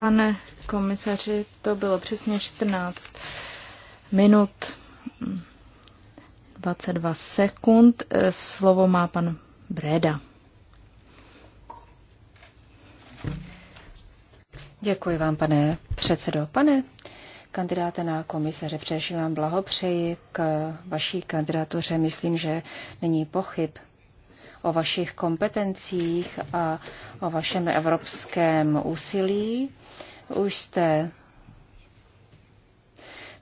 Pane komisaři, to bylo přesně 14 minut 22 sekund. Slovo má pan Breda. Děkuji vám, pane předsedo. Pane kandidáte na komisaře, především vám blahopřeji k vaší kandidatuře. Myslím, že není pochyb o vašich kompetencích a o vašem evropském úsilí. Už jste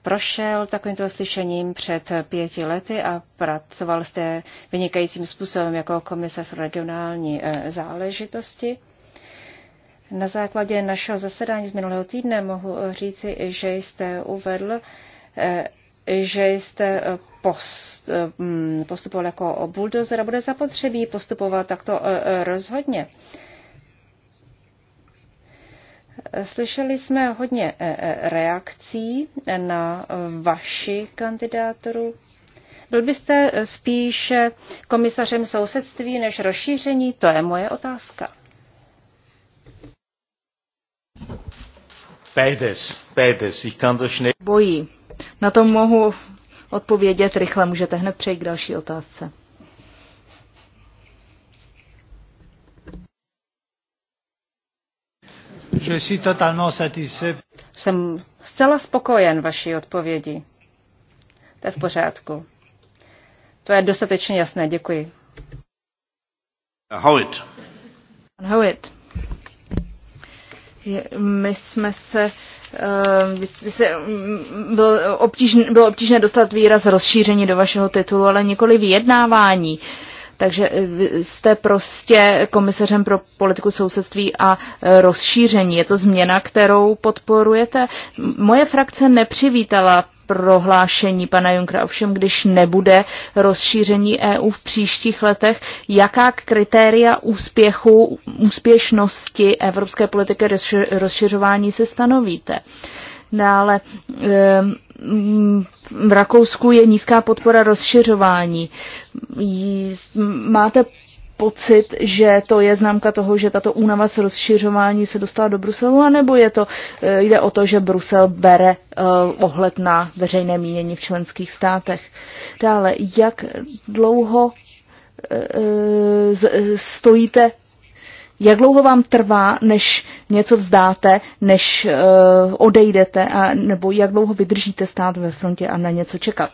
prošel takovýmto slyšením před pěti lety a pracoval jste vynikajícím způsobem jako komise v regionální eh, záležitosti. Na základě našeho zasedání z minulého týdne mohu říci, že jste uvedl, eh, že jste eh, post, eh, mm, postupoval jako buldozer a bude zapotřebí postupovat takto eh, rozhodně. Slyšeli jsme hodně reakcí na vaši kandidátoru. Byl byste spíše komisařem sousedství než rozšíření? To je moje otázka. Bojí na to mohu odpovědět rychle. Můžete hned přejít k další otázce. Jsem zcela spokojen vaší odpovědi. To je v pořádku. To je dostatečně jasné, děkuji. Howitt. Howitt. My jsme se Uh, byl obtížný, bylo obtížné dostat výraz rozšíření do vašeho titulu, ale nikoli vyjednávání. Takže eh, jste prostě komisařem pro politiku sousedství a eh, rozšíření. Je to změna, kterou podporujete? Moje frakce nepřivítala prohlášení pana Junkra. Ovšem, když nebude rozšíření EU v příštích letech, jaká kritéria úspěchu, úspěšnosti evropské politiky rozšiřování se stanovíte? Dále no, ehm, v Rakousku je nízká podpora rozšiřování. Máte pocit, že to je známka toho, že tato únava s rozšiřování se dostala do Bruselu, anebo je to, eh, jde o to, že Brusel bere eh, ohled na veřejné mínění v členských státech. Dále, jak dlouho eh, stojíte, jak dlouho vám trvá, než něco vzdáte, než odejdete, a, nebo jak dlouho vydržíte stát ve frontě a na něco čekat?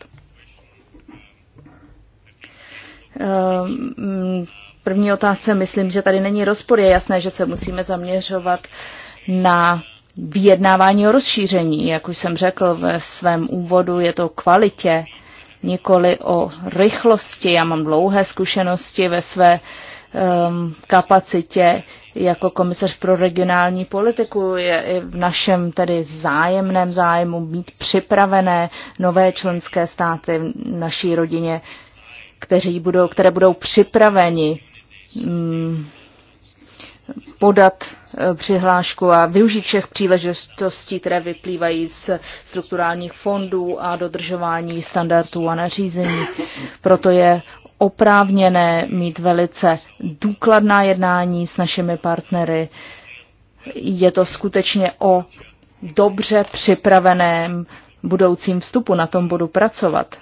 Mm, první otázce myslím, že tady není rozpor. Je jasné, že se musíme zaměřovat na vyjednávání o rozšíření. Jak už jsem řekl ve svém úvodu, je to o kvalitě, nikoli o rychlosti. Já mám dlouhé zkušenosti ve své um, kapacitě jako komisař pro regionální politiku. Je i v našem tedy zájemném zájmu mít připravené nové členské státy v naší rodině, kteří budou, které budou připraveni Mm, podat e, přihlášku a využít všech příležitostí, které vyplývají z strukturálních fondů a dodržování standardů a nařízení. Proto je oprávněné mít velice důkladná jednání s našimi partnery. Je to skutečně o dobře připraveném budoucím vstupu. Na tom budu pracovat.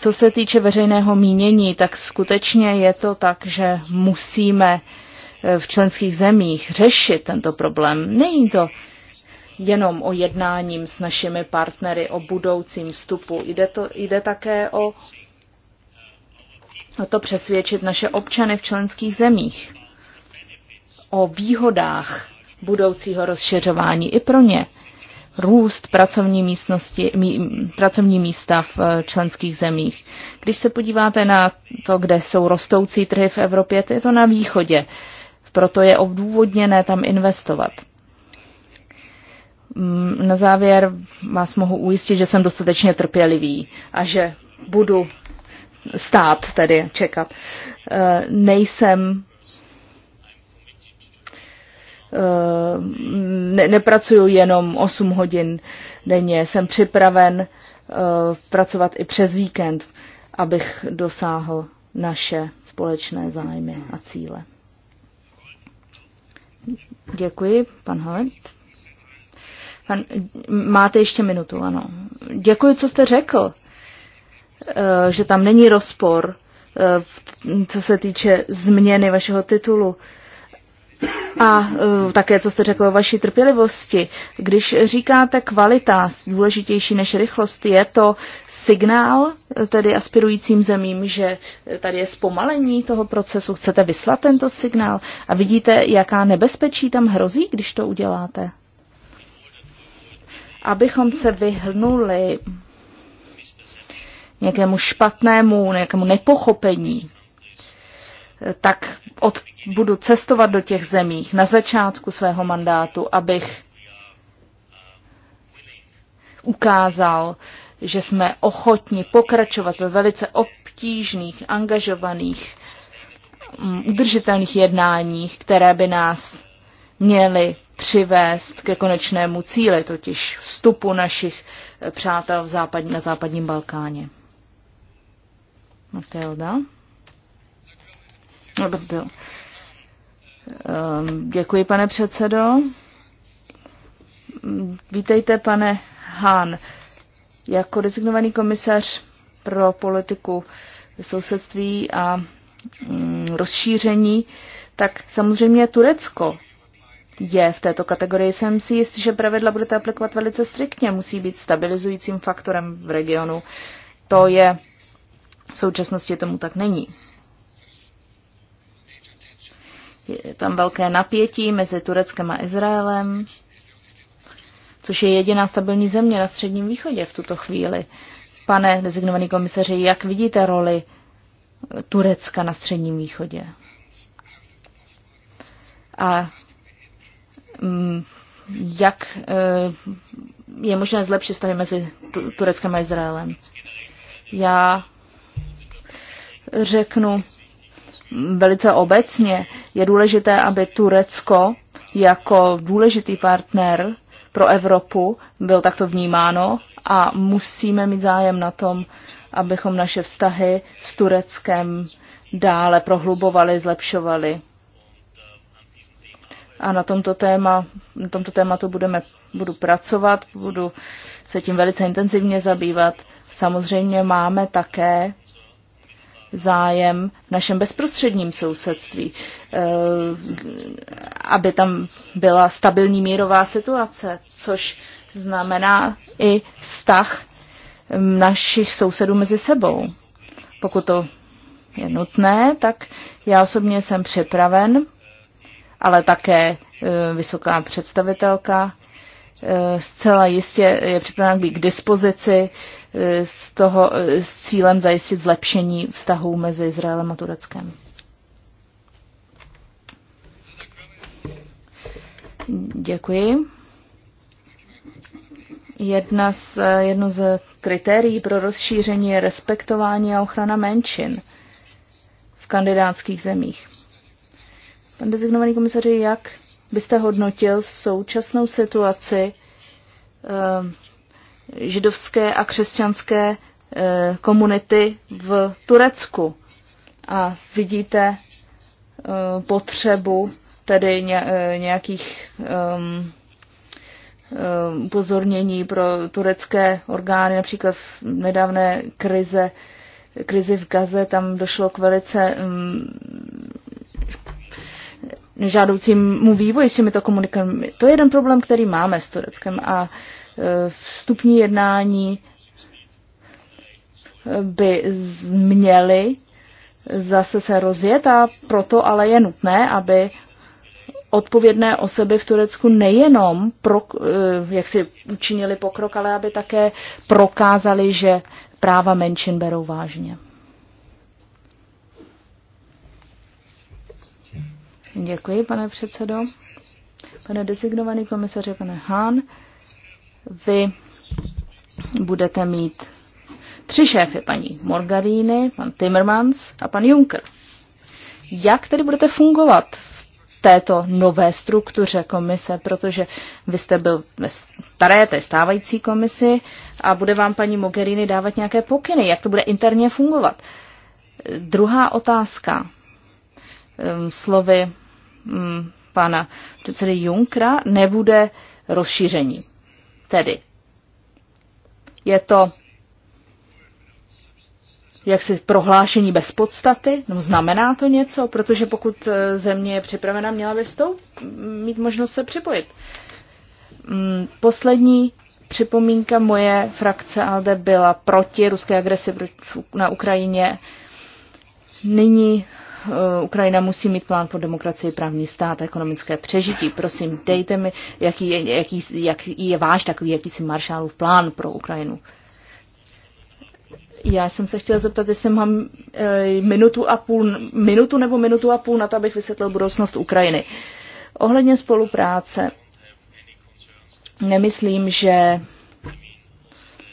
Co se týče veřejného mínění, tak skutečně je to tak, že musíme eh, v členských zemích řešit tento problém. Není to jenom o jednáním s našimi partnery o budoucím vstupu. Jde, to, jde také o, o to přesvědčit naše občany v členských zemích o výhodách budoucího rozšiřování i pro ně růst pracovní, místnosti, mí, pracovní místa v eh, členských zemích. Když se podíváte na to, kde jsou rostoucí trhy v Evropě, to je to na východě. Proto je obdůvodněné tam investovat. Mm, na závěr vás mohu ujistit, že jsem dostatečně trpělivý a že budu stát tedy čekat. Eh, nejsem Eh, ne, nepracuju jenom 8 hodin denně, jsem připraven eh, pracovat i přes víkend, abych dosáhl naše společné zájmy a cíle. Děkuji, pan Holt. Pan, máte ještě minutu, ano. Děkuji, co jste řekl, eh, že tam není rozpor, co se týče změny vašeho titulu. A eh, také, co jste řekl o vaší trpělivosti, když říkáte kvalita důležitější než rychlost, je to signál eh, tedy aspirujícím zemím, že tady je zpomalení toho procesu, chcete vyslat tento signál a vidíte, jaká nebezpečí tam hrozí, když to uděláte? Abychom se vyhnuli nějakému špatnému, nějakému nepochopení tak od, budu cestovat do těch zemích na začátku svého mandátu, abych ukázal, že jsme ochotni pokračovat ve velice obtížných, angažovaných, mm, udržitelných jednáních, které by nás měly přivést ke konečnému cíli, totiž vstupu našich eh, přátel v západní, na západním Balkáně. Matilda. Ehm, děkuji, pane předsedo. Mm, vítejte, pane Hán. Jako designovaný komisař pro politiku sousedství a mm, rozšíření, tak samozřejmě Turecko je v této kategorii. Jsem si jist, že pravidla budete aplikovat velice striktně. Musí být stabilizujícím faktorem v regionu. To je v současnosti tomu tak není. Je tam velké napětí mezi Tureckem a Izraelem, což je jediná stabilní země na Středním východě v tuto chvíli. Pane designovaný komisaři, jak vidíte roli Turecka na Středním východě? A mm, jak eh, je možné zlepšit vztahy mezi Tureckem a Izraelem? Já řeknu velice obecně, je důležité, aby Turecko jako důležitý partner pro Evropu byl takto vnímáno a musíme mít zájem na tom, abychom naše vztahy s Tureckem dále prohlubovali, zlepšovali. A na tomto, téma, na tomto tématu budeme, budu pracovat, budu se tím velice intenzivně zabývat. Samozřejmě máme také zájem v našem bezprostředním sousedství, eh, aby tam byla stabilní mírová situace, což znamená i vztah našich sousedů mezi sebou. Pokud to je nutné, tak já osobně jsem připraven, ale také eh, vysoká představitelka eh, zcela jistě je připravena být k dispozici s, toho, eh, s cílem zajistit zlepšení vztahů mezi Izraelem a Tureckem. Děkuji. Jedna z, eh, jedno z kritérií pro rozšíření je respektování a ochrana menšin v kandidátských zemích. Pan designovaný komisaři, jak byste hodnotil současnou situaci eh, židovské a křesťanské eh, komunity v Turecku. A vidíte eh, potřebu tedy eh, nějakých ehm, upozornění pro turecké orgány, například v nedávné krize, krizi v Gaze, tam došlo k velice ehm, žádoucímu vývoji s těmito komunikami. To je jeden problém, který máme s Tureckem a vstupní jednání by měly zase se rozjet a proto ale je nutné, aby odpovědné osoby v Turecku nejenom pro, eh, jak si učinili pokrok, ale aby také prokázali, že práva menšin berou vážně. Děkuji, pane předsedo. Pane designovaný komisaře, pane Hahn. Vy budete mít tři šéfy, paní Morgarini, pan Timmermans a pan Juncker. Jak tedy budete fungovat v této nové struktuře komise, protože vy jste byl ve staré, té stávající komisi a bude vám paní Mogherini dávat nějaké pokyny, jak to bude interně fungovat. Druhá otázka. Ehm, slovy mm, pana předsedy Junkra nebude rozšíření. Tedy je to jak si prohlášení bez podstaty, no znamená to něco, protože pokud e, země je připravena, měla by vstoup, mít možnost se připojit. Mm, poslední připomínka moje frakce ALDE byla proti ruské agresi na Ukrajině. Nyní Eh, Ukrajina musí mít plán pro demokracii, právní stát, ekonomické přežití. Prosím, dejte mi, jaký je, jaký, jaký je váš takový jakýsi maršálův plán pro Ukrajinu. Já jsem se chtěla zeptat, jestli mám e, minutu a půl, minutu nebo minutu a půl na to, abych vysvětlil budoucnost Ukrajiny. Ohledně spolupráce, nemyslím, že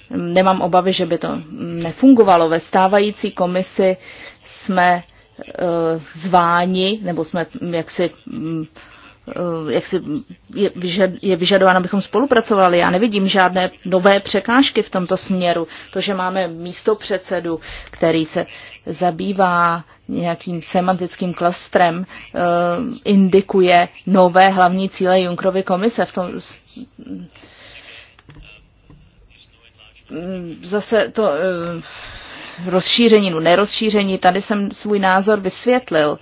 nemám obavy, že by to nefungovalo. Ve stávající komisi jsme Eh, zváni, nebo jsme mm, jaksi mm, eh, jak si je, vyžad, je vyžadováno, abychom spolupracovali. Já nevidím žádné nové překážky v tomto směru. To, že máme místo předsedu, který se zabývá nějakým semantickým klastrem, eh, indikuje nové hlavní cíle Junkrovy komise. V tom, mm, zase to eh, rozšíření no nerozšíření, tady jsem svůj názor vysvětlil.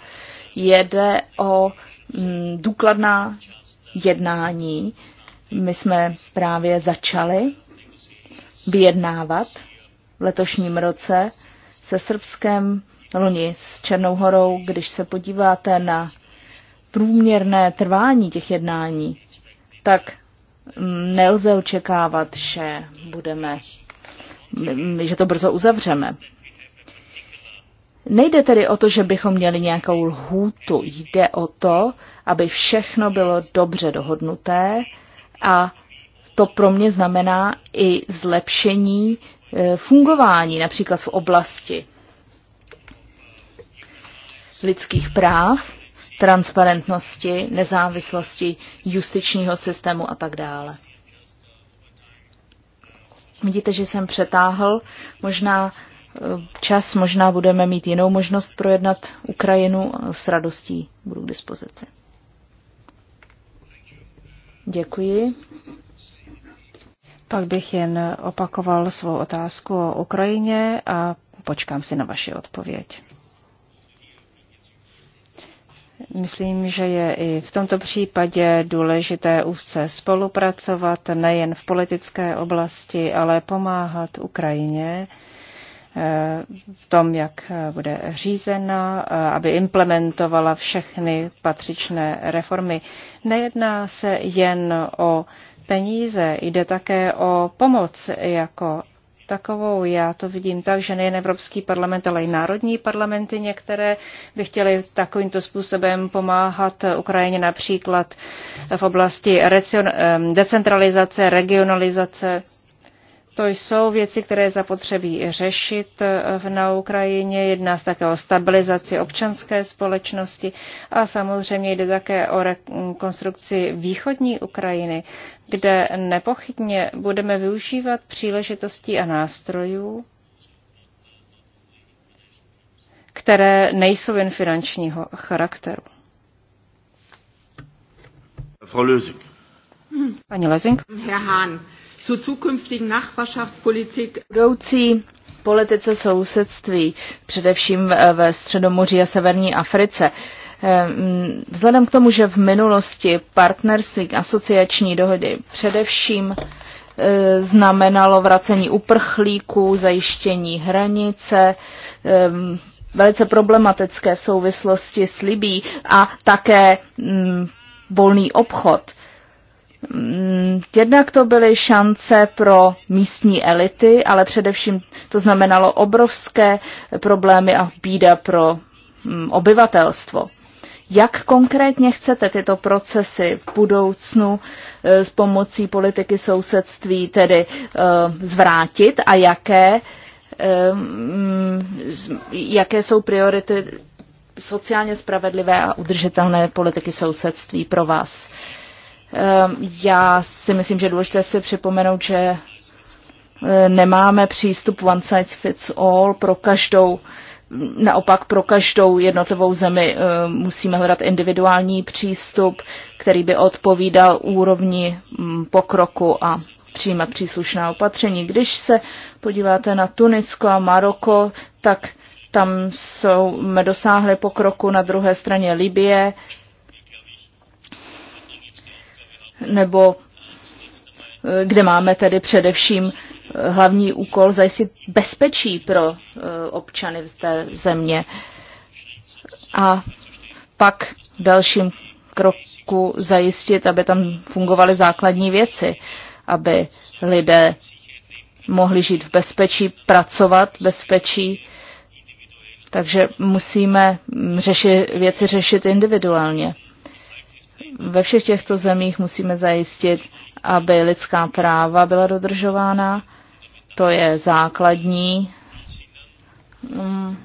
Jede o mm, důkladná jednání. My jsme právě začali vyjednávat v letošním roce se Srbskem loni s Černou horou, když se podíváte na průměrné trvání těch jednání, tak mm, nelze očekávat, že budeme že to brzo uzavřeme. Nejde tedy o to, že bychom měli nějakou lhůtu. Jde o to, aby všechno bylo dobře dohodnuté a to pro mě znamená i zlepšení e, fungování, například v oblasti lidských práv, transparentnosti, nezávislosti justičního systému a tak dále. Vidíte, že jsem přetáhl. Možná eh, čas, možná budeme mít jinou možnost projednat Ukrajinu. S radostí budu k dispozici. Děkuji. Pak bych jen opakoval svou otázku o Ukrajině a počkám si na vaši odpověď. Myslím, že je i v tomto případě důležité úzce spolupracovat nejen v politické oblasti, ale pomáhat Ukrajině eh, v tom, jak bude řízena, eh, aby implementovala všechny patřičné reformy. Nejedná se jen o peníze, jde také o pomoc jako takovou. Já to vidím tak, že nejen Evropský parlament, ale i národní parlamenty některé by chtěly takovýmto způsobem pomáhat Ukrajině například v oblasti decentralizace, regionalizace to jsou věci, které je zapotřebí řešit na Ukrajině. Jedná se také o stabilizaci občanské společnosti a samozřejmě jde také o rekonstrukci východní Ukrajiny, kde nepochybně budeme využívat příležitostí a nástrojů, které nejsou jen finančního charakteru. Frau Lösing. Pani Lösing. Herr Hahn. Budoucí politice sousedství, především eh, ve Středomoří a Severní Africe. Ehm, vzhledem k tomu, že v minulosti partnerství k asociační dohody především eh, znamenalo vracení uprchlíků, zajištění hranice, ehm, velice problematické v souvislosti s Libí a také mm, volný obchod – Mm, jednak to byly šance pro místní elity, ale především to znamenalo obrovské problémy a bída pro mm, obyvatelstvo. Jak konkrétně chcete tyto procesy v budoucnu eh, s pomocí politiky sousedství tedy eh, zvrátit a jaké, eh, mm, jaké jsou priority sociálně spravedlivé a udržitelné politiky sousedství pro vás? Ehm, já si myslím, že je důležité si připomenout, že eh, nemáme přístup one size fits all pro každou, naopak pro každou jednotlivou zemi eh, musíme hledat individuální přístup, který by odpovídal úrovni mm, pokroku a přijímat příslušná opatření. Když se podíváte na Tunisko a Maroko, tak tam jsou, dosáhli pokroku na druhé straně Libie, nebo eh, kde máme tedy především eh, hlavní úkol zajistit bezpečí pro eh, občany z té země. A pak v dalším kroku zajistit, aby tam fungovaly základní věci, aby lidé mohli žít v bezpečí, pracovat v bezpečí. Takže musíme řeši, věci řešit individuálně. Ve všech těchto zemích musíme zajistit, aby lidská práva byla dodržována. To je základní mm,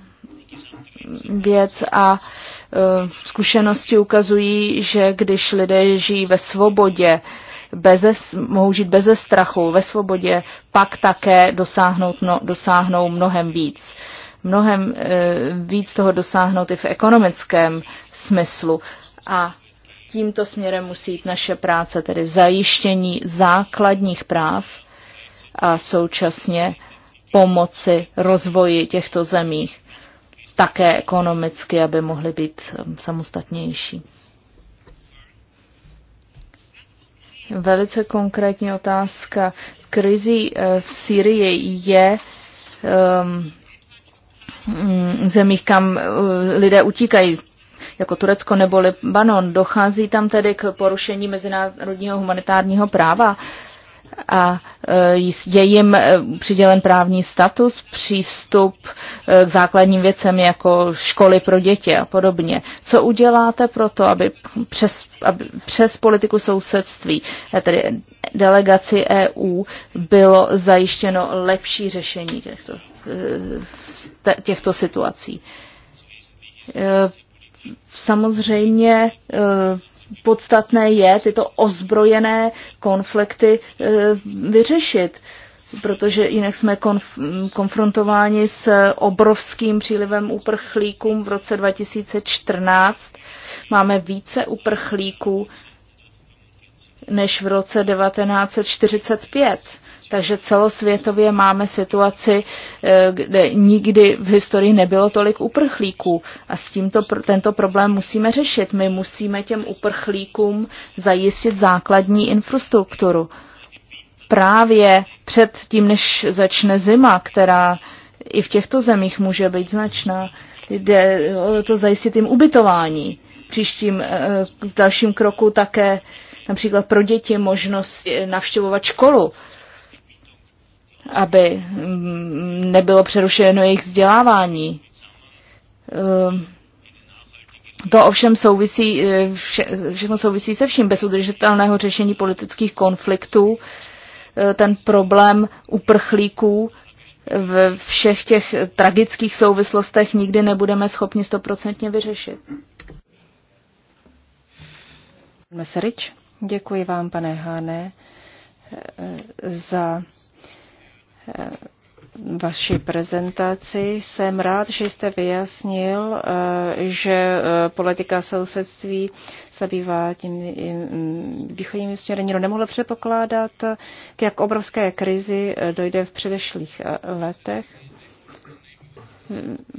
věc a e, zkušenosti ukazují, že když lidé žijí ve svobodě, beze, mohou žít beze strachu, ve svobodě, pak také dosáhnout, no, dosáhnou mnohem víc. Mnohem e, víc toho dosáhnout i v ekonomickém smyslu. A tímto směrem musí jít naše práce, tedy zajištění základních práv a současně pomoci rozvoji těchto zemích také ekonomicky, aby mohly být um, samostatnější. Velice konkrétní otázka. Krizi eh, v Syrii je um, zemích, kam eh, lidé utíkají jako Turecko nebo Libanon. Dochází tam tedy k porušení mezinárodního humanitárního práva a e, je jim e, přidělen právní status, přístup e, k základním věcem jako školy pro děti a podobně. Co uděláte pro to, aby přes, aby přes politiku sousedství, tedy delegaci EU, bylo zajištěno lepší řešení těchto, těchto situací? Samozřejmě eh, podstatné je tyto ozbrojené konflikty eh, vyřešit, protože jinak jsme konf- konfrontováni s obrovským přílivem uprchlíků v roce 2014. Máme více uprchlíků než v roce 1945. Takže celosvětově máme situaci, eh, kde nikdy v historii nebylo tolik uprchlíků a s tímto tento problém musíme řešit. My musíme těm uprchlíkům zajistit základní infrastrukturu. Právě před tím, než začne zima, která i v těchto zemích může být značná, jde to zajistit jim ubytování. Příštím v eh, dalším kroku také například pro děti možnost navštěvovat školu aby mm, nebylo přerušeno jejich vzdělávání. Ehm, to ovšem souvisí, eh, vše, všechno souvisí se vším. Bez udržitelného řešení politických konfliktů eh, ten problém uprchlíků ve všech těch tragických souvislostech nikdy nebudeme schopni stoprocentně vyřešit. Meserič, děkuji vám, pane Háne, eh, za Eh, vaší prezentaci. Jsem rád, že jste vyjasnil, eh, že eh, politika sousedství bývá tím východním směrem. Nikdo nemohl předpokládat, k jak obrovské krizi dojde v předešlých letech.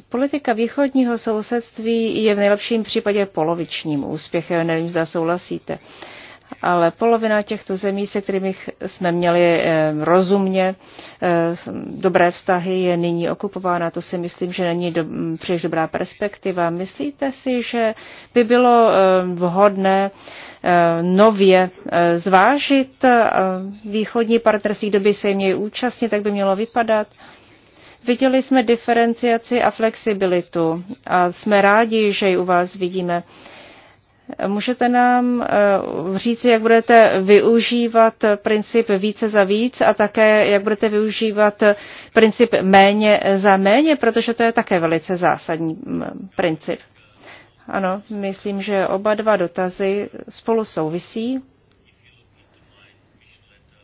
Politika východního sousedství je v nejlepším případě polovičním úspěchem, nevím, zda souhlasíte ale polovina těchto zemí, se kterými jsme měli eh, rozumně eh, dobré vztahy, je nyní okupována. To si myslím, že není do, příliš dobrá perspektiva. Myslíte si, že by bylo eh, vhodné nově zvážit východní partnerství, kdo by se měl účastnit, tak by mělo vypadat? Viděli jsme diferenciaci a flexibilitu a jsme rádi, že ji u vás vidíme. Můžete nám eh, říct, jak budete využívat princip více za víc a také jak budete využívat princip méně za méně, protože to je také velice zásadní mm, princip. Ano, myslím, že oba dva dotazy spolu souvisí.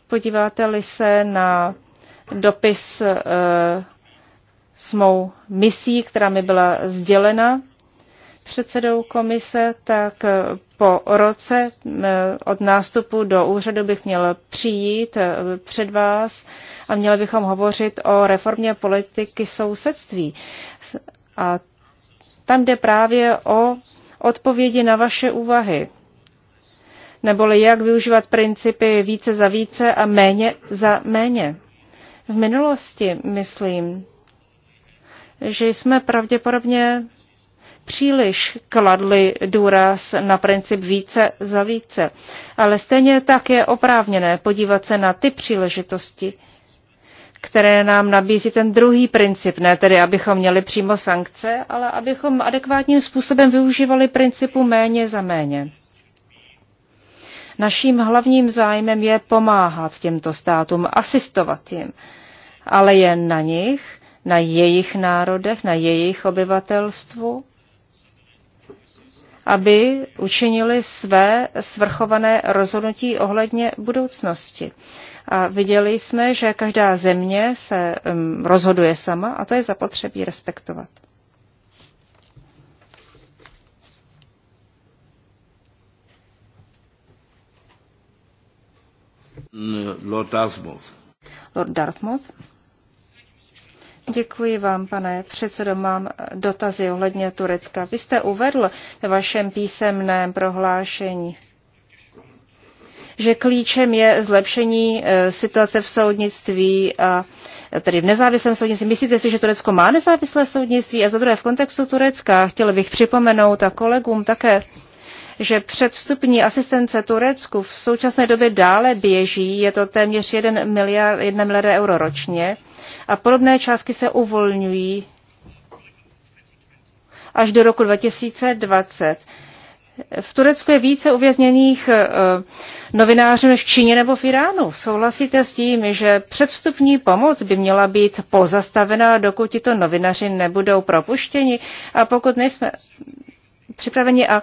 Podíváte-li se na dopis eh, s mou misí, která mi byla sdělena, předsedou komise, tak po roce eh, od nástupu do úřadu bych měl přijít eh, před vás a měli bychom hovořit o reformě politiky sousedství. A tam jde právě o odpovědi na vaše úvahy, neboli jak využívat principy více za více a méně za méně. V minulosti, myslím, že jsme pravděpodobně příliš kladli důraz na princip více za více. Ale stejně tak je oprávněné podívat se na ty příležitosti, které nám nabízí ten druhý princip, ne tedy abychom měli přímo sankce, ale abychom adekvátním způsobem využívali principu méně za méně. Naším hlavním zájmem je pomáhat těmto státům, asistovat jim, ale je na nich, na jejich národech, na jejich obyvatelstvu, aby učinili své svrchované rozhodnutí ohledně budoucnosti. A viděli jsme, že každá země se rozhoduje sama a to je zapotřebí respektovat. Lord Dartmouth. Lord Dartmouth. Děkuji vám, pane předsedo. Mám dotazy ohledně Turecka. Vy jste uvedl ve vašem písemném prohlášení, že klíčem je zlepšení eh, situace v soudnictví a eh, tedy v nezávislém soudnictví. Myslíte si, že Turecko má nezávislé soudnictví? A za druhé, v kontextu Turecka chtěl bych připomenout a kolegům také, že předvstupní asistence Turecku v současné době dále běží, je to téměř 1 miliard, 1 miliard euro ročně a podobné částky se uvolňují až do roku 2020. V Turecku je více uvězněných e, novinářů než v Číně nebo v Iránu. Souhlasíte s tím, že předvstupní pomoc by měla být pozastavena, dokud tito novinaři nebudou propuštěni a pokud nejsme připraveni. A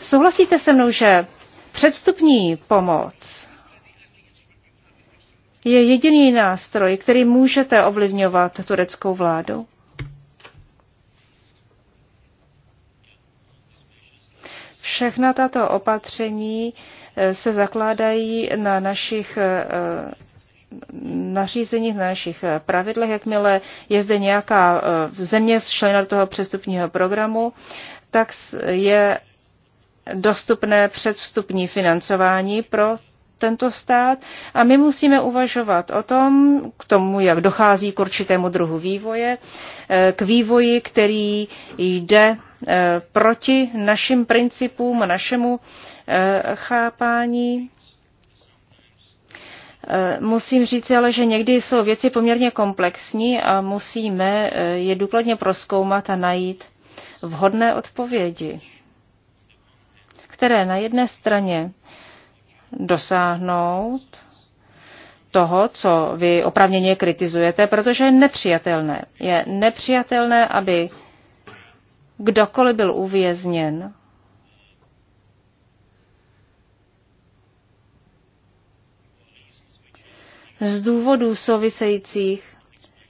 souhlasíte se mnou, že předvstupní pomoc je jediný nástroj, který můžete ovlivňovat tureckou vládu. Všechna tato opatření eh, se zakládají na našich eh, nařízeních, na našich eh, pravidlech. Jakmile je zde nějaká země člena toho přestupního programu, tak je dostupné předvstupní financování pro tento stát a my musíme uvažovat o tom, k tomu, jak dochází k určitému druhu vývoje, eh, k vývoji, který jde eh, proti našim principům a našemu eh, chápání. Musím říct ale, že někdy jsou věci poměrně komplexní a musíme je důkladně proskoumat a najít vhodné odpovědi, které na jedné straně dosáhnout toho, co vy opravněně kritizujete, protože je nepřijatelné. Je nepřijatelné, aby kdokoliv byl uvězněn z důvodů souvisejících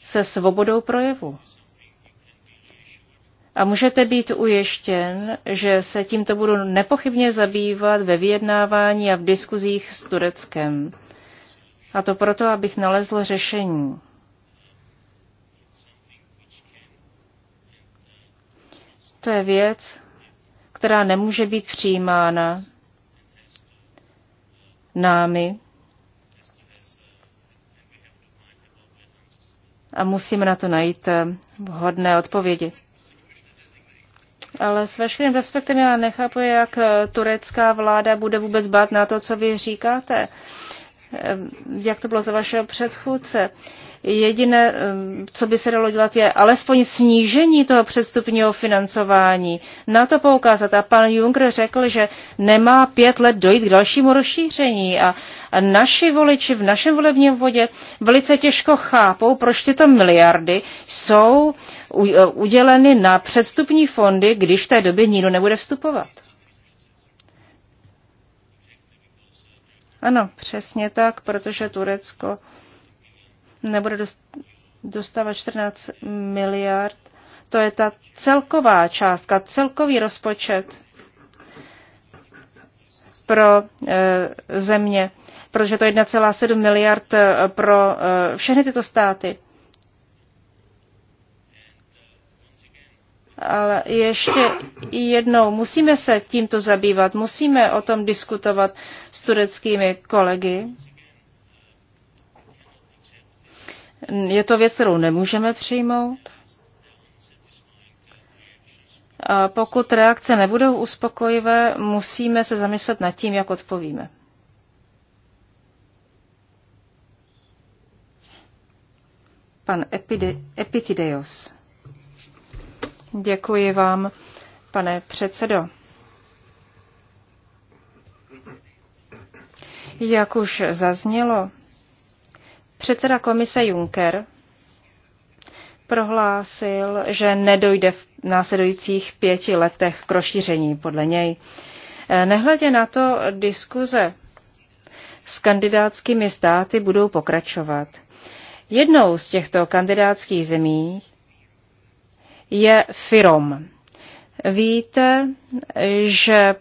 se svobodou projevu. A můžete být ujištěn, že se tímto budu nepochybně zabývat ve vyjednávání a v diskuzích s Tureckem. A to proto, abych nalezl řešení. To je věc, která nemůže být přijímána námi. A musíme na to najít vhodné odpovědi. Ale s veškerým respektem já nechápu, jak eh, turecká vláda bude vůbec bát na to, co vy říkáte. Eh, jak to bylo za vašeho předchůdce? Jediné, eh, co by se dalo dělat, je alespoň snížení toho předstupního financování. Na to poukázat. A pan Juncker řekl, že nemá pět let dojít k dalšímu rozšíření. A naši voliči v našem volebním vodě velice těžko chápou, proč tyto miliardy jsou uh, Eh, uděleny na předstupní fondy, když v té době nikdo nebude vstupovat. Ano, přesně tak, protože Turecko nebude dostávat 14 miliard. To je ta celková částka, celkový rozpočet pro e, země, protože to je 1,7 miliard eh, pro e, všechny tyto státy. Ale ještě jednou, musíme se tímto zabývat, musíme o tom diskutovat s tureckými kolegy. Je to věc, kterou nemůžeme přijmout. A pokud reakce nebudou uspokojivé, musíme se zamyslet nad tím, jak odpovíme. Pan Epide- Epitideos. Děkuji vám, pane předsedo. Jak už zaznělo, předseda komise Juncker prohlásil, že nedojde v následujících pěti letech k rozšíření podle něj. Nehledě na to, diskuze s kandidátskými státy budou pokračovat. Jednou z těchto kandidátských zemí je FIROM. Víte, že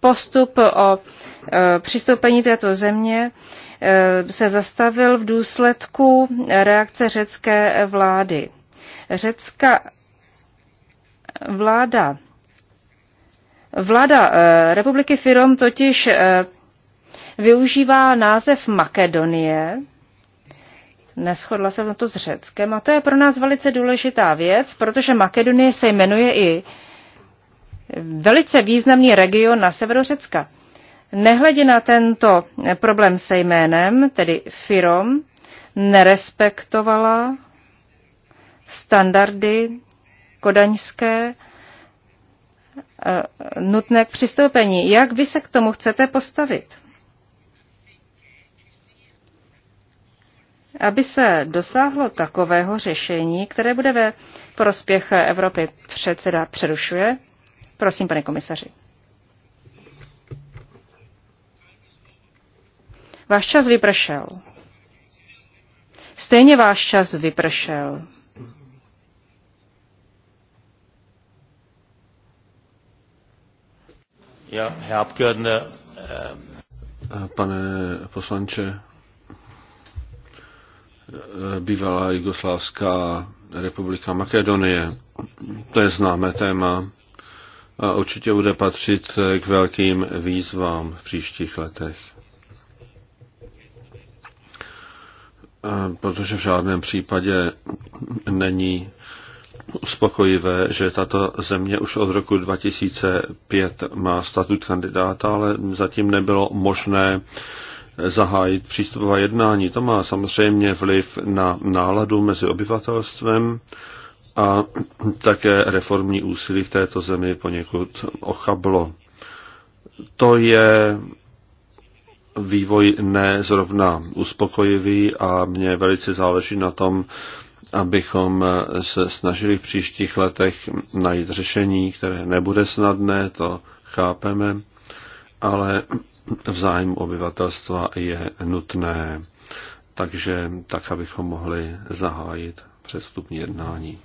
postup o e, přistoupení této země e, se zastavil v důsledku reakce řecké vlády. Řecká vláda Vláda e, republiky Firom totiž využívá název Makedonie Neschodla se v tomto s Řeckem a to je pro nás velice důležitá věc, protože Makedonie se jmenuje i velice významný region na severu Řecka. Nehledě na tento problém se jménem, tedy Firom, nerespektovala standardy kodaňské eh, nutné k přistoupení. Jak vy se k tomu chcete postavit? aby se dosáhlo takového řešení, které bude ve prospěch Evropy. Předseda přerušuje. Prosím, pane komisaři. Váš čas vypršel. Stejně váš čas vypršel. Já. Herr äh, Pane poslanče, Eh, bývalá Jugoslávská republika Makedonie. To je známé téma a určitě bude patřit eh, k velkým výzvám v příštích letech. Eh, protože v žádném případě není uspokojivé, že tato země už od roku 2005 má statut kandidáta, ale zatím nebylo možné zahájit přístupová jednání. To má samozřejmě vliv na náladu mezi obyvatelstvem a také reformní úsilí v této zemi poněkud ochablo. To je vývoj ne zrovna uspokojivý a mně velice záleží na tom, abychom se snažili v příštích letech najít řešení, které nebude snadné, to chápeme, ale v zájmu obyvatelstva je nutné, takže tak, abychom mohli zahájit předstupní jednání.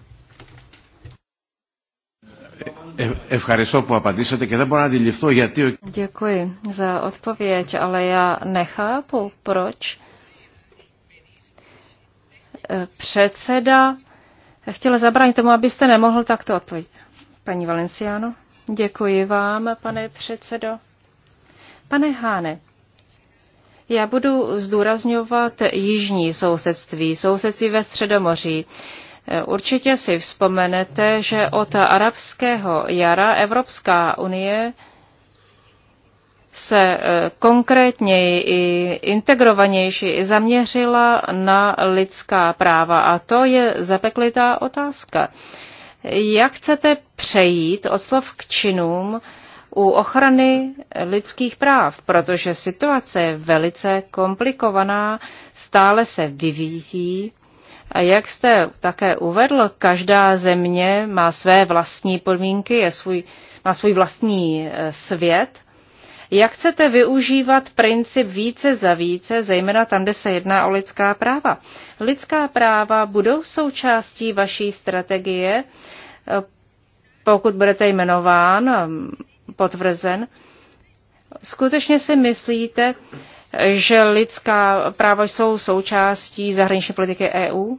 Děkuji za odpověď, ale já nechápu, proč eh, předseda chtěl zabránit tomu, abyste nemohl takto odpovědět. Paní Valenciano, děkuji vám, pane předsedo. Pane Háne, já budu zdůrazňovat jižní sousedství, sousedství ve Středomoří. Určitě si vzpomenete, že od arabského jara Evropská unie se e, konkrétněji i integrovanější zaměřila na lidská práva. A to je zapeklitá otázka. Jak chcete přejít od slov k činům, u ochrany lidských práv, protože situace je velice komplikovaná, stále se vyvíjí. A jak jste také uvedl, každá země má své vlastní podmínky, je svůj, má svůj vlastní eh, svět. Jak chcete využívat princip více za více, zejména tam, kde se jedná o lidská práva? Lidská práva budou součástí vaší strategie, eh, pokud budete jmenován potvrzen. Skutečně si myslíte, že lidská práva jsou součástí zahraniční politiky EU?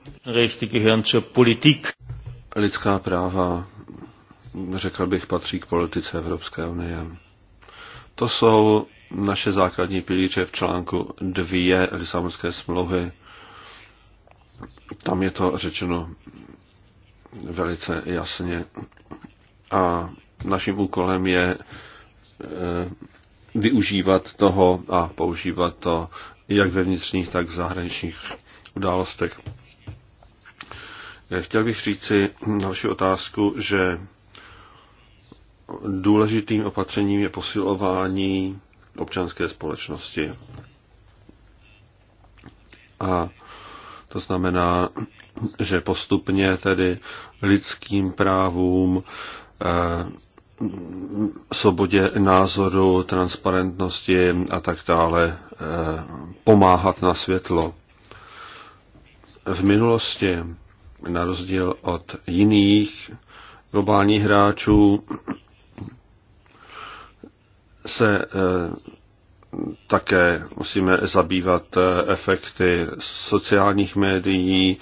politik. Lidská práva, řekl bych, patří k politice Evropské unie. To jsou naše základní pilíře v článku dvě Lisabonské smlouvy. Tam je to řečeno velice jasně. A naším úkolem je eh, využívat toho a používat to jak ve vnitřních, tak v zahraničních událostech. Chtěl bych říci další otázku, že důležitým opatřením je posilování občanské společnosti. A to znamená, že postupně tedy lidským právům, eh, svobodě názoru, transparentnosti a tak dále eh, pomáhat na světlo. V minulosti, na rozdíl od jiných globálních hráčů, se eh, také musíme zabývat eh, efekty sociálních médií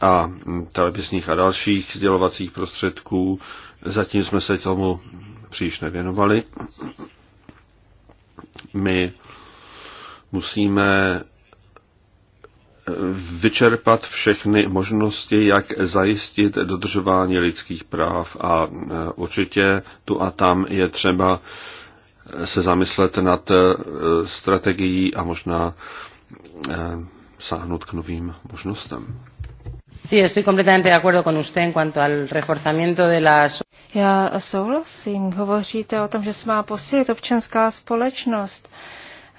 a mm, televizních a dalších sdělovacích prostředků, Zatím jsme se tomu příliš nevěnovali. My musíme vyčerpat všechny možnosti, jak zajistit dodržování lidských práv a e, určitě tu a tam je třeba se zamyslet nad e, strategií a možná e, sáhnout k novým možnostem. Sí, estoy completamente de acuerdo con usted en cuanto al reforzamiento de las... Já souhlasím. Hovoříte o tom, že se má posílit občanská společnost.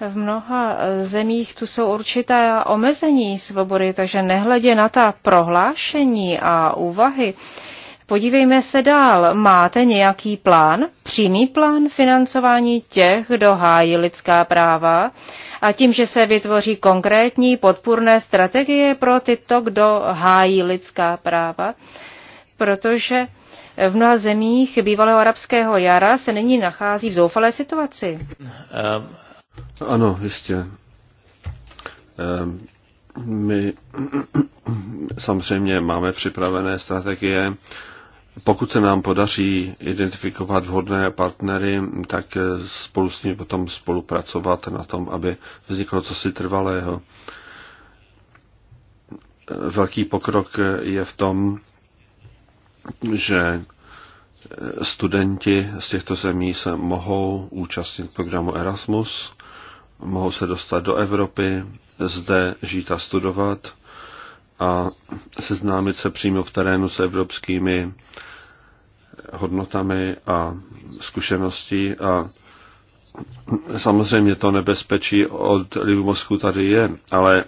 V mnoha zemích tu jsou určité omezení svobody, takže nehledě na ta prohlášení a úvahy, Podívejme se dál. Máte nějaký plán, přímý plán financování těch, kdo hájí lidská práva? A tím, že se vytvoří konkrétní podpůrné strategie pro tyto, kdo hájí lidská práva? Protože v mnoha zemích bývalého arabského jara se nyní nachází v zoufalé situaci. Um. Ano, jistě. Um my samozřejmě máme připravené strategie pokud se nám podaří identifikovat vhodné partnery, tak spolu s nimi potom spolupracovat na tom, aby vzniklo cosi trvalého. Velký pokrok je v tom, že studenti z těchto zemí se mohou účastnit programu Erasmus, mohou se dostat do Evropy, zde žít a studovat a seznámit se přímo v terénu s evropskými hodnotami a zkušeností a samozřejmě to nebezpečí od livu mozku tady je, ale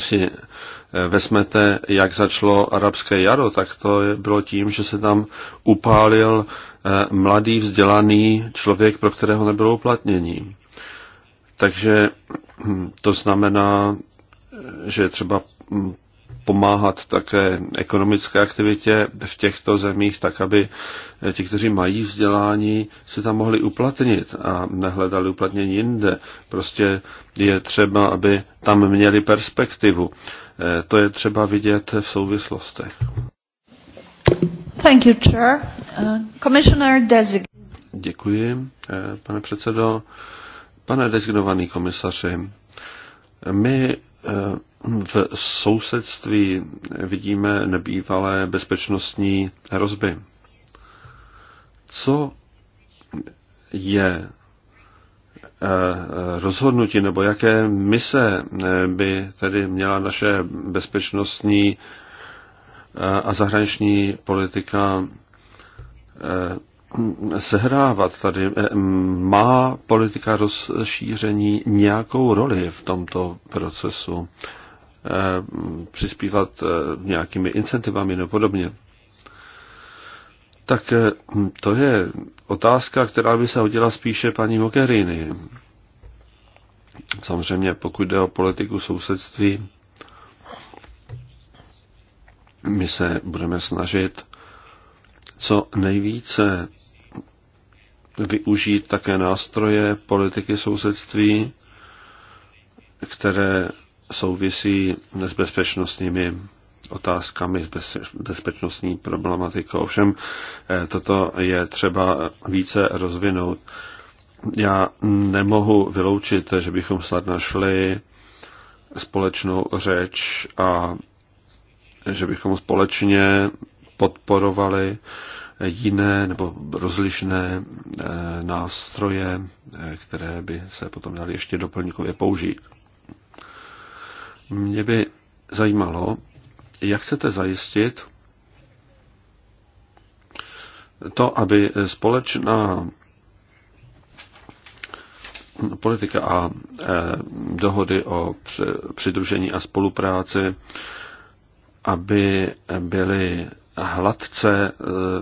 si eh, vezmete, jak začalo arabské jaro, tak to bylo tím, že se tam upálil eh, mladý vzdělaný člověk, pro kterého nebylo uplatnění. Takže hm, to znamená, eh, že třeba hm, pomáhat také ekonomické aktivitě v těchto zemích, tak aby ti, kteří mají vzdělání, se tam mohli uplatnit a nehledali uplatnění jinde. Prostě je třeba, aby tam měli perspektivu. Eh, to je třeba vidět v souvislostech. Thank you, Chair. Uh, Commissioner Desig. Děkuji, eh, pane předsedo. Pane designovaný komisaři, my eh, v sousedství vidíme nebývalé bezpečnostní hrozby. Co je eh, rozhodnutí nebo jaké mise eh, by tedy měla naše bezpečnostní eh, a zahraniční politika sehrávat tady? Má politika rozšíření nějakou roli v tomto procesu? Eh, přispívat eh, nějakými incentivami nebo podobně. Tak eh, to je otázka, která by se hodila spíše paní Mogherini. Samozřejmě, pokud jde o politiku sousedství, my se budeme snažit co nejvíce využít také nástroje politiky sousedství, které souvisí s bezpečnostními otázkami, s bezpečnostní problematikou. Ovšem eh, toto je třeba více rozvinout. Já nemohu vyloučit, že bychom snad našli společnou řeč a že bychom společně podporovali jiné nebo rozlišné eh, nástroje, eh, které by se potom daly ještě doplňkově použít. Mě by zajímalo, jak chcete zajistit to, aby společná politika a e, dohody o přidružení a spolupráci, aby byly hladce,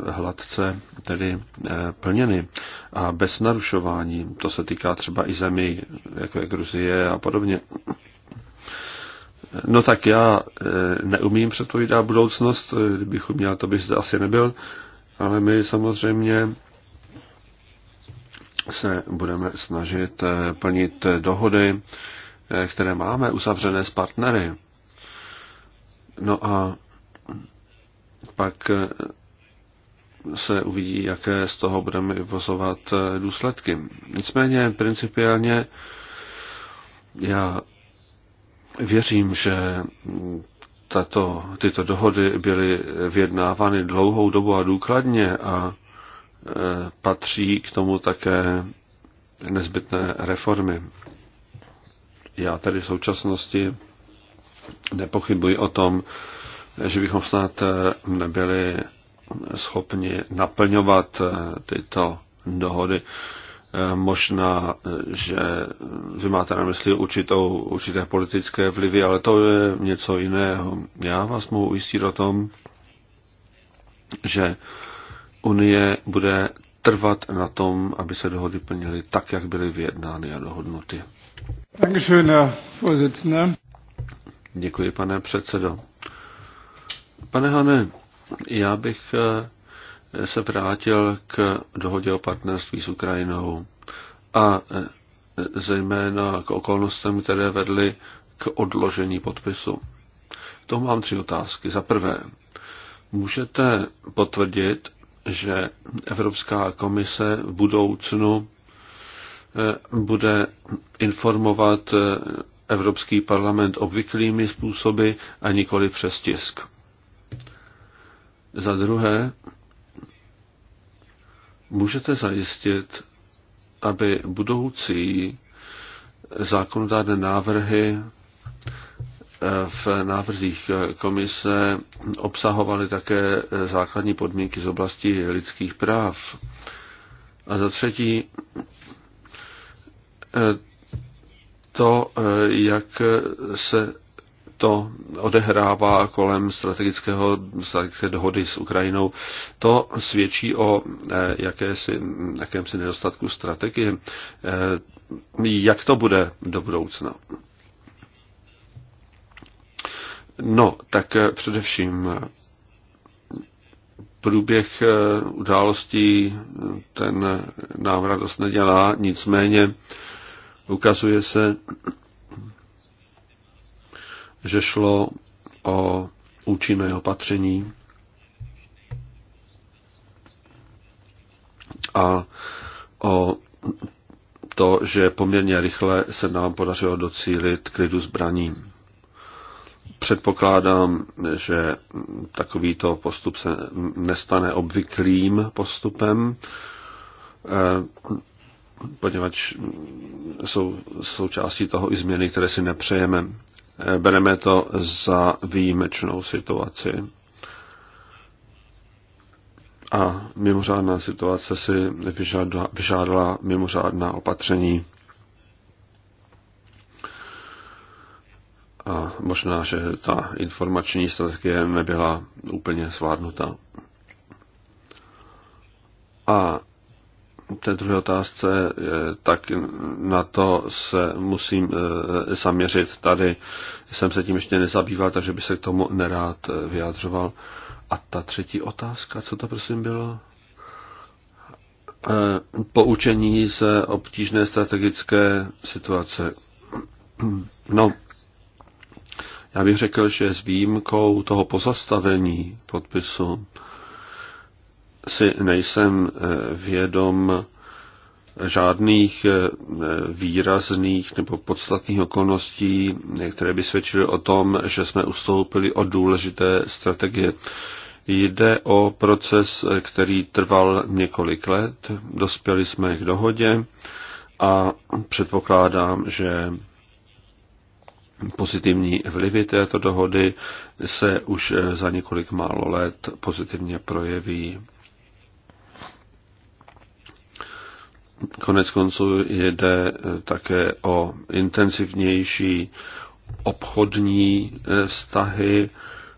e, hladce tedy e, plněny a bez narušování. To se týká třeba i zemí, jako je Gruzie a podobně. No tak já e, neumím předpovídat budoucnost, e, kdybych uměl, to bych zde asi nebyl, ale my samozřejmě se budeme snažit e, plnit dohody, které máme uzavřené s partnery. No a pak se uvidí, jaké z toho budeme vyvozovat důsledky. Nicméně principiálně já Věřím, že tato, tyto dohody byly vyjednávány dlouhou dobu a důkladně a e, patří k tomu také nezbytné reformy. Já tady v současnosti nepochybuji o tom, že bychom snad e, nebyli schopni naplňovat e, tyto dohody. Eh, možná, eh, že eh, vy máte na mysli určitou, určité politické vlivy, ale to je něco jiného. Já vás mohu ujistit o tom, že Unie bude trvat na tom, aby se dohody plnily tak, jak byly vyjednány a dohodnuty. Děkuji, pane předsedo. Pane Hane, já bych se vrátil k dohodě o partnerství s Ukrajinou a e, zejména k okolnostem, které vedly k odložení podpisu. To mám tři otázky. Za prvé, můžete potvrdit, že Evropská komise v budoucnu e, bude informovat e, Evropský parlament obvyklými způsoby a nikoli přes tisk. Za druhé, můžete zajistit, aby budoucí zákonodárné návrhy eh, v návrzích eh, komise obsahovaly také eh, základní podmínky z oblasti lidských práv. A za třetí, to, jak se to odehrává kolem strategického, strategické dohody s Ukrajinou, to svědčí o eh, jakési, jakémsi nedostatku strategie. Eh, jak to bude do budoucna? No, tak eh, především průběh událostí ten nám radost nedělá, nicméně ukazuje se, že šlo o účinné opatření a o to, že poměrně rychle se nám podařilo docílit klidu zbraní. Předpokládám, že takovýto postup se nestane obvyklým postupem, eh, poněvadž jsou součástí toho i změny, které si nepřejeme bereme to za výjimečnou situaci. A mimořádná situace si vyžádala, vyžádala mimořádná opatření. A možná, že ta informační strategie nebyla úplně zvládnuta. A té druhé otázce, eh, tak na to se musím eh, zaměřit. Tady jsem se tím ještě nezabýval, takže by se k tomu nerád eh, vyjádřoval. A ta třetí otázka, co to prosím bylo? Poučení z obtížné strategické situace. No, já bych řekl, že s výjimkou toho pozastavení podpisu, si nejsem eh, vědom žádných eh, výrazných nebo podstatných okolností, které by svědčily o tom, že jsme ustoupili od důležité strategie. Jde o proces, který trval několik let, dospěli jsme k dohodě a předpokládám, že pozitivní vlivy této dohody se už za několik málo let pozitivně projeví. Konec konců jde eh, také o intenzivnější obchodní eh, vztahy,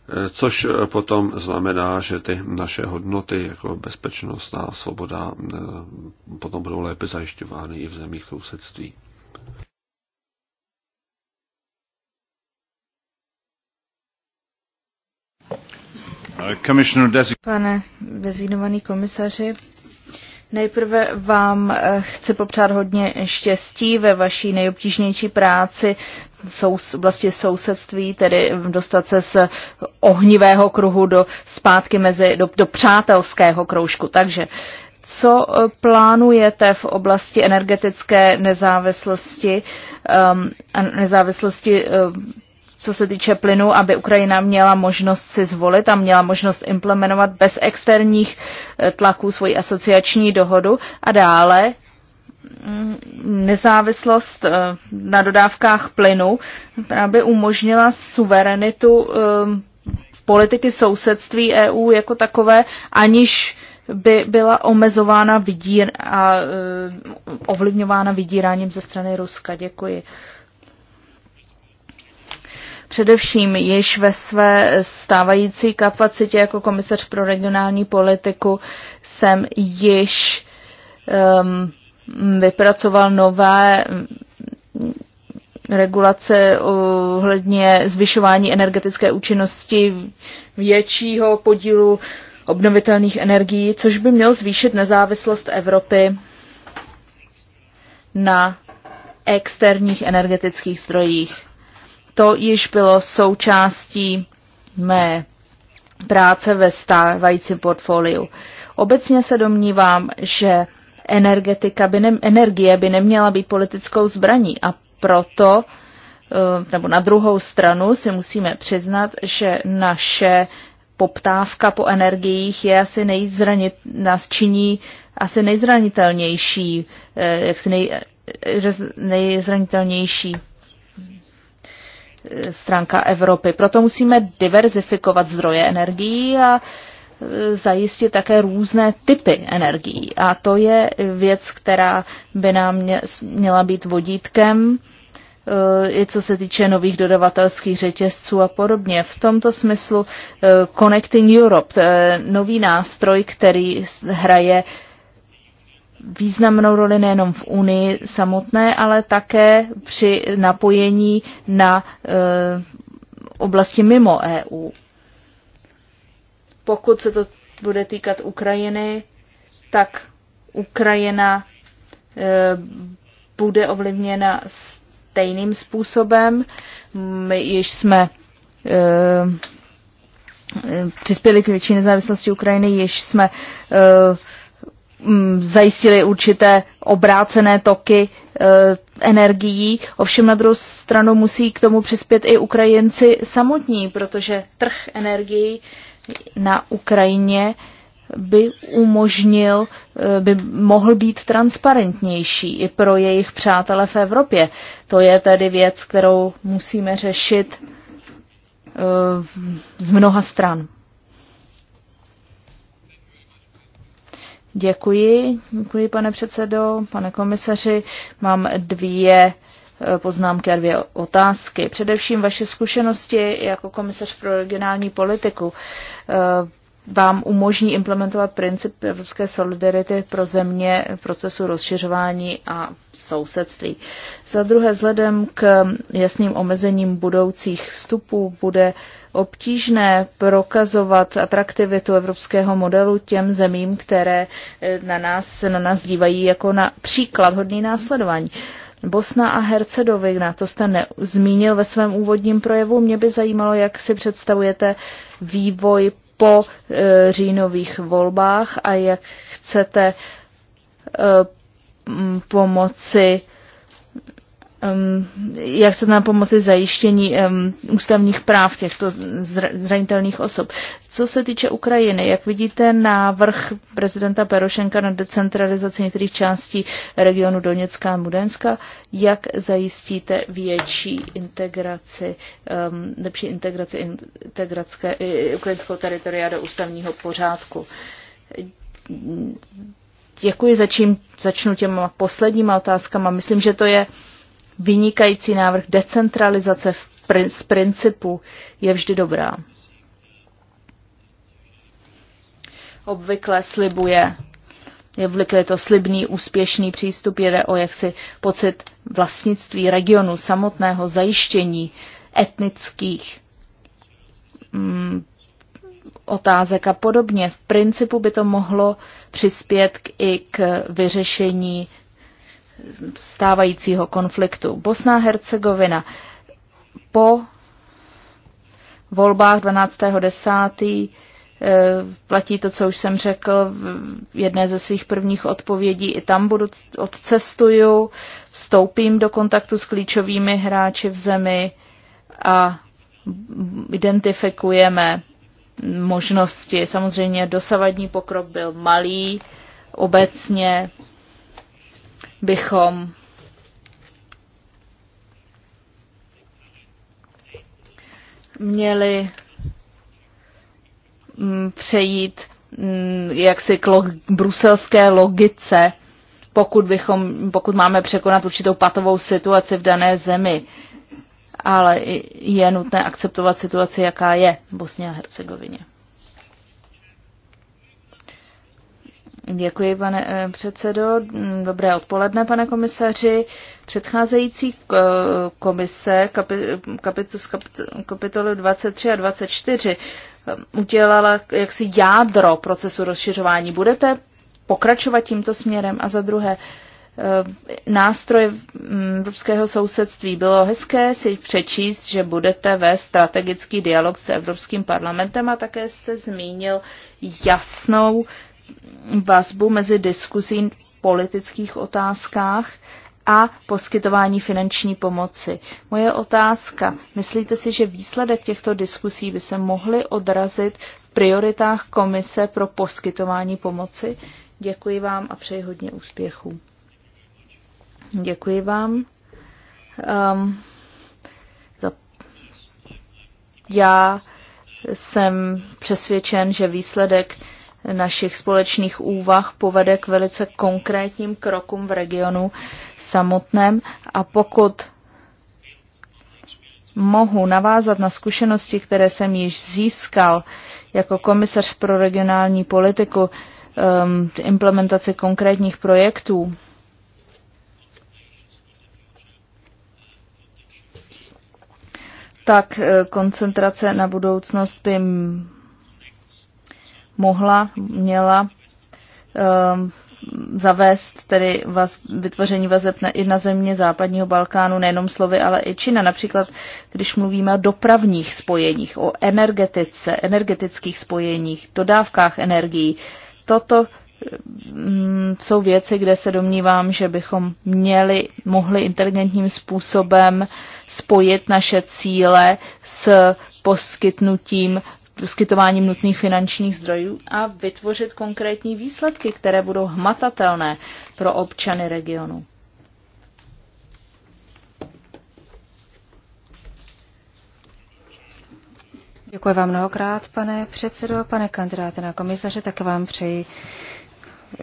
eh, což potom znamená, že ty naše hodnoty jako bezpečnost a svoboda potom budou lépe zajišťovány i v zemích sousedství. Pane designovaný komisaři, Nejprve vám eh, chci popřát hodně štěstí ve vaší nejobtížnější práci v oblasti sousedství, tedy dostat se z ohnivého kruhu do zpátky mezi, do, do přátelského kroužku. Takže co eh, plánujete v oblasti energetické nezávislosti, um, nezávislosti um, co se týče plynu, aby Ukrajina měla možnost si zvolit a měla možnost implementovat bez externích eh, tlaků svoji asociační dohodu a dále mm, nezávislost eh, na dodávkách plynu, která by umožnila suverenitu eh, v politiky sousedství EU jako takové, aniž by byla omezována vidír a ovlivňována vydíráním ze strany Ruska. Děkuji. Především již ve své stávající kapacitě jako komisař pro regionální politiku jsem již um, vypracoval nové mm, regulace ohledně zvyšování energetické účinnosti většího podílu obnovitelných energií, což by mělo zvýšit nezávislost Evropy na externích energetických zdrojích. To již bylo součástí mé práce ve stávajícím portfoliu. Obecně se domnívám, že energetika by ne, energie by neměla být politickou zbraní a proto eh, nebo na druhou stranu si musíme přiznat, že naše poptávka po energiích je asi nejzranit, nás činí asi nejzranitelnější, eh, jaksi nej, eh, nejzranitelnější stránka Evropy. Proto musíme diverzifikovat zdroje energií a e, zajistit také různé typy energií. A to je věc, která by nám měla být vodítkem, e, i co se týče nových dodavatelských řetězců a podobně. V tomto smyslu e, Connecting Europe, nový nástroj, který hraje významnou roli nejenom v Unii samotné, ale také při napojení na e, oblasti mimo EU. Pokud se to bude týkat Ukrajiny, tak Ukrajina e, bude ovlivněna stejným způsobem. My již jsme e, přispěli k větší nezávislosti Ukrajiny, již jsme e, Mm, zajistili určité obrácené toky eh, energií. Ovšem na druhou stranu musí k tomu přispět i Ukrajinci samotní, protože trh energií na Ukrajině by umožnil, eh, by mohl být transparentnější i pro jejich přátele v Evropě. To je tedy věc, kterou musíme řešit eh, z mnoha stran. Děkuji, děkuji pane předsedo, pane komisaři. Mám dvě eh, poznámky a dvě otázky. Především vaše zkušenosti jako komisař pro regionální politiku eh, vám umožní implementovat princip evropské solidarity pro země procesu rozšiřování a sousedství. Za druhé, vzhledem k jasným omezením budoucích vstupů bude obtížné prokazovat atraktivitu evropského modelu těm zemím, které eh, na nás, se na nás dívají jako na příklad hodný následování. Bosna a Hercegovina, to jste ne- zmínil ve svém úvodním projevu. Mě by zajímalo, jak si představujete vývoj po e, říjnových volbách a jak chcete e, pomoci jak se nám pomoci zajištění ústavních práv těchto zranitelných osob. Co se týče Ukrajiny, jak vidíte návrh prezidenta Perošenka na decentralizaci některých částí regionu Doněcka a Mudenska, jak zajistíte větší integraci, lepší integraci ukrajinského teritoria do ústavního pořádku? Děkuji, začím, začnu těma posledníma otázkama. Myslím, že to je vynikající návrh decentralizace z principu je vždy dobrá. Obvykle slibuje, je obvykle to slibný, úspěšný přístup, jde o jaksi pocit vlastnictví regionu, samotného zajištění etnických mm, otázek a podobně. V principu by to mohlo přispět k, i k vyřešení stávajícího konfliktu. Bosna a Hercegovina po volbách 12.10. Eh, platí to, co už jsem řekl v jedné ze svých prvních odpovědí. I tam budu odcestuju, vstoupím do kontaktu s klíčovými hráči v zemi a identifikujeme možnosti. Samozřejmě dosavadní pokrok byl malý, obecně bychom měli mm, přejít mm, jaksi k log- bruselské logice, pokud, bychom, pokud máme překonat určitou patovou situaci v dané zemi. Ale je nutné akceptovat situaci, jaká je v Bosně a Hercegovině. Děkuji, pane eh, předsedo. Dobré odpoledne, pane komisaři. Předcházející eh, komise kapitoly 23 a 24 eh, udělala jaksi jádro procesu rozšiřování. Budete pokračovat tímto směrem? A za druhé, nástroj mm, evropského sousedství. Bylo hezké si přečíst, že budete vést strategický dialog s Evropským parlamentem a také jste zmínil jasnou vazbu mezi diskuzí v politických otázkách a poskytování finanční pomoci. Moje otázka, myslíte si, že výsledek těchto diskusí by se mohly odrazit v prioritách komise pro poskytování pomoci? Děkuji vám a přeji hodně úspěchů. Děkuji vám. Um, za... Já jsem přesvědčen, že výsledek našich společných úvah povede k velice konkrétním krokům v regionu samotném a pokud mohu navázat na zkušenosti, které jsem již získal jako komisař pro regionální politiku, um, implementaci konkrétních projektů, tak eh, koncentrace na budoucnost by mohla, měla ehm, zavést tedy vaz, vytvoření vazeb na, i na země západního Balkánu, nejenom slovy, ale i Čína. Například, když mluvíme o dopravních spojeních, o energetice, energetických spojeních, dodávkách energií, toto mm, jsou věci, kde se domnívám, že bychom měli, mohli inteligentním způsobem spojit naše cíle s poskytnutím poskytováním nutných finančních zdrojů a vytvořit konkrétní výsledky, které budou hmatatelné pro občany regionu. Děkuji vám mnohokrát, pane předsedo, pane kandidáte na komisaře, tak vám přeji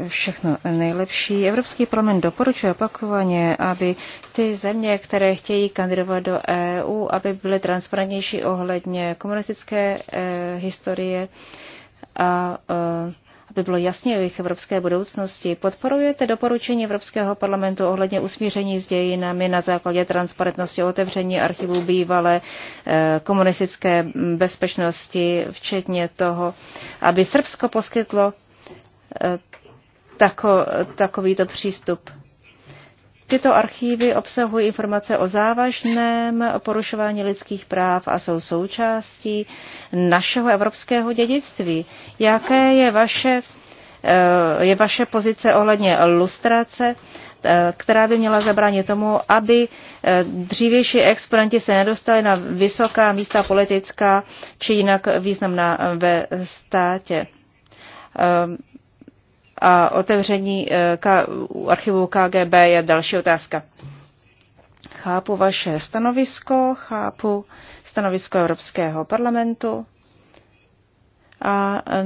všechno nejlepší. Evropský parlament doporučuje opakovaně, aby ty země, které chtějí kandidovat do EU, aby byly transparentnější ohledně komunistické eh, historie a eh, aby bylo jasně o jejich evropské budoucnosti. Podporujete doporučení Evropského parlamentu ohledně usmíření s dějinami na základě transparentnosti otevření archivů bývalé eh, komunistické bezpečnosti, včetně toho, aby Srbsko poskytlo eh, tako, takovýto přístup. Tyto archívy obsahují informace o závažném porušování lidských práv a jsou součástí našeho evropského dědictví. Jaké je vaše, eh, je vaše pozice ohledně lustrace, eh, která by měla zabránit tomu, aby eh, dřívější exponenti se nedostali na vysoká místa politická či jinak významná ve státě? A otevření eh, archivu KGB je další otázka. Chápu vaše stanovisko, chápu stanovisko Evropského parlamentu a eh,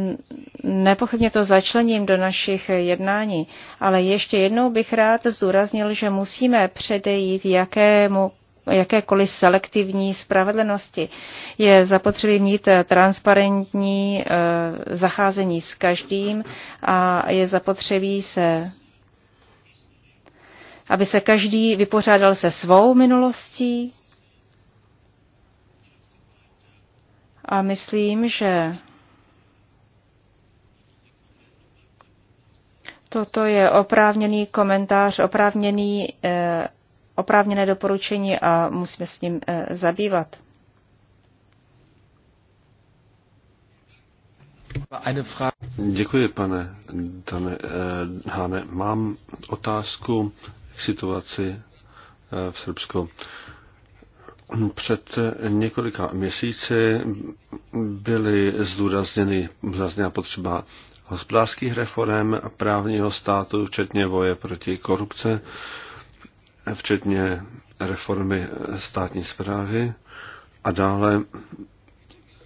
nepochybně to začlením do našich jednání. Ale ještě jednou bych rád zdůraznil, že musíme předejít jakému jakékoliv selektivní spravedlnosti. Je zapotřebí mít eh, transparentní eh, zacházení s každým a je zapotřebí se aby se každý vypořádal se svou minulostí. A myslím, že toto je oprávněný komentář, oprávněný eh, oprávněné doporučení a musíme s ním eh, zabývat. Děkuji, pane Dane, eh, Hane. Mám otázku k situaci eh, v Srbsku. Před několika měsíci byly zdůrazněny zazněna potřeba hospodářských reform, právního státu, včetně boje proti korupce včetně reformy státní zprávy a dále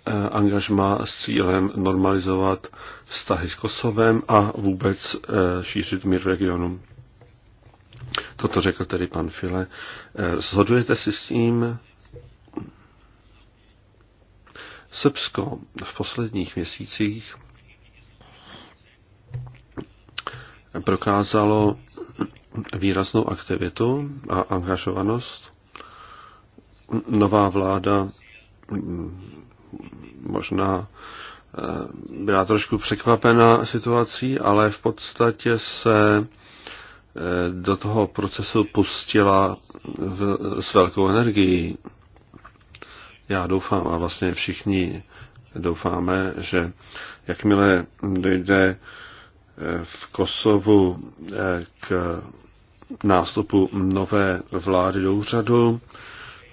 eh, angažma s cílem normalizovat vztahy s Kosovem a vůbec eh, šířit mír v regionu. Toto řekl tedy pan File. Zhodujete eh, si s tím? Srbsko v posledních měsících prokázalo výraznou aktivitu a angažovanost. Nová vláda mm, možná eh, byla trošku překvapena situací, ale v podstatě se eh, do toho procesu pustila v, s velkou energií. Já doufám a vlastně všichni doufáme, že jakmile dojde eh, v Kosovu k nástupu nové vlády do úřadu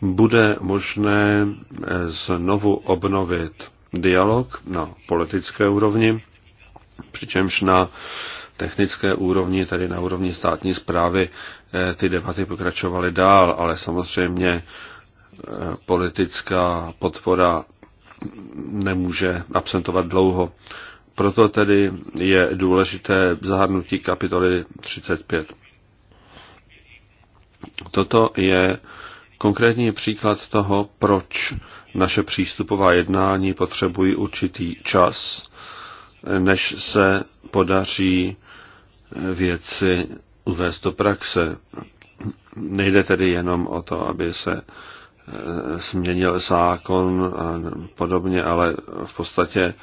bude možné eh, znovu obnovit dialog na politické úrovni, přičemž na technické úrovni, tedy na úrovni státní zprávy, eh, ty debaty pokračovaly dál, ale samozřejmě eh, politická podpora nemůže absentovat dlouho. Proto tedy je důležité zahrnutí kapitoly 35. Toto je konkrétní příklad toho, proč naše přístupová jednání potřebují určitý čas, než se podaří věci uvést do praxe. Nejde tedy jenom o to, aby se e, změnil zákon a podobně, ale v podstatě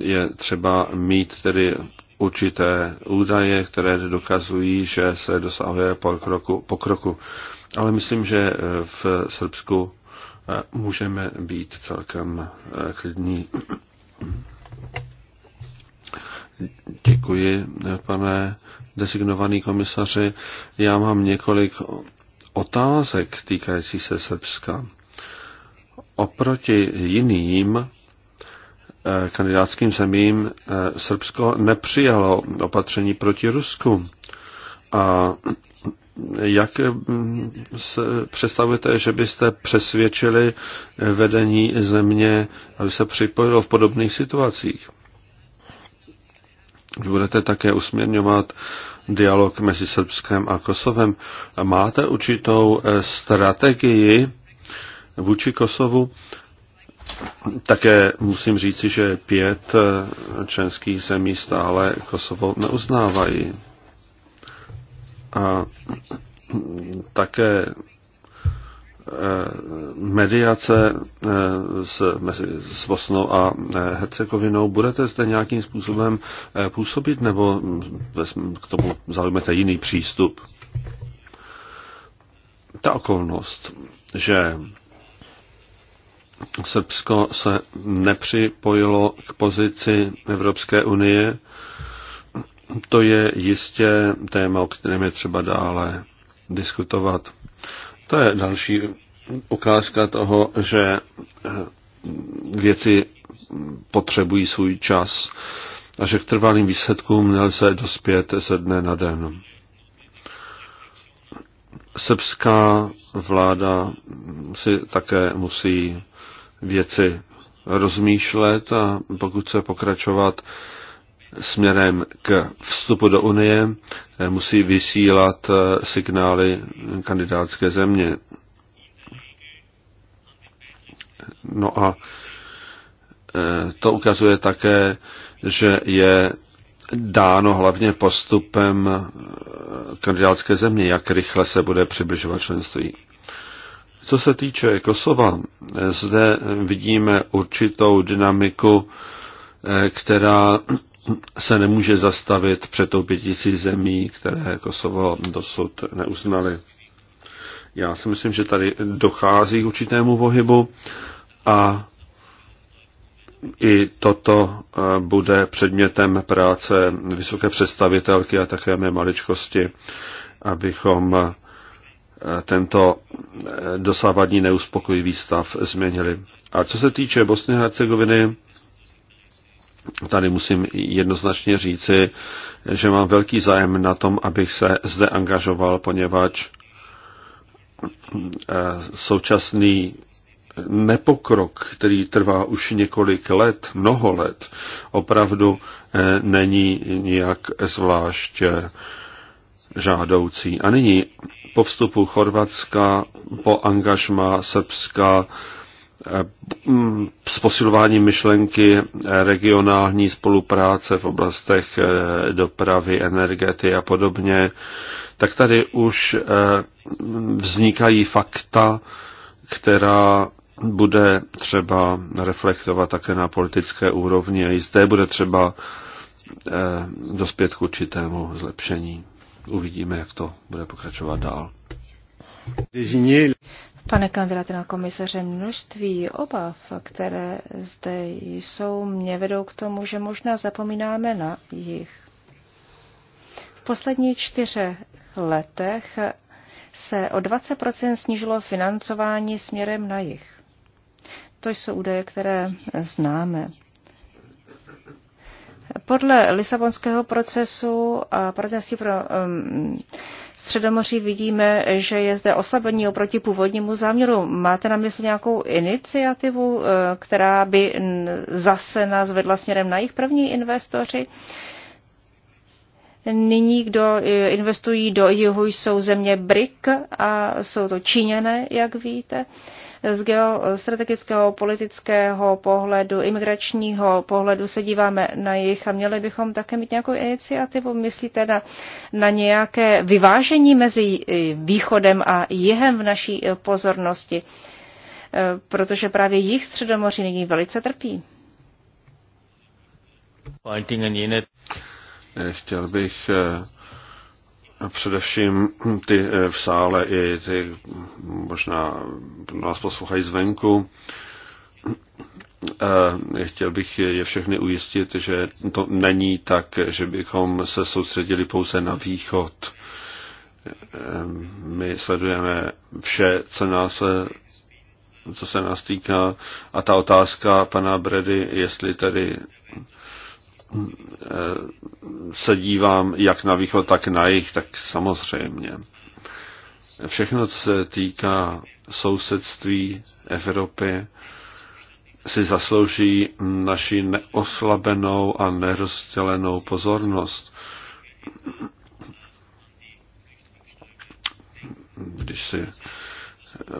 je třeba mít tedy určité údaje, které dokazují, že se dosahuje pokroku. pokroku. Ale myslím, že v Srbsku eh, můžeme být celkem eh, klidní. Děkuji, pane designovaný komisaři. Já mám několik otázek týkající se Srbska. Oproti jiným Eh, kandidátským zemím eh, Srbsko nepřijalo opatření proti Rusku. A jak eh, se představujete, že byste přesvědčili vedení země, aby se připojilo v podobných situacích? Budete také usměrňovat dialog mezi Srbskem a Kosovem. Máte určitou strategii vůči Kosovu, také musím říci, že pět eh, členských zemí stále Kosovo neuznávají. A také eh, mediace eh, s, mezi, s Bosnou a Hercegovinou. Budete zde nějakým způsobem působit nebo hm, k tomu zaujmete jiný přístup? Ta okolnost, že Srbsko se nepřipojilo k pozici Evropské unie. To je jistě téma, o kterém je třeba dále diskutovat. To je další ukázka toho, že eh, věci potřebují svůj čas a že k trvalým výsledkům nelze dospět ze dne na den. Srbská vláda si také musí věci rozmýšlet a pokud se pokračovat směrem k vstupu do Unie, eh, musí vysílat eh, signály kandidátské země. No a eh, to ukazuje také, že je dáno hlavně postupem kandidátské země, jak rychle se bude přibližovat členství. Co se týče Kosova, zde vidíme určitou dynamiku, která se nemůže zastavit před tou pětící zemí, které Kosovo dosud neuznali. Já si myslím, že tady dochází k určitému pohybu a i toto eh, bude předmětem práce vysoké představitelky a také mé maličkosti, abychom tento dosávadní neuspokojivý stav změnili. A co se týče Bosny a Hercegoviny, tady musím jednoznačně říci, že mám velký zájem na tom, abych se zde angažoval, poněvadž eh, současný nepokrok, který trvá už několik let, mnoho let, opravdu eh, není nijak zvlášť eh, žádoucí. A nyní po vstupu Chorvatska, po angažma Srbska, eh, s posilováním myšlenky regionální spolupráce v oblastech eh, dopravy, energety a podobně, tak tady už eh, vznikají fakta, která bude třeba reflektovat také na politické úrovni a i zde bude třeba dospět k určitému zlepšení uvidíme, jak to bude pokračovat dál. Pane kandidáte na komisaře, množství obav, které zde jsou, mě vedou k tomu, že možná zapomínáme na jich. V posledních čtyřech letech se o 20% snížilo financování směrem na jich. To jsou údaje, které známe. Podle Lisabonského procesu a partnerství pro um, Středomoří vidíme, že je zde oslabení oproti původnímu záměru. Máte na mysli nějakou iniciativu, uh, která by zase nás vedla směrem na jejich první investoři? Nyní, kdo uh, investují do jihu, jsou země BRIC a jsou to Číňané, jak víte. Uh, z geostrategického, politického pohledu, imigračního pohledu se díváme na jejich a měli bychom také mít nějakou iniciativu. Myslíte na, na nějaké vyvážení mezi eh, východem a jihem v naší eh, pozornosti? Eh, protože právě jich středomoří nyní velice trpí. Chtěl bych Především ty eh, v sále i ty možná nás poslouchají zvenku. Eh, chtěl bych je všechny ujistit, že to není tak, že bychom se soustředili pouze na východ. Eh, my sledujeme vše, co nás co se nás týká. A ta otázka pana Bredy, jestli tedy Eh, se dívám jak na východ, tak na jich, tak samozřejmě. Všechno, co se týká sousedství Evropy, si zaslouží naši neoslabenou a nerozdělenou pozornost. Když si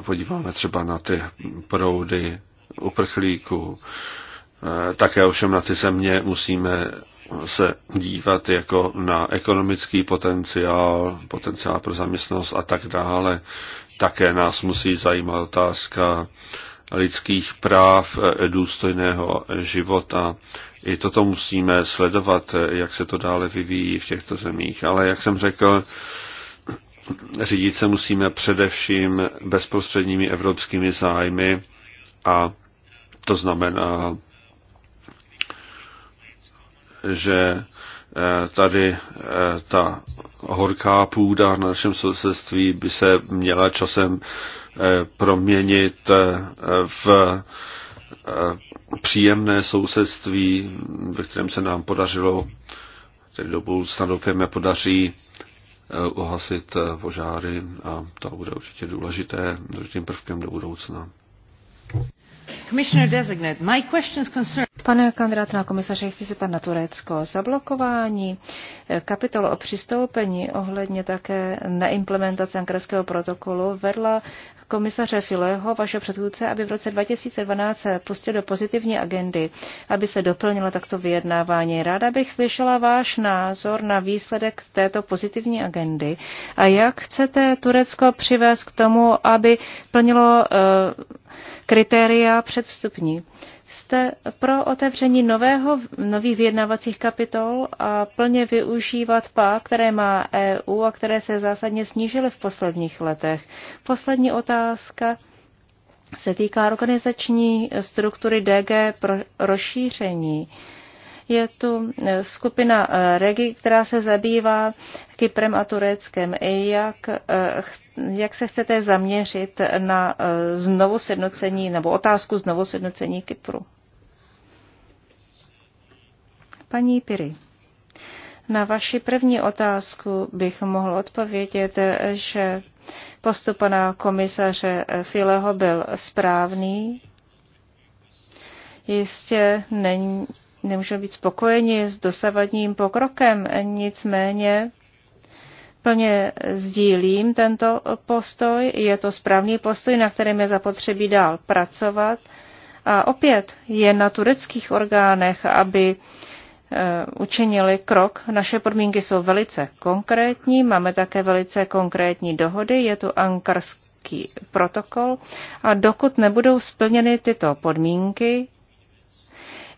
podíváme třeba na ty proudy uprchlíků, Eh, také ovšem na ty země musíme se dívat jako na ekonomický potenciál, potenciál pro zaměstnanost a tak dále. Také nás musí zajímat otázka lidských práv, eh, důstojného života. I toto musíme sledovat, eh, jak se to dále vyvíjí v těchto zemích. Ale jak jsem řekl, řídit se musíme především bezprostředními evropskými zájmy a to znamená že eh, tady eh, ta horká půda na našem sousedství by se měla časem eh, proměnit v příjemné sousedství, ve kterém se nám podařilo, tedy do budoucna doufujeme, podaří uhasit požáry a to bude určitě důležité, důležitým prvkem do budoucna. Pane kandidát na komisaře, chci se tam na Turecko. Zablokování eh, kapitol o přistoupení ohledně také neimplementace ankarského protokolu vedla komisaře Fileho, vaše předchůdce, aby v roce 2012 se pustil do pozitivní agendy, aby se doplnilo takto vyjednávání. Ráda bych slyšela váš názor na výsledek této pozitivní agendy a jak chcete Turecko přivést k tomu, aby plnilo eh, kritéria předvstupní. Jste pro otevření nového, nových vyjednávacích kapitol a plně využívat pák, které má EU a které se zásadně snížily v posledních letech. Poslední otázka se týká organizační struktury DG pro rozšíření. Uh, je tu eh, skupina eh, Regi, která se zabývá Kyprem a Tureckem. Jak, eh, jak se chcete zaměřit na znovu sjednocení nebo otázku znovu sjednocení Kypru? Paní Piri. Na vaši první otázku bych mohl odpovědět, že postup pana komisaře Fileho byl správný. Jistě není, Nemůžeme být spokojeni s dosavadním pokrokem, nicméně plně sdílím tento postoj. Je to správný postoj, na kterém je zapotřebí dál pracovat. A opět je na tureckých orgánech, aby eh, učinili krok. Naše podmínky jsou velice konkrétní, máme také velice konkrétní dohody, je tu ankarský protokol a dokud nebudou splněny tyto podmínky,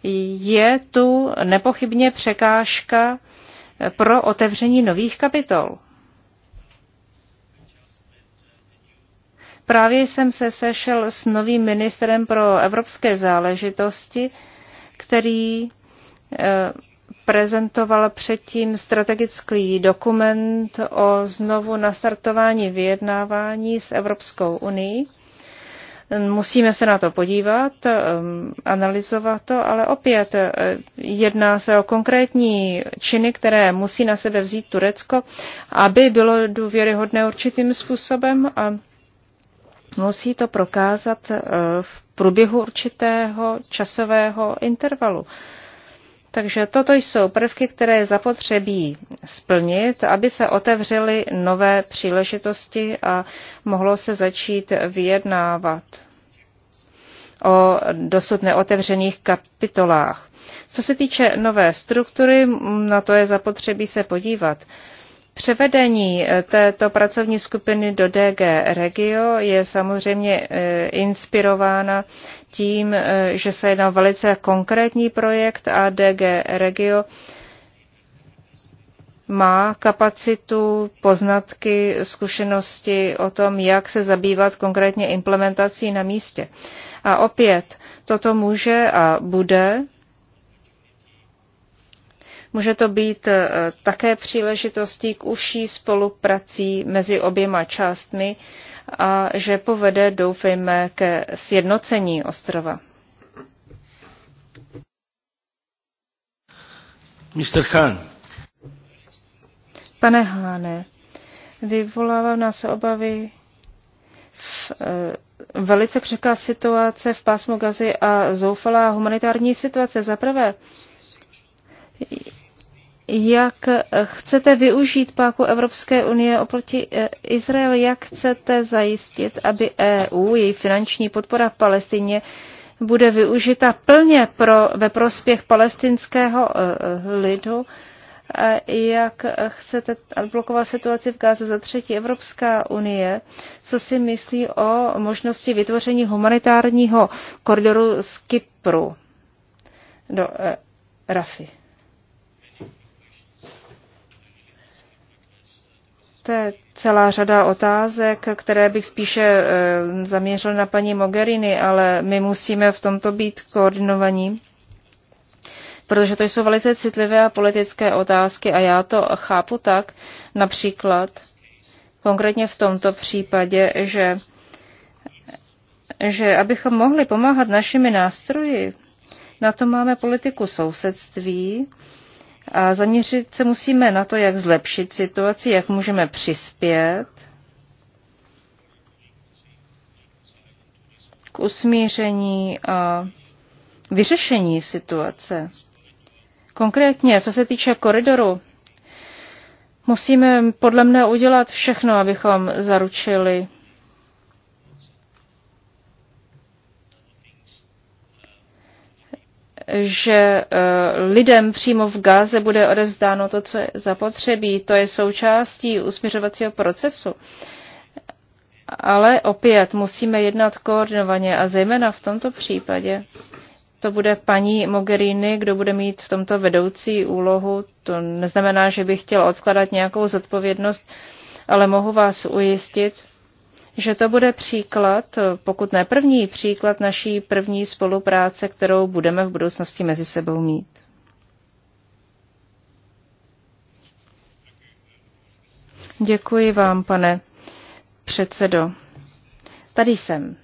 je tu nepochybně překážka pro otevření nových kapitol. Právě jsem se sešel s novým ministrem pro evropské záležitosti, který eh, prezentoval předtím strategický dokument o znovu nastartování vyjednávání s Evropskou unii. Musíme se na to podívat, um, analyzovat to, ale opět uh, jedná se o konkrétní činy, které musí na sebe vzít Turecko, aby bylo důvěryhodné určitým způsobem a musí to prokázat uh, v průběhu určitého časového intervalu. Takže toto jsou prvky, které je zapotřebí splnit, aby se otevřely nové příležitosti a mohlo se začít vyjednávat o dosud neotevřených kapitolách. Co se týče nové struktury, na to je zapotřebí se podívat. Převedení eh, této pracovní skupiny do DG Regio je samozřejmě eh, inspirována tím, eh, že se jedná velice konkrétní projekt a DG Regio má kapacitu, poznatky, zkušenosti o tom, jak se zabývat konkrétně implementací na místě. A opět, toto může a bude Může to být eh, také příležitostí k užší spoluprací mezi oběma částmi a že povede, doufejme, ke sjednocení ostrova. Mr. Khan. Pane Háne, vyvolává nás obavy v, eh, velice křehká situace v pásmu Gazy a zoufalá humanitární situace. Za prvé, jak chcete využít páku Evropské unie oproti eh, Izraeli, jak chcete zajistit, aby EU, její finanční podpora v Palestině, bude využita plně pro, ve prospěch palestinského eh, eh, lidu, jak chcete blokovat situaci v Gáze za třetí Evropská unie, co si myslí o možnosti vytvoření humanitárního koridoru z Kypru do Rafi? To je celá řada otázek, které bych spíše eh, zaměřil na paní Mogherini, ale my musíme v tomto být koordinovaní, protože to jsou velice citlivé a politické otázky a já to chápu tak, například konkrétně v tomto případě, že, že abychom mohli pomáhat našimi nástroji, na to máme politiku sousedství, a zaměřit se musíme na to, jak zlepšit situaci, jak můžeme přispět k usmíření a vyřešení situace. Konkrétně, co se týče koridoru, musíme podle mne udělat všechno, abychom zaručili že e, lidem přímo v Gáze bude odevzdáno to, co je zapotřebí. To je součástí usměřovacího procesu. Ale opět musíme jednat koordinovaně a zejména v tomto případě to bude paní Mogherini, kdo bude mít v tomto vedoucí úlohu. To neznamená, že bych chtěl odkladat nějakou zodpovědnost, ale mohu vás ujistit, že to bude příklad, pokud ne první příklad naší první spolupráce, kterou budeme v budoucnosti mezi sebou mít. Děkuji vám, pane předsedo. Tady jsem.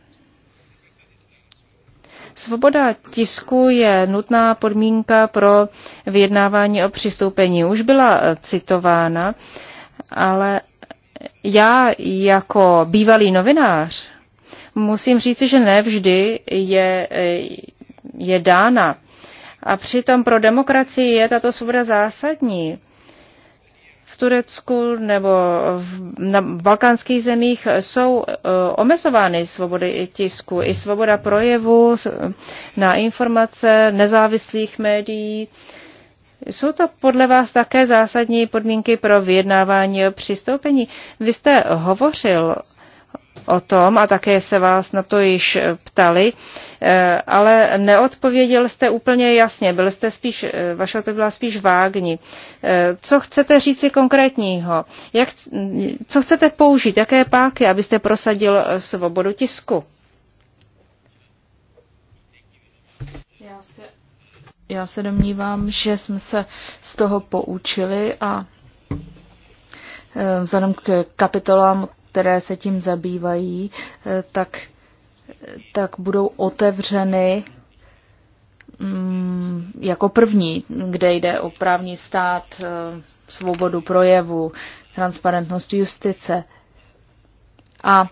Svoboda tisku je nutná podmínka pro vyjednávání o přistoupení. Už byla citována, ale já jako bývalý novinář musím říci, že ne vždy je, eh, je dána. A přitom pro demokracii je tato svoboda zásadní. V Turecku nebo v, na balkánských zemích jsou uh, omezovány svobody tisku i svoboda projevu na informace nezávislých médií. Uh, jsou to podle vás také zásadní podmínky pro vyjednávání o přistoupení? Vy jste hovořil o tom a také se vás na to již ptali, eh, ale neodpověděl jste úplně jasně, byl jste spíš, eh, vaše odpověď byla spíš vágní. Eh, co chcete říci konkrétního? Jak, co chcete použít? Jaké páky, abyste prosadil svobodu tisku? Já se já se domnívám, že jsme se z toho poučili a eh, vzhledem k kapitolám, které se tím zabývají, eh, tak, tak budou otevřeny mm, jako první, kde jde o právní stát, eh, svobodu projevu, transparentnost justice. A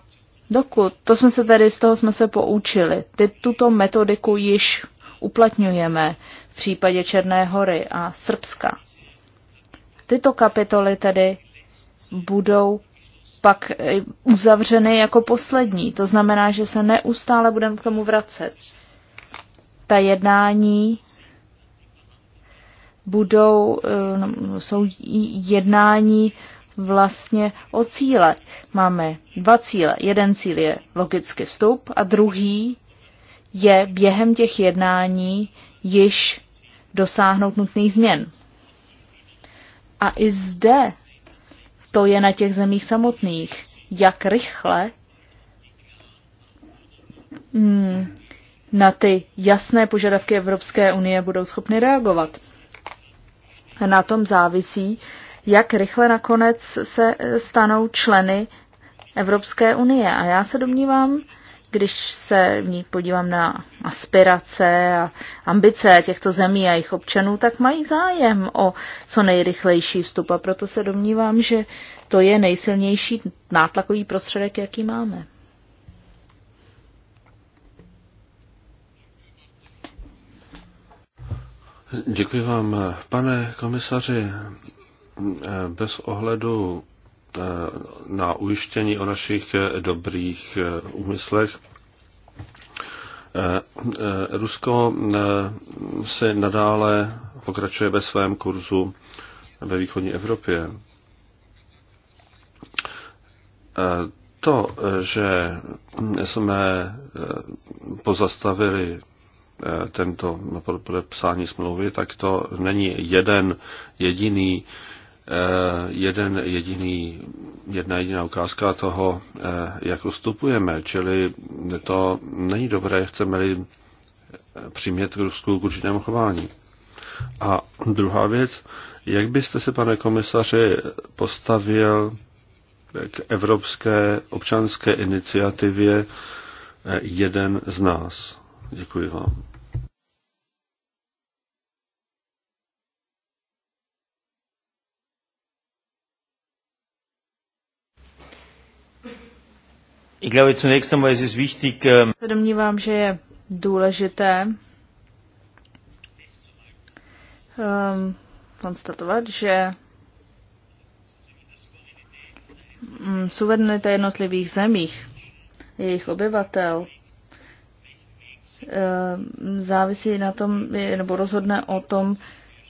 dokud, to jsme se tady z toho jsme se poučili, ty, tuto metodiku již uplatňujeme v případě Černé hory a Srbska. Tyto kapitoly tedy budou pak eh, uzavřeny jako poslední. To znamená, že se neustále budeme k tomu vracet. Ta jednání budou, eh, no, jsou jednání vlastně o cíle. Máme dva cíle. Jeden cíl je logicky vstup a druhý je během těch jednání již dosáhnout nutných změn. A i zde to je na těch zemích samotných, jak rychle hmm, na ty jasné požadavky Evropské unie budou schopny reagovat. A na tom závisí, jak rychle nakonec se stanou členy Evropské unie. A já se domnívám, když se v ní podívám na aspirace a ambice těchto zemí a jejich občanů, tak mají zájem o co nejrychlejší vstup a proto se domnívám, že to je nejsilnější nátlakový prostředek, jaký máme. Děkuji vám, pane komisaři. Bez ohledu Eh, na ujištění o našich eh, dobrých eh, úmyslech. Rusko se nadále pokračuje ve svém kurzu ve východní Evropě. To, že jsme pozastavili tento podepsání smlouvy, tak to není jeden jediný Eh, jeden jediný, jedna jediná ukázka toho, eh, jak ustupujeme. Čili to není dobré, chceme-li eh, přimět Rusku k určitému chování. A druhá věc, jak byste se, pane komisaři, postavil k Evropské občanské iniciativě Jeden z nás? Děkuji vám. Ich glaube, zunächst einmal ist es wichtig, ähm, se domnívám, že je důležité um, konstatovat, že um, suverenita jednotlivých zemích, jejich obyvatel, um, závisí na tom, nebo rozhodne o tom,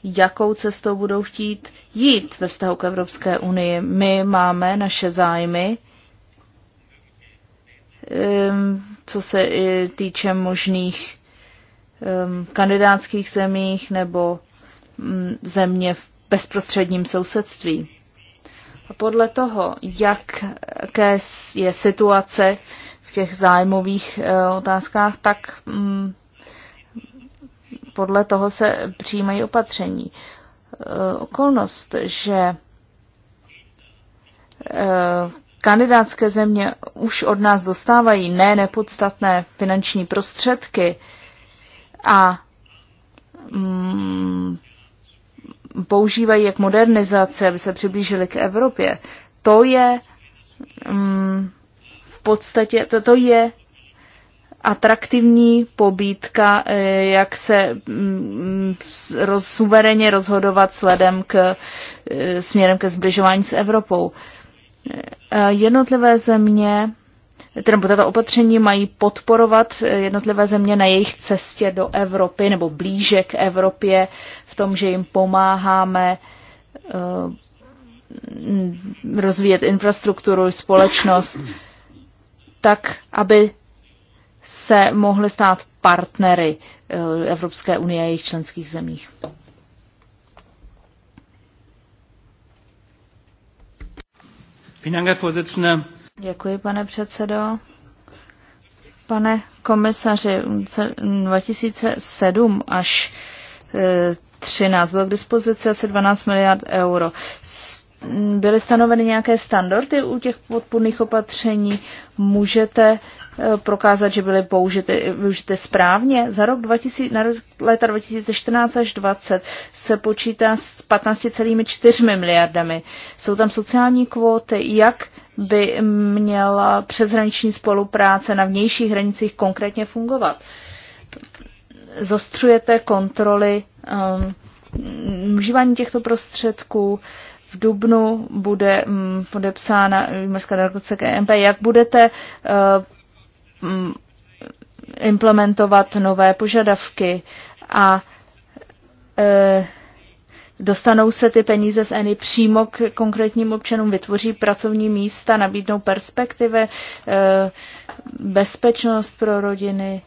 jakou cestou budou chtít jít ve vztahu k Evropské unii. My máme naše zájmy, Ehm, co se eh, týče možných ehm, kandidátských zemích nebo mm, země v bezprostředním sousedství. A podle toho, jak, jaké je situace v těch zájmových eh, otázkách, tak mm, podle toho se přijímají opatření. Eh, okolnost, že kandidátské země už od nás dostávají ne nepodstatné finanční prostředky a mm, používají jak modernizaci, aby se přiblížili k Evropě. To je mm, v podstatě, to, to je atraktivní pobídka, eh, jak se mm, roz, suverénně rozhodovat sledem k, eh, směrem ke zbližování s Evropou. Eh, jednotlivé země, tedy tato opatření mají podporovat eh, jednotlivé země na jejich cestě do Evropy nebo blíže k Evropě v tom, že jim pomáháme eh, rozvíjet infrastrukturu, společnost, tak, aby se mohly stát partnery Evropské unie a jejich členských zemích. Děkuji, pane předsedo. Pane komisaři, 2007 až 2013 e, bylo k dispozici asi 12 miliard euro. Byly stanoveny nějaké standardy u těch podpůrných opatření? Můžete Eh, prokázat, že byly použity, využity správně. Za rok 2000, na léta 2014 až 20 se počítá s 15,4 miliardami. Jsou tam sociální kvóty, jak by měla přeshraniční spolupráce na vnějších hranicích konkrétně fungovat. Zostřujete kontroly um, užívání těchto prostředků, v Dubnu bude mm, podepsána Jumerská eh, delegace KMP. Jak budete eh, Mm, implementovat nové požadavky a e, dostanou se ty peníze z ENI přímo k konkrétním občanům, vytvoří pracovní místa, nabídnou perspektivy, e, bezpečnost pro rodiny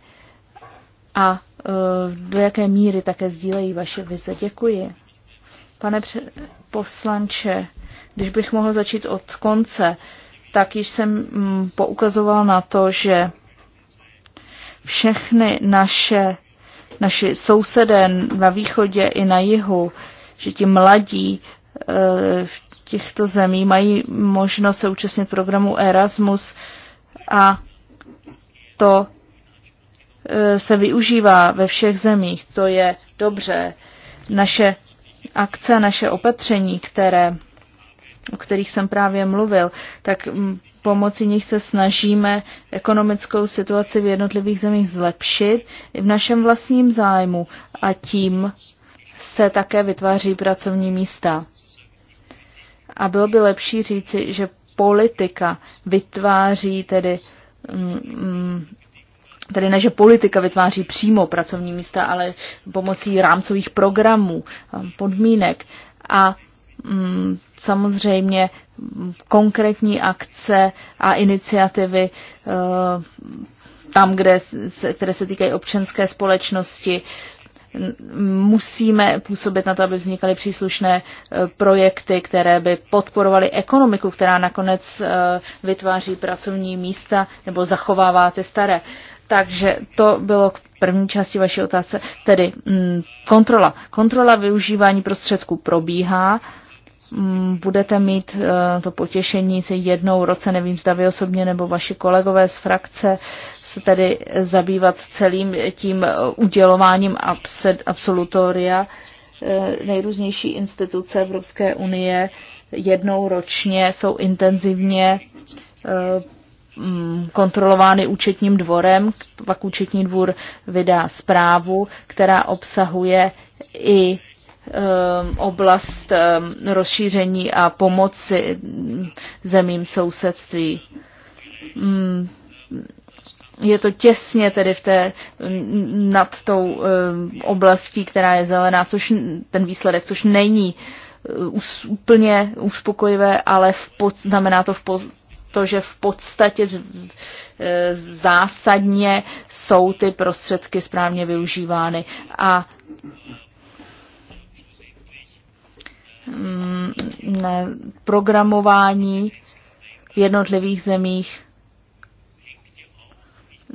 a e, do jaké míry také sdílejí vaše vize. Děkuji. Pane poslanče, když bych mohl začít od konce, tak již jsem mm, poukazoval na to, že všechny naše, naši sousedé na východě i na jihu, že ti mladí eh, v těchto zemí mají možnost se účastnit programu Erasmus a to eh, se využívá ve všech zemích. To je dobře. Naše akce, naše opatření, které, o kterých jsem právě mluvil, tak mm, pomocí nich se snažíme ekonomickou situaci v jednotlivých zemích zlepšit v našem vlastním zájmu a tím se také vytváří pracovní místa. A bylo by lepší říci, že politika vytváří tedy, mm, mm, tedy ne, že politika vytváří přímo pracovní místa, ale pomocí rámcových programů, podmínek. A mm, samozřejmě konkrétní akce a iniciativy eh, tam, kde se, které se týkají občanské společnosti. Musíme působit na to, aby vznikaly příslušné eh, projekty, které by podporovaly ekonomiku, která nakonec eh, vytváří pracovní místa nebo zachovává ty staré. Takže to bylo k první části vaší otázce, tedy mm, kontrola. Kontrola využívání prostředků probíhá. Mm, budete mít eh, to potěšení se jednou roce, nevím, zda vy osobně nebo vaši kolegové z frakce, se tedy zabývat celým tím eh, udělováním absolutoria eh, nejrůznější instituce Evropské unie jednou ročně jsou intenzivně mm, kontrolovány účetním dvorem, pak účetní dvůr vydá zprávu, která obsahuje i Ehm, oblast ehm, rozšíření a pomoci ehm, zemím sousedství. Hmm. Je to těsně tedy v té, nad tou oblastí, která je zelená, což ten výsledek, což není eh, úplně uspokojivé, ale v pod, znamená to v pod, to, že v podstatě eh, zásadně jsou ty prostředky správně využívány. A Mm, programování v jednotlivých zemích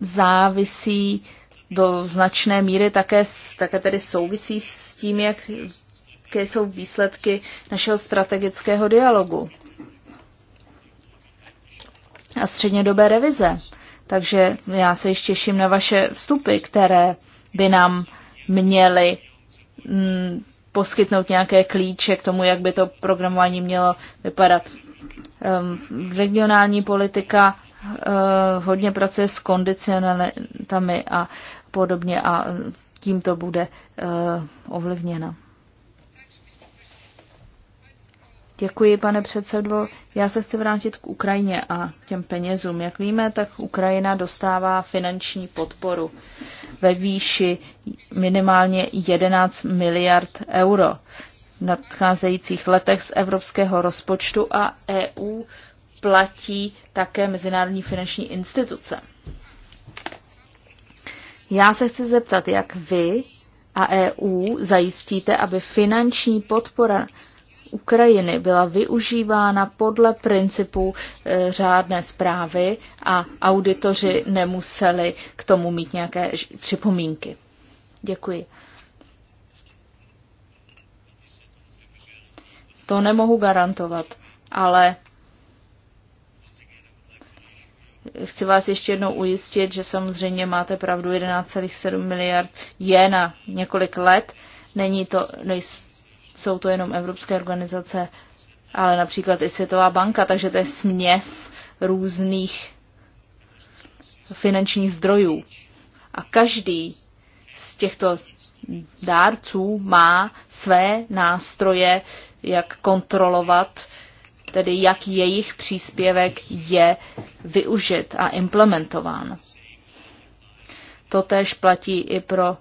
závisí do značné míry také, také tedy souvisí s tím, jak, jaké jsou výsledky našeho strategického dialogu a střednědobé revize. Takže já se ještě těším na vaše vstupy, které by nám měly mm, poskytnout nějaké klíče k tomu, jak by to programování mělo vypadat. Ehm, regionální politika eh, hodně pracuje s kondicionalitami a podobně a eh, tím to bude eh, ovlivněno. Děkuji, pane předsedo. Já se chci vrátit k Ukrajině a těm penězům. Jak víme, tak Ukrajina dostává finanční podporu ve výši minimálně 11 miliard euro v nadcházejících letech z evropského rozpočtu a EU platí také mezinárodní finanční instituce. Já se chci zeptat, jak vy a EU zajistíte, aby finanční podpora Ukrajiny byla využívána podle principu eh, řádné zprávy a auditoři nemuseli k tomu mít nějaké připomínky. Děkuji. To nemohu garantovat, ale chci vás ještě jednou ujistit, že samozřejmě máte pravdu, 11,7 miliard je na několik let. Není to, nejs, jsou to jenom evropské organizace, ale například i Světová banka, takže to je směs různých finančních zdrojů. A každý z těchto dárců má své nástroje, jak kontrolovat, tedy jak jejich příspěvek je využit a implementován. Totež platí i pro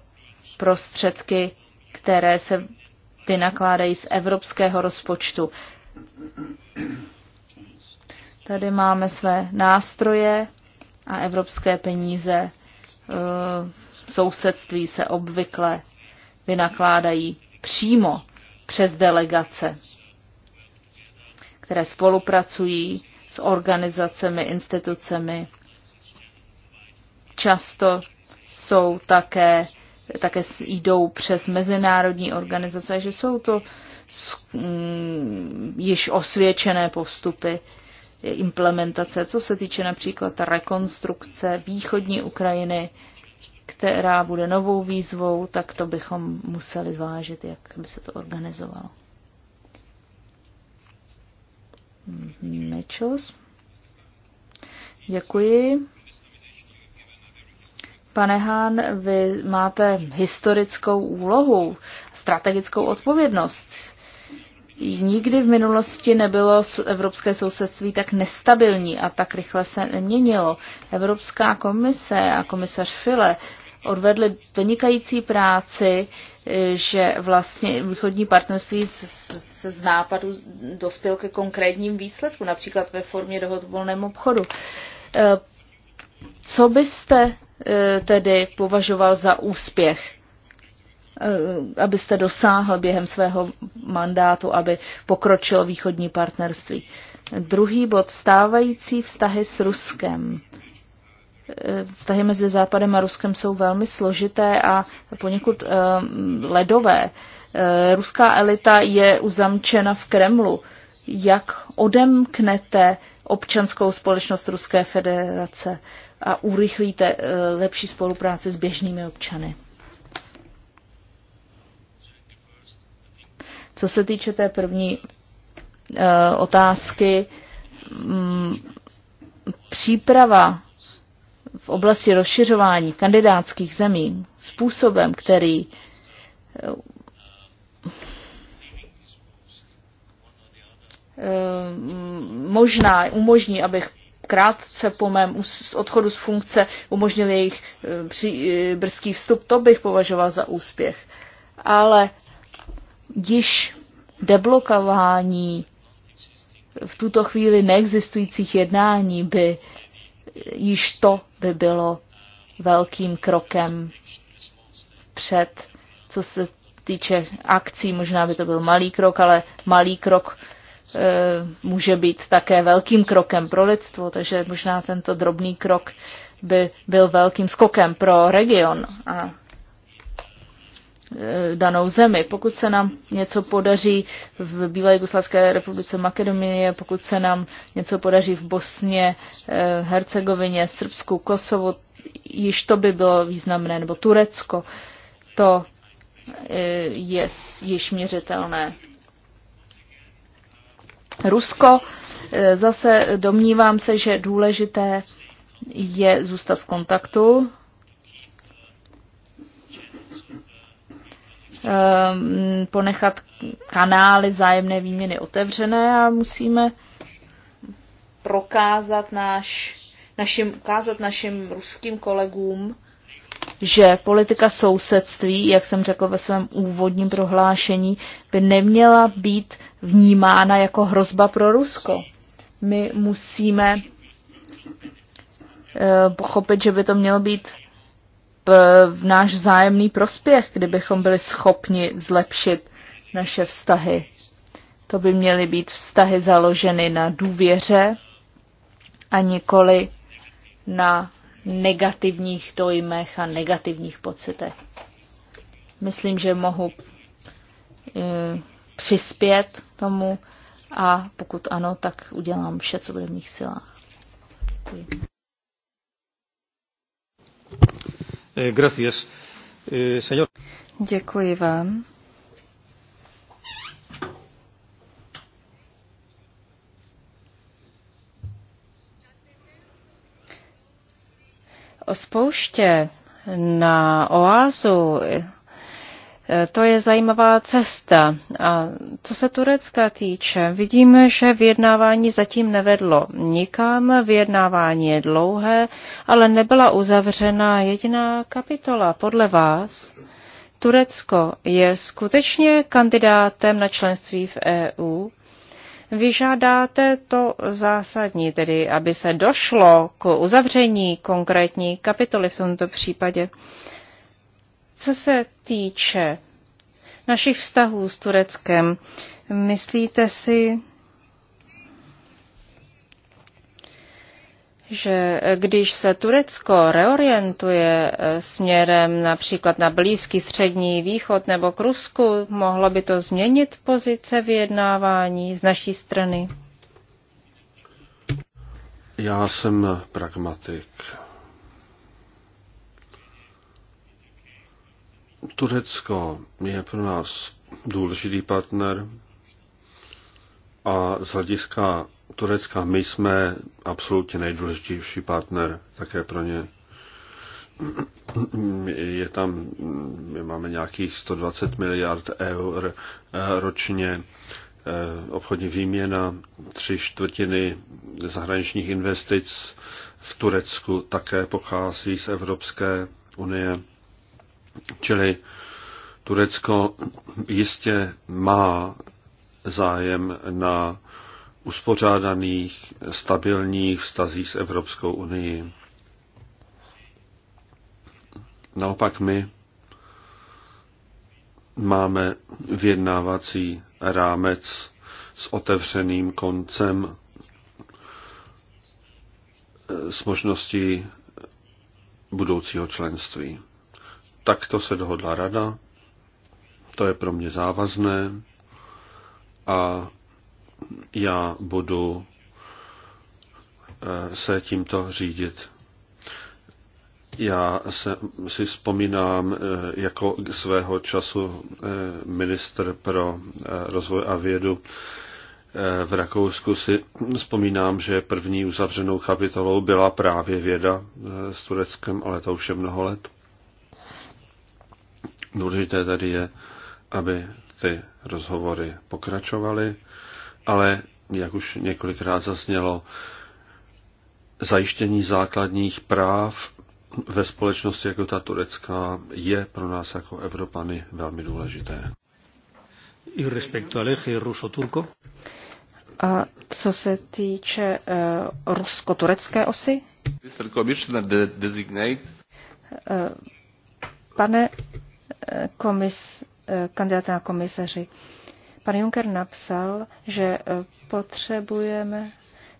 prostředky, které se vynakládají z evropského rozpočtu. Tady máme své nástroje a evropské peníze eh, v sousedství se obvykle vynakládají přímo přes delegace, které spolupracují s organizacemi, institucemi. Často jsou také také jdou přes mezinárodní organizace, že jsou to mm, již osvědčené postupy implementace, co se týče například rekonstrukce východní Ukrajiny, která bude novou výzvou, tak to bychom museli zvážit, jak by se to organizovalo. Mhm, Nečos. Děkuji. Pane Hán, vy máte historickou úlohu, strategickou odpovědnost. Nikdy v minulosti nebylo evropské sousedství tak nestabilní a tak rychle se měnilo. Evropská komise a komisař File odvedli vynikající práci, že vlastně východní partnerství se z nápadu dospěl ke konkrétním výsledku, například ve formě dohod o volném obchodu. Eh, co byste Eh, tedy považoval za úspěch, eh, abyste dosáhl během svého mandátu, aby pokročil východní partnerství. Druhý bod, stávající vztahy s Ruskem. Eh, vztahy mezi Západem a Ruskem jsou velmi složité a poněkud ledové. Ruská elita je uzamčena v Kremlu. Jak odemknete občanskou společnost Ruské federace? a urychlíte eh, lepší spolupráci s běžnými občany. Co se týče té první eh, otázky, mm, příprava v oblasti rozšiřování kandidátských zemí způsobem, který eh, mm, možná umožní, abych krátce po mém odchodu z funkce umožnil jejich eh, eh, brzký vstup, to bych považoval za úspěch. Ale již deblokování v tuto chvíli neexistujících jednání by eh, již to by bylo velkým krokem před, co se týče akcí, možná by to byl malý krok, ale malý krok Eh, může být také velkým krokem pro lidstvo, takže možná tento drobný krok by byl velkým skokem pro region a eh, danou zemi. Pokud se nám něco podaří v Bílé Jugoslavské republice Makedonie, pokud se nám něco podaří v Bosně, eh, Hercegovině, Srbsku, Kosovu, již to by bylo významné, nebo Turecko, to je již měřitelné. Rusko. E, zase domnívám se, že důležité je zůstat v kontaktu. Ehm, ponechat kanály vzájemné výměny otevřené a musíme prokázat náš, našim, ukázat našim ruským kolegům, že politika sousedství, jak jsem řekl ve svém úvodním prohlášení, by neměla být vnímána jako hrozba pro Rusko. My musíme eh, pochopit, že by to mělo být eh, v náš vzájemný prospěch, kdybychom byli schopni zlepšit naše vztahy. To by měly být vztahy založeny na důvěře a nikoli na negativních dojmech a negativních pocitech. Myslím, že mohu e, přispět tomu a pokud ano, tak udělám vše, co bude v mých silách. Děkuji. E, gracias. E, Děkuji vám. spouště na oázu, to je zajímavá cesta. A co se Turecka týče, vidíme, že vyjednávání zatím nevedlo nikam, vyjednávání je dlouhé, ale nebyla uzavřena jediná kapitola. Podle vás Turecko je skutečně kandidátem na členství v EU? Vyžádáte to zásadní, tedy aby se došlo k uzavření konkrétní kapitoly v tomto případě. Co se týče našich vztahů s Tureckem, myslíte si, že eh, když se Turecko reorientuje eh, směrem například na Blízký střední východ nebo k Rusku, mohlo by to změnit pozice vyjednávání z naší strany? Já jsem pragmatik. Turecko je pro nás důležitý partner a z hlediska Turecka. My jsme absolutně nejdůležitější partner také pro ně. Je tam, my máme nějakých 120 miliard eur eh, ročně eh, obchodní výměna, tři čtvrtiny zahraničních investic v Turecku také pochází z Evropské unie. Čili Turecko jistě má zájem na uspořádaných, stabilních vztazích s Evropskou unii. Naopak my máme vyjednávací rámec s otevřeným koncem, eh, s možností budoucího členství. Takto se dohodla rada, to je pro mě závazné a já budu eh, se tímto řídit. Já se, si vzpomínám eh, jako svého času eh, minister pro rozvoj a vědu v Rakousku si vzpomínám, že první uzavřenou kapitolou byla právě věda s Tureckem, ale to už je mnoho let. Důležité tady je, aby ty rozhovory pokračovaly ale jak už několikrát zaznělo, zajištění základních práv ve společnosti jako ta turecká je pro nás jako Evropany velmi důležité. I respecto al ruso-turco? A co se týče uh, rusko-turecké osy? Mr. Commissioner designate. Uh, pane eh, komis, uh, kandidáte na komisaři, uh, Pan Juncker napsal, že e, potřebujeme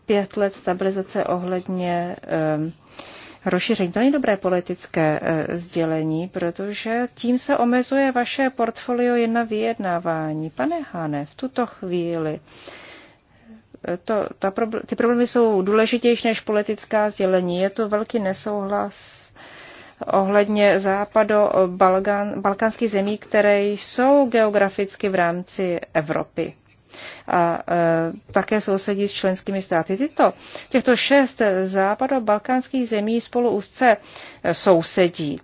pět let stabilizace ohledně e, rozšíření. To není dobré politické e, sdělení, protože tím se omezuje vaše portfolio jen na vyjednávání. Pane Hane, v tuto chvíli to, ta, ty problémy jsou důležitější než politická sdělení. Je to velký nesouhlas ohledně západo-balkánských zemí, které jsou geograficky v rámci Evropy a e, také sousedí s členskými státy. Tyto, těchto šest západobalkánských zemí spolu úzce e, sousedí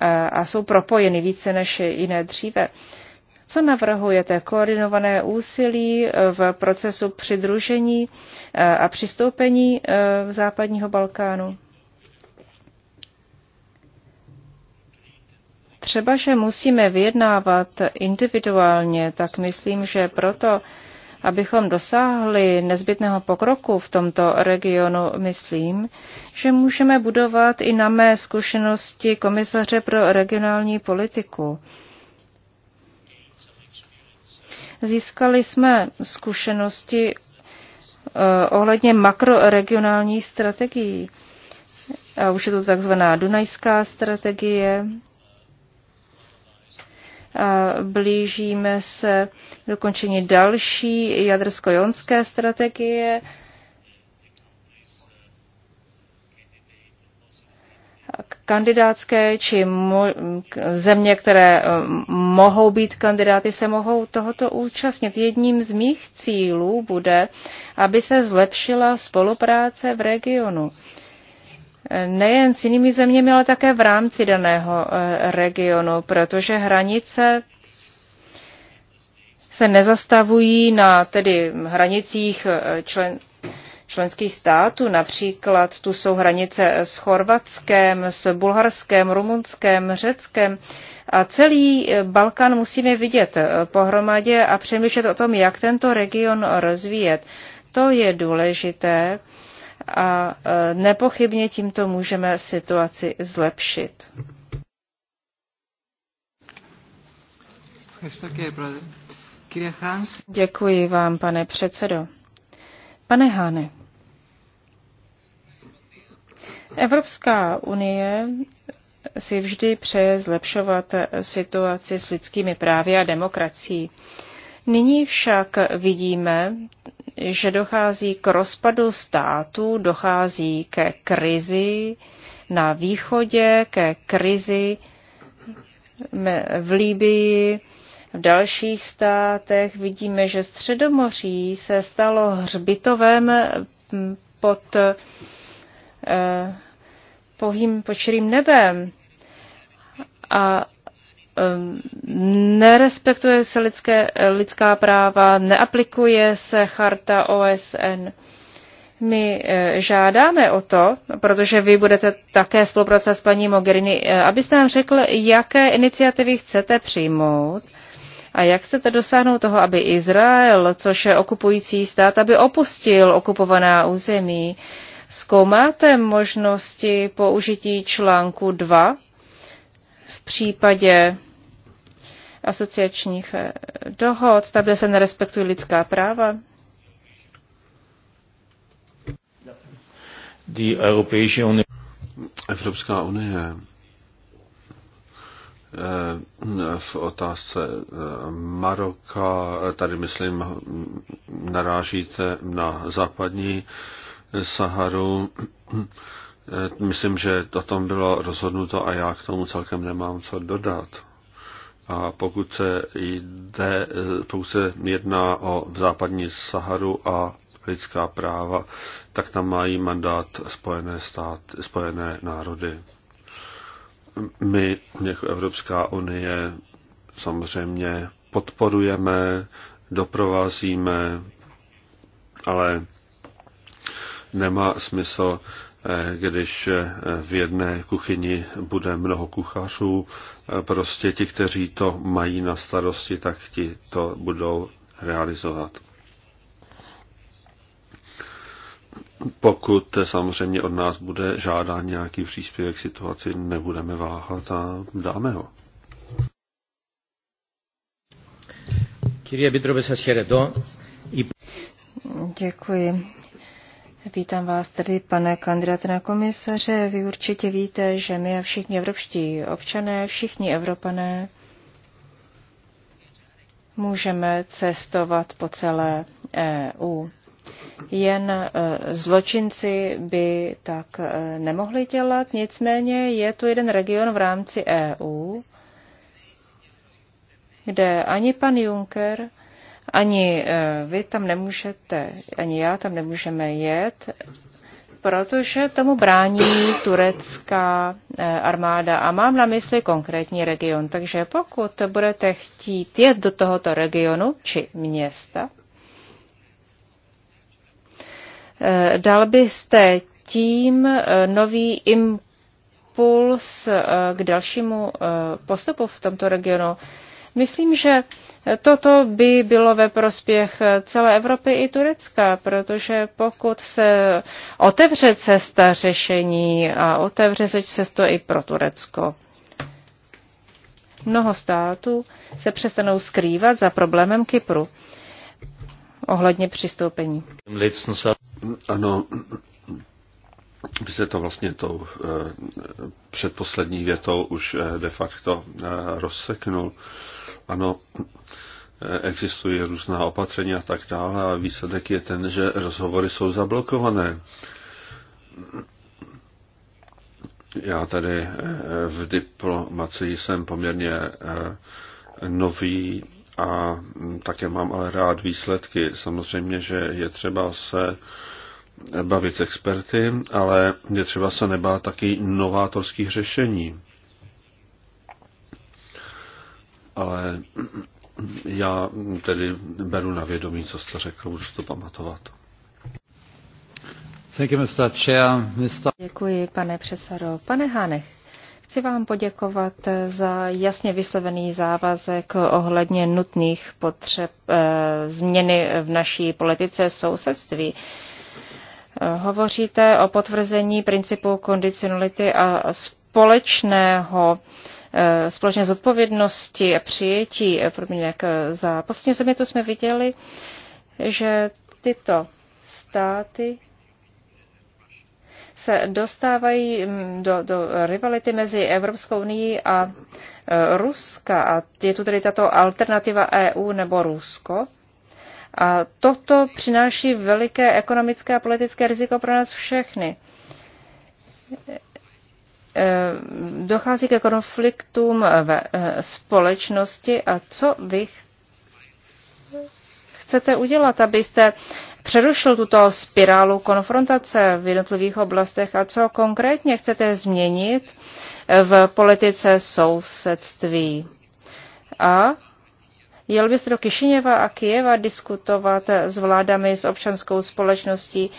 a, e, a jsou propojeny více než jiné dříve. Co navrhujete? Koordinované úsilí e, v procesu přidružení a přistoupení západního Balkánu? třeba, že musíme vyjednávat individuálně, tak myslím, že proto, abychom dosáhli nezbytného pokroku v tomto regionu, myslím, že můžeme budovat i na mé zkušenosti komisaře pro regionální politiku. Získali jsme zkušenosti eh, ohledně makroregionální strategií. A už je to takzvaná Dunajská strategie, blížíme se dokončení další jadrsko-jonské strategie. Kandidátské či země, které eh, mohou být kandidáty, se mohou tohoto účastnit. Jedním z mých cílů bude, aby se zlepšila spolupráce v regionu nejen s jinými zeměmi, ale také v rámci daného eh, regionu, protože hranice se nezastavují na tedy hranicích eh, člen, členských států. Například tu jsou hranice s Chorvatskem, s Bulharskem, Rumunskem, Řeckem. A celý eh, Balkán musíme vidět pohromadě a přemýšlet o tom, jak tento region rozvíjet. To je důležité a nepochybně tímto můžeme situaci zlepšit. Děkuji vám, pane předsedo. Pane Hane, Evropská unie si vždy přeje zlepšovat situaci s lidskými právy a demokracií. Nyní však vidíme že dochází k rozpadu státu, dochází ke krizi na východě, ke krizi v Líbii, v dalších státech. Vidíme, že Středomoří se stalo hřbitovem pod eh, pohým počerým nebem. A Ehm, nerespektuje se lidské, lidská práva, neaplikuje se charta OSN. My eh, žádáme o to, protože vy budete také spolupracovat s paní Mogherini, eh, abyste nám řekl, jaké iniciativy chcete přijmout a jak chcete dosáhnout toho, aby Izrael, což je okupující stát, aby opustil okupovaná území. Zkoumáte možnosti použití článku 2 případě asociačních eh, dohod, tam, kde se nerespektují lidská práva. Evropská unie eh, v otázce eh, Maroka, tady myslím, narážíte na západní Saharu. Eh, myslím, že o tom bylo rozhodnuto a já k tomu celkem nemám co dodat. A pokud se, jde, eh, pokud se jedná o západní Saharu a lidská práva, tak tam mají mandát Spojené, stát, spojené národy. My jako Evropská unie samozřejmě podporujeme, doprovázíme, ale nemá smysl když v jedné kuchyni bude mnoho kuchařů, prostě ti, kteří to mají na starosti, tak ti to budou realizovat. Pokud samozřejmě od nás bude žádán nějaký příspěvek situaci, nebudeme váhat a dáme ho. Kyrie Bitrobe, se Děkuji. Vítám vás tedy, pane kandidáte na komisaře. Vy určitě víte, že my a všichni evropští občané, všichni evropané můžeme cestovat po celé EU. Jen e, zločinci by tak e, nemohli dělat, nicméně je tu jeden region v rámci EU, kde ani pan Juncker, ani eh, vy tam nemůžete, ani já tam nemůžeme jet, protože tomu brání turecká eh, armáda a mám na mysli konkrétní region. Takže pokud budete chtít jet do tohoto regionu či města, eh, dal byste tím nový impuls k dalšímu postupu v tomto regionu. Myslím, že Toto by bylo ve prospěch celé Evropy i Turecka, protože pokud se otevře cesta řešení a otevře se cesto i pro Turecko, mnoho států se přestanou skrývat za problémem Kypru ohledně přistoupení. Ano, vy jste to vlastně tou eh, předposlední větou už eh, de facto eh, rozseknul. Ano, existují různá opatření a tak dále, a výsledek je ten, že rozhovory jsou zablokované. Já tady eh, v diplomacii jsem poměrně eh, nový a také mám ale rád výsledky. Samozřejmě, že je třeba se bavit s experty, ale je třeba se nebát taky novátorských řešení ale já tedy beru na vědomí, co jste řekl, budu to pamatovat. Děkuji, pane Přesaro. Pane Hanech, chci vám poděkovat za jasně vyslovený závazek ohledně nutných potřeb e, změny v naší politice sousedství. Eh, hovoříte o potvrzení principu kondicionality a společného Eh, společné zodpovědnosti a přijetí eh, podmínek eh, za poslední to jsme viděli, že tyto státy se dostávají mm, do, do rivality mezi Evropskou unii a Ruska. A je tu tedy tato alternativa EU nebo Rusko. A toto přináší veliké ekonomické a politické riziko pro nás všechny. Eh, dochází ke konfliktům ve eh, společnosti a co vy chcete udělat, abyste přerušil tuto spirálu konfrontace v jednotlivých oblastech a co konkrétně chcete změnit eh, v politice sousedství. A jel byste do Kišiněva a Kijeva diskutovat s vládami, s občanskou společností,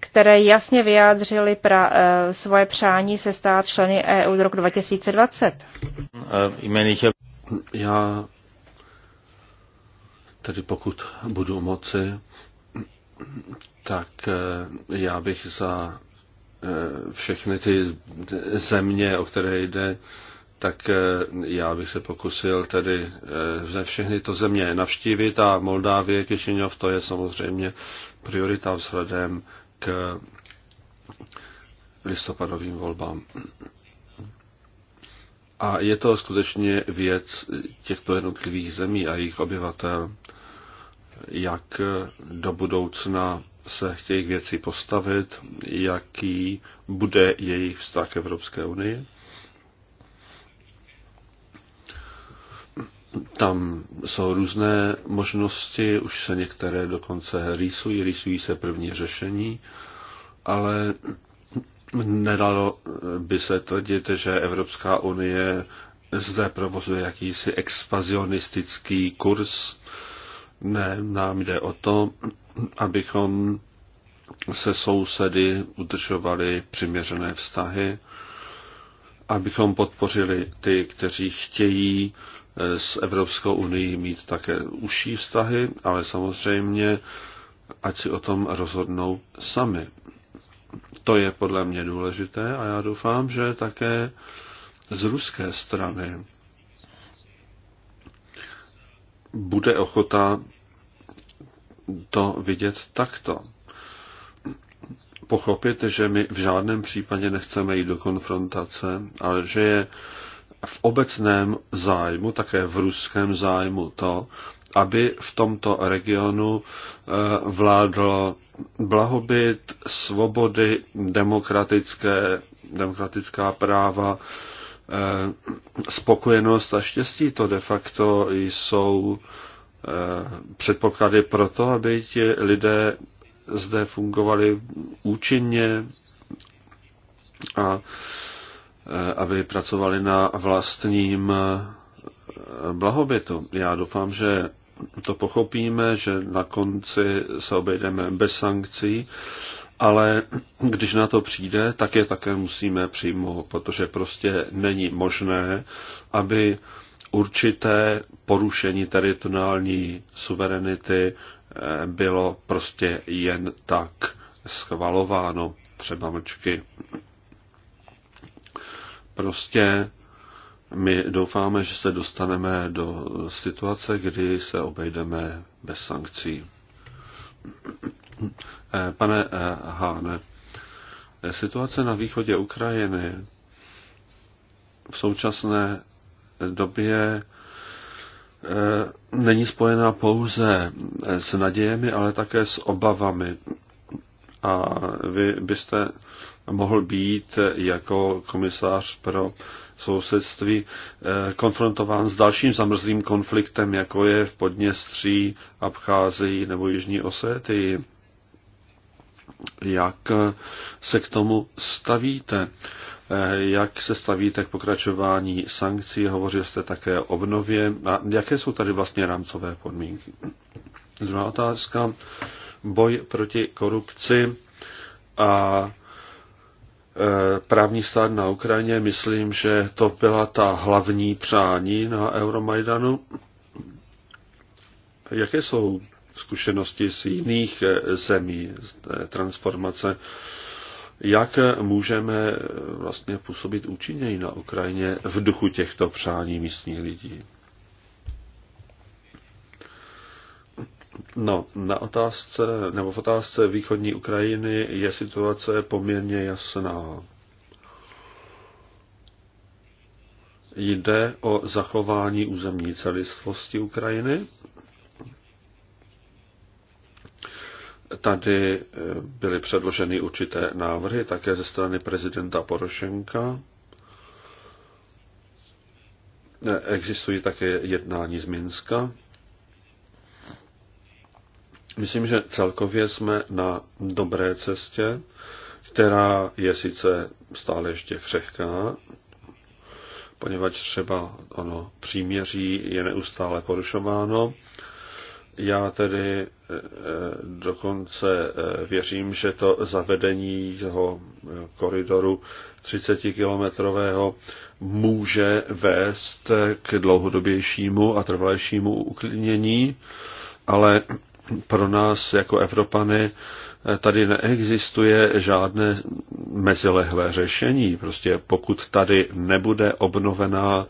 které jasně vyjádřily pra, eh, svoje přání se stát členy EU do roku 2020. Eh, já tedy pokud budu moci, tak eh, já bych za všechny ty země, o které jde, tak já bych se pokusil tedy ze všechny to země navštívit a Moldávie, Kišiněv, to je samozřejmě priorita vzhledem k listopadovým volbám. A je to skutečně věc těchto jednotlivých zemí a jejich obyvatel, jak do budoucna se chtějí věci postavit, jaký bude jejich vztah k Evropské unii. Tam jsou různé možnosti, už se některé dokonce rýsují, rýsují se první řešení, ale nedalo by se tvrdit, že Evropská unie zde provozuje jakýsi expazionistický kurz. Ne, nám jde o to, abychom se sousedy udržovali přiměřené vztahy, abychom podpořili ty, kteří chtějí s Evropskou unii mít také užší vztahy, ale samozřejmě ať si o tom rozhodnou sami. To je podle mě důležité a já doufám, že také z ruské strany bude ochota to vidět takto. Pochopit, že my v žádném případě nechceme jít do konfrontace, ale že je v obecném zájmu, také v ruském zájmu to, aby v tomto regionu eh, vládlo blahobyt, svobody, demokratické, demokratická práva, eh, spokojenost a štěstí. To de facto jsou eh, předpoklady pro to, aby ti lidé zde fungovali účinně a Eh, aby pracovali na vlastním eh, blahobytu. Já doufám, že to pochopíme, že na konci se obejdeme bez sankcí, ale když na to přijde, tak je také musíme přijmout, protože prostě není možné, aby určité porušení teritoriální suverenity eh, bylo prostě jen tak schvalováno, třeba mlčky. Prostě my doufáme, že se dostaneme do situace, kdy se obejdeme bez sankcí. Pane Háne, situace na východě Ukrajiny v současné době eh, není spojená pouze s nadějemi, ale také s obavami. A vy byste mohl být jako komisář pro sousedství eh, konfrontován s dalším zamrzlým konfliktem, jako je v Podněstří, Abcházii nebo Jižní Osety. Jak eh, se k tomu stavíte? Eh, jak se stavíte k pokračování sankcí? Hovořil jste také o obnově. A jaké jsou tady vlastně rámcové podmínky? Druhá otázka. Boj proti korupci a Eh, právní stát na Ukrajině, myslím, že to byla ta hlavní přání na Euromajdanu. Jaké jsou zkušenosti z jiných eh, zemí z té transformace? Jak můžeme eh, vlastně působit účinněji na Ukrajině v duchu těchto přání místních lidí? No, na otázce, nebo v otázce východní Ukrajiny je situace poměrně jasná. Jde o zachování územní celistvosti Ukrajiny. Tady eh, byly předloženy určité návrhy také ze strany prezidenta Porošenka. Eh, existují také jednání z Minska Myslím, že celkově jsme na dobré cestě, která je sice stále ještě křehká, poněvadž třeba ono příměří je neustále porušováno. Já tedy eh, eh, dokonce eh, věřím, že to zavedení toho koridoru 30-kilometrového může vést k dlouhodobějšímu a trvalejšímu uklidnění, ale pro nás jako Evropany eh, tady neexistuje žádné mezilehlé řešení. Prostě pokud tady nebude obnovená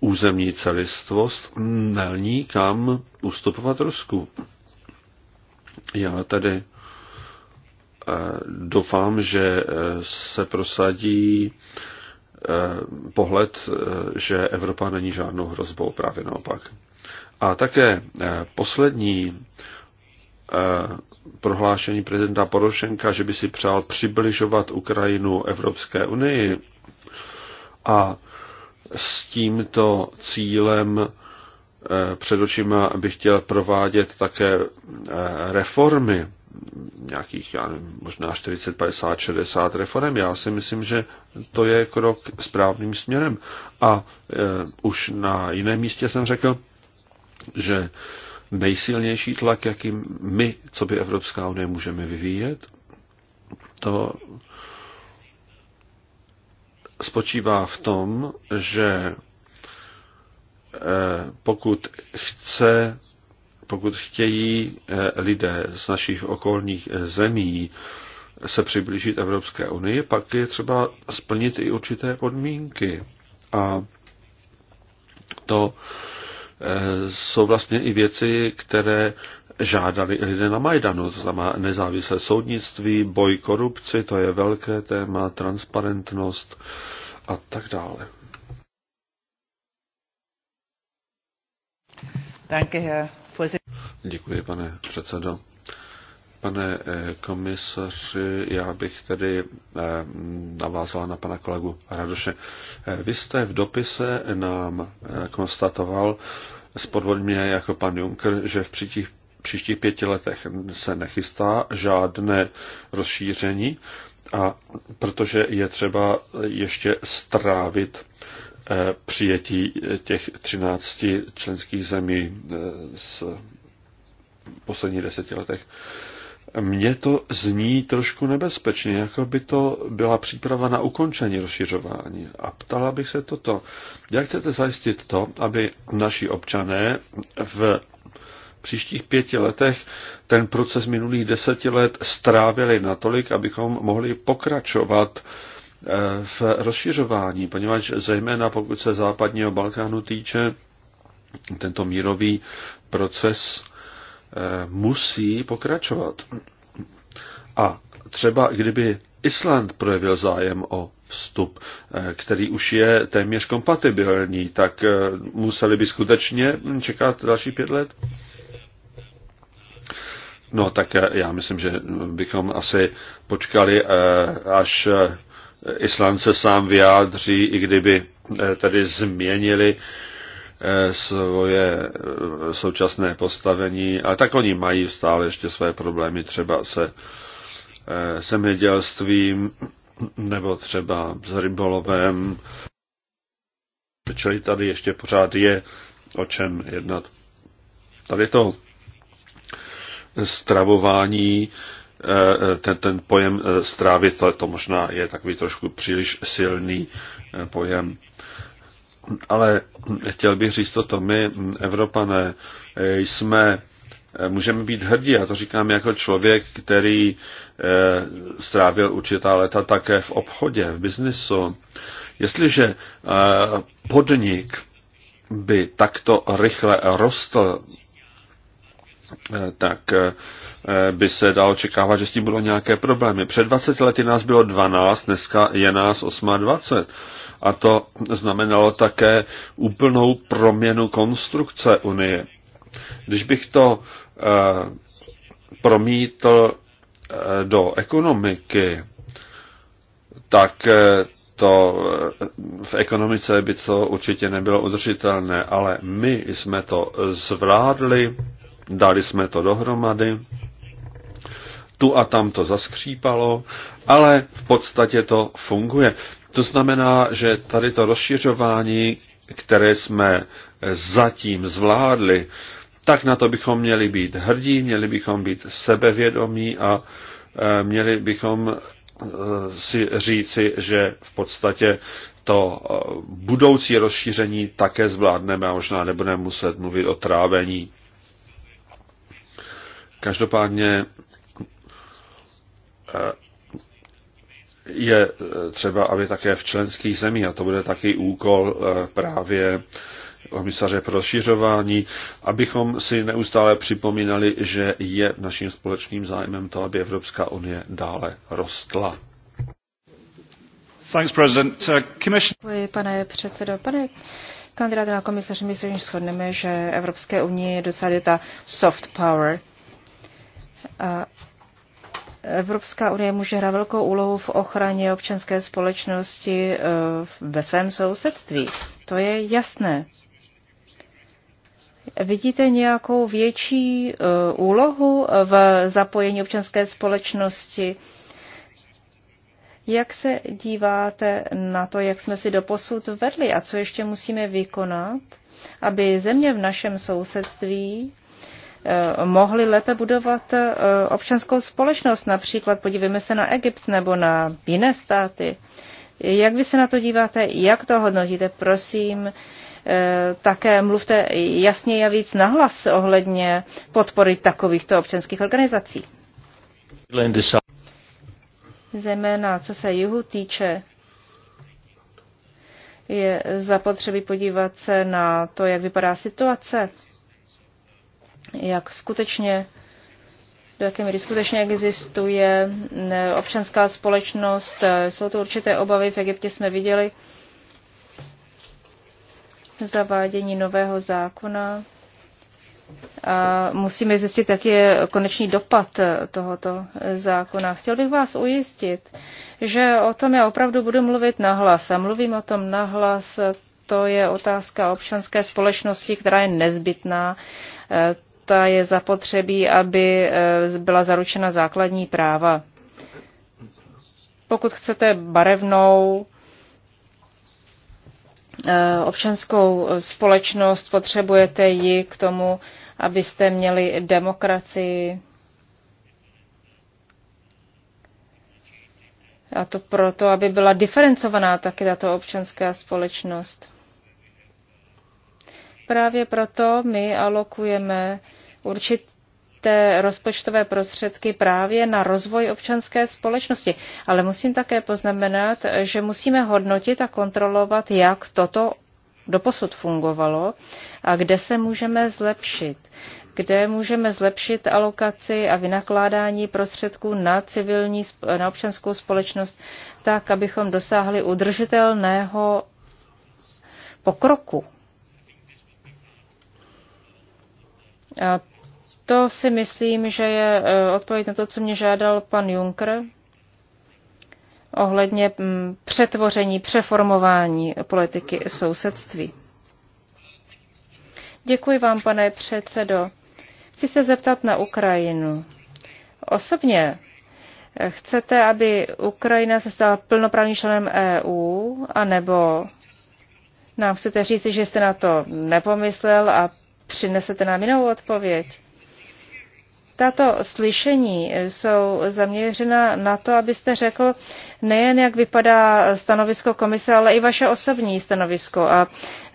územní celistvost, není kam ustupovat Rusku. Já tady eh, doufám, že eh, se prosadí pohled, že Evropa není žádnou hrozbou, právě naopak. A také eh, poslední eh, prohlášení prezidenta Porošenka, že by si přál přibližovat Ukrajinu Evropské unii a s tímto cílem eh, před očima bych chtěl provádět také reformy, nějakých já nevím, možná 40, 50, 60 reform. Já si myslím, že to je krok správným směrem. A už na jiném místě jsem řekl, že nejsilnější tlak, jaký my, co by Evropská unie můžeme vyvíjet, to spočívá v tom, že eh, pokud chce, pokud chtějí eh, lidé z našich okolních eh, zemí se přiblížit Evropské unii, pak je třeba splnit i určité podmínky. A to Eh, jsou vlastně i věci, které žádali lidé na Majdanu. To znamená nezávislé soudnictví, boj korupci, to je velké téma, transparentnost a tak dále. Děkuji, pane předsedo. Pane eh, komisaři, já bych tedy eh, navázala na pana kolegu Radoše. Eh, vy jste v dopise nám konstatoval spodvodně jako pan Juncker, že v příštích, příštích pěti letech se nechystá žádné rozšíření, a protože je třeba ještě strávit přijetí těch 13 členských zemí z poslední deseti letech. Mně to zní trošku nebezpečně, jako by to byla příprava na ukončení rozšiřování. A ptala bych se toto. Jak chcete zajistit to, aby naši občané v příštích pěti letech ten proces minulých deseti let strávili natolik, abychom mohli pokračovat eh, v rozšiřování, poněvadž zejména pokud se západního Balkánu týče, tento mírový proces musí pokračovat. A třeba kdyby Island projevil zájem o vstup, eh, který už je téměř kompatibilní, tak eh, museli by skutečně čekat další pět let? No tak eh, já myslím, že bychom asi počkali, až Island se sám vyjádří, i kdyby tedy změnili Eh, svoje eh, současné postavení, a tak oni mají stále ještě své problémy třeba se eh, zemědělstvím nebo třeba s rybolovem. Čili tady ještě pořád je o čem jednat. Tady to stravování, ten, ten pojem strávy, to, to možná je takový trošku příliš silný pojem. Ale chtěl bych říct toto, my, Evropané, jsme můžeme být hrdí, já to říkám jako člověk, který eh, strávil určitá leta také v obchodě, v biznisu. Jestliže eh, podnik by takto rychle rostl, eh, tak by se dalo očekávat, že s tím budou nějaké problémy. Před 20 lety nás bylo 12, dneska je nás 28 a to znamenalo také úplnou proměnu konstrukce Unie. Když bych to eh, promítl eh, do ekonomiky, tak eh, to v ekonomice by to určitě nebylo udržitelné, ale my jsme to zvládli, dali jsme to dohromady, tu a tam to zaskřípalo, ale v podstatě to funguje. To znamená, že tady to rozšiřování, které jsme zatím zvládli, tak na to bychom měli být hrdí, měli bychom být sebevědomí a e, měli bychom e, si říci, že v podstatě to e, budoucí rozšíření také zvládneme a možná nebudeme muset mluvit o trávení. Každopádně je eh, třeba, aby také v členských zemích, a to bude taky úkol eh, právě komisaře pro rozšiřování, abychom si neustále připomínali, že je naším společným zájmem to, aby Evropská unie dále rostla. Thanks, President. Uh, commission... Děkuji, pane předsedo. Pane kandidáte na komisaře, my se shodneme, že Evropské unie je docela ta soft power. Uh, Evropská unie může hrát velkou úlohu v ochraně občanské společnosti eh, ve svém sousedství. To je jasné. Vidíte nějakou větší eh, úlohu v zapojení občanské společnosti? Jak se díváte na to, jak jsme si doposud vedli a co ještě musíme vykonat, aby země v našem sousedství Eh, mohli lépe budovat eh, občanskou společnost. Například podívejme se na Egypt nebo na jiné státy. Jak vy se na to díváte? Jak to hodnotíte? Prosím, eh, také mluvte jasně a víc nahlas ohledně podpory takovýchto občanských organizací. Zejména co se jihu týče, je zapotřebí podívat se na to, jak vypadá situace jak skutečně do jaké míry skutečně existuje občanská společnost. Eh, jsou to určité obavy. V Egyptě jsme viděli zavádění nového zákona. A musíme zjistit, jaký je konečný dopad eh, tohoto zákona. Chtěl bych vás ujistit, že o tom já opravdu budu mluvit nahlas. A mluvím o tom nahlas, to je otázka občanské společnosti, která je nezbytná eh, ta je zapotřebí, aby eh, byla zaručena základní práva. Pokud chcete barevnou eh, občanskou společnost, potřebujete ji k tomu, abyste měli demokracii. A to proto, aby byla diferencovaná taky tato občanská společnost právě proto my alokujeme určité rozpočtové prostředky právě na rozvoj občanské společnosti. Ale musím také poznamenat, že musíme hodnotit a kontrolovat, jak toto doposud fungovalo a kde se můžeme zlepšit kde můžeme zlepšit alokaci a vynakládání prostředků na civilní, na občanskou společnost, tak, abychom dosáhli udržitelného pokroku to si myslím, že je e, odpověď na to, co mě žádal pan Juncker ohledně přetvoření, přeformování politiky sousedství. Děkuji vám, pane předsedo. Chci se zeptat na Ukrajinu. Osobně chcete, aby Ukrajina se stala plnoprávným členem EU, anebo nám chcete říct, že jste na to nepomyslel a přinesete nám jinou odpověď. Tato slyšení jsou zaměřena na to, abyste řekl nejen, jak vypadá stanovisko komise, ale i vaše osobní stanovisko. A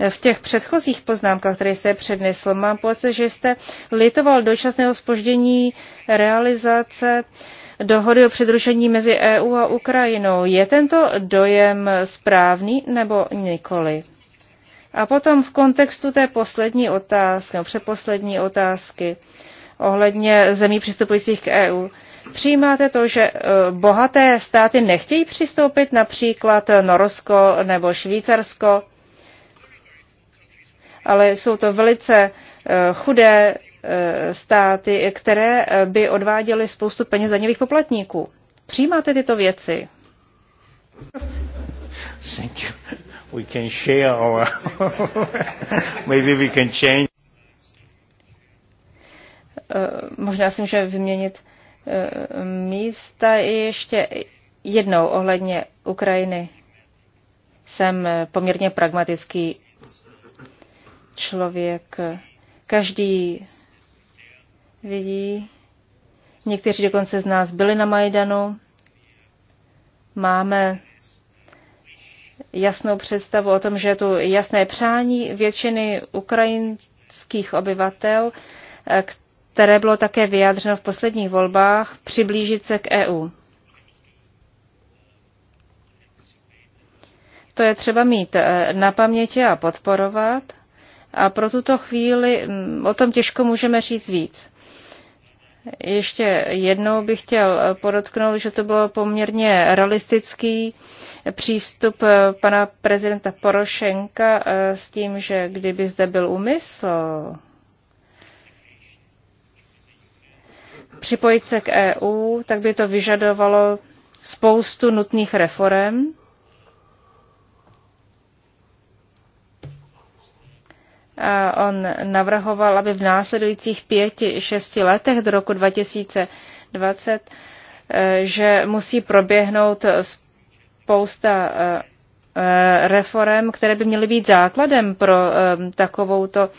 v těch předchozích poznámkách, které jste přednesl, mám pocit, že jste litoval dočasného spoždění realizace dohody o přidružení mezi EU a Ukrajinou. Je tento dojem správný nebo nikoli? A potom v kontextu té poslední otázky, nebo přeposlední otázky ohledně zemí přistupujících k EU. Přijímáte to, že e, bohaté státy nechtějí přistoupit, například Norsko nebo Švýcarsko, ale jsou to velice e, chudé e, státy, které by odváděly spoustu peněz daňových poplatníků. Přijímáte tyto věci? Thank you we can share our maybe we can change eh, možná si můžeme vyměnit eh, místa i ještě jednou ohledně Ukrajiny. Jsem eh, poměrně pragmatický člověk. Každý vidí. Někteří dokonce z nás byli na Majdanu. Máme jasnou představu o tom, že je tu jasné přání většiny ukrajinských obyvatel, eh, které bylo také vyjádřeno v posledních volbách, přiblížit se k EU. To je třeba mít eh, na paměti a podporovat. A pro tuto chvíli mm, o tom těžko můžeme říct víc. Ještě jednou bych chtěl eh, podotknout, že to bylo poměrně realistický přístup eh, pana prezidenta Porošenka eh, s tím, že kdyby zde byl úmysl připojit se k EU, tak by to vyžadovalo spoustu nutných reform. A on navrhoval, aby v následujících pěti, šesti letech do roku 2020, eh, že musí proběhnout spousta eh, eh, reform, které by měly být základem pro eh, takovouto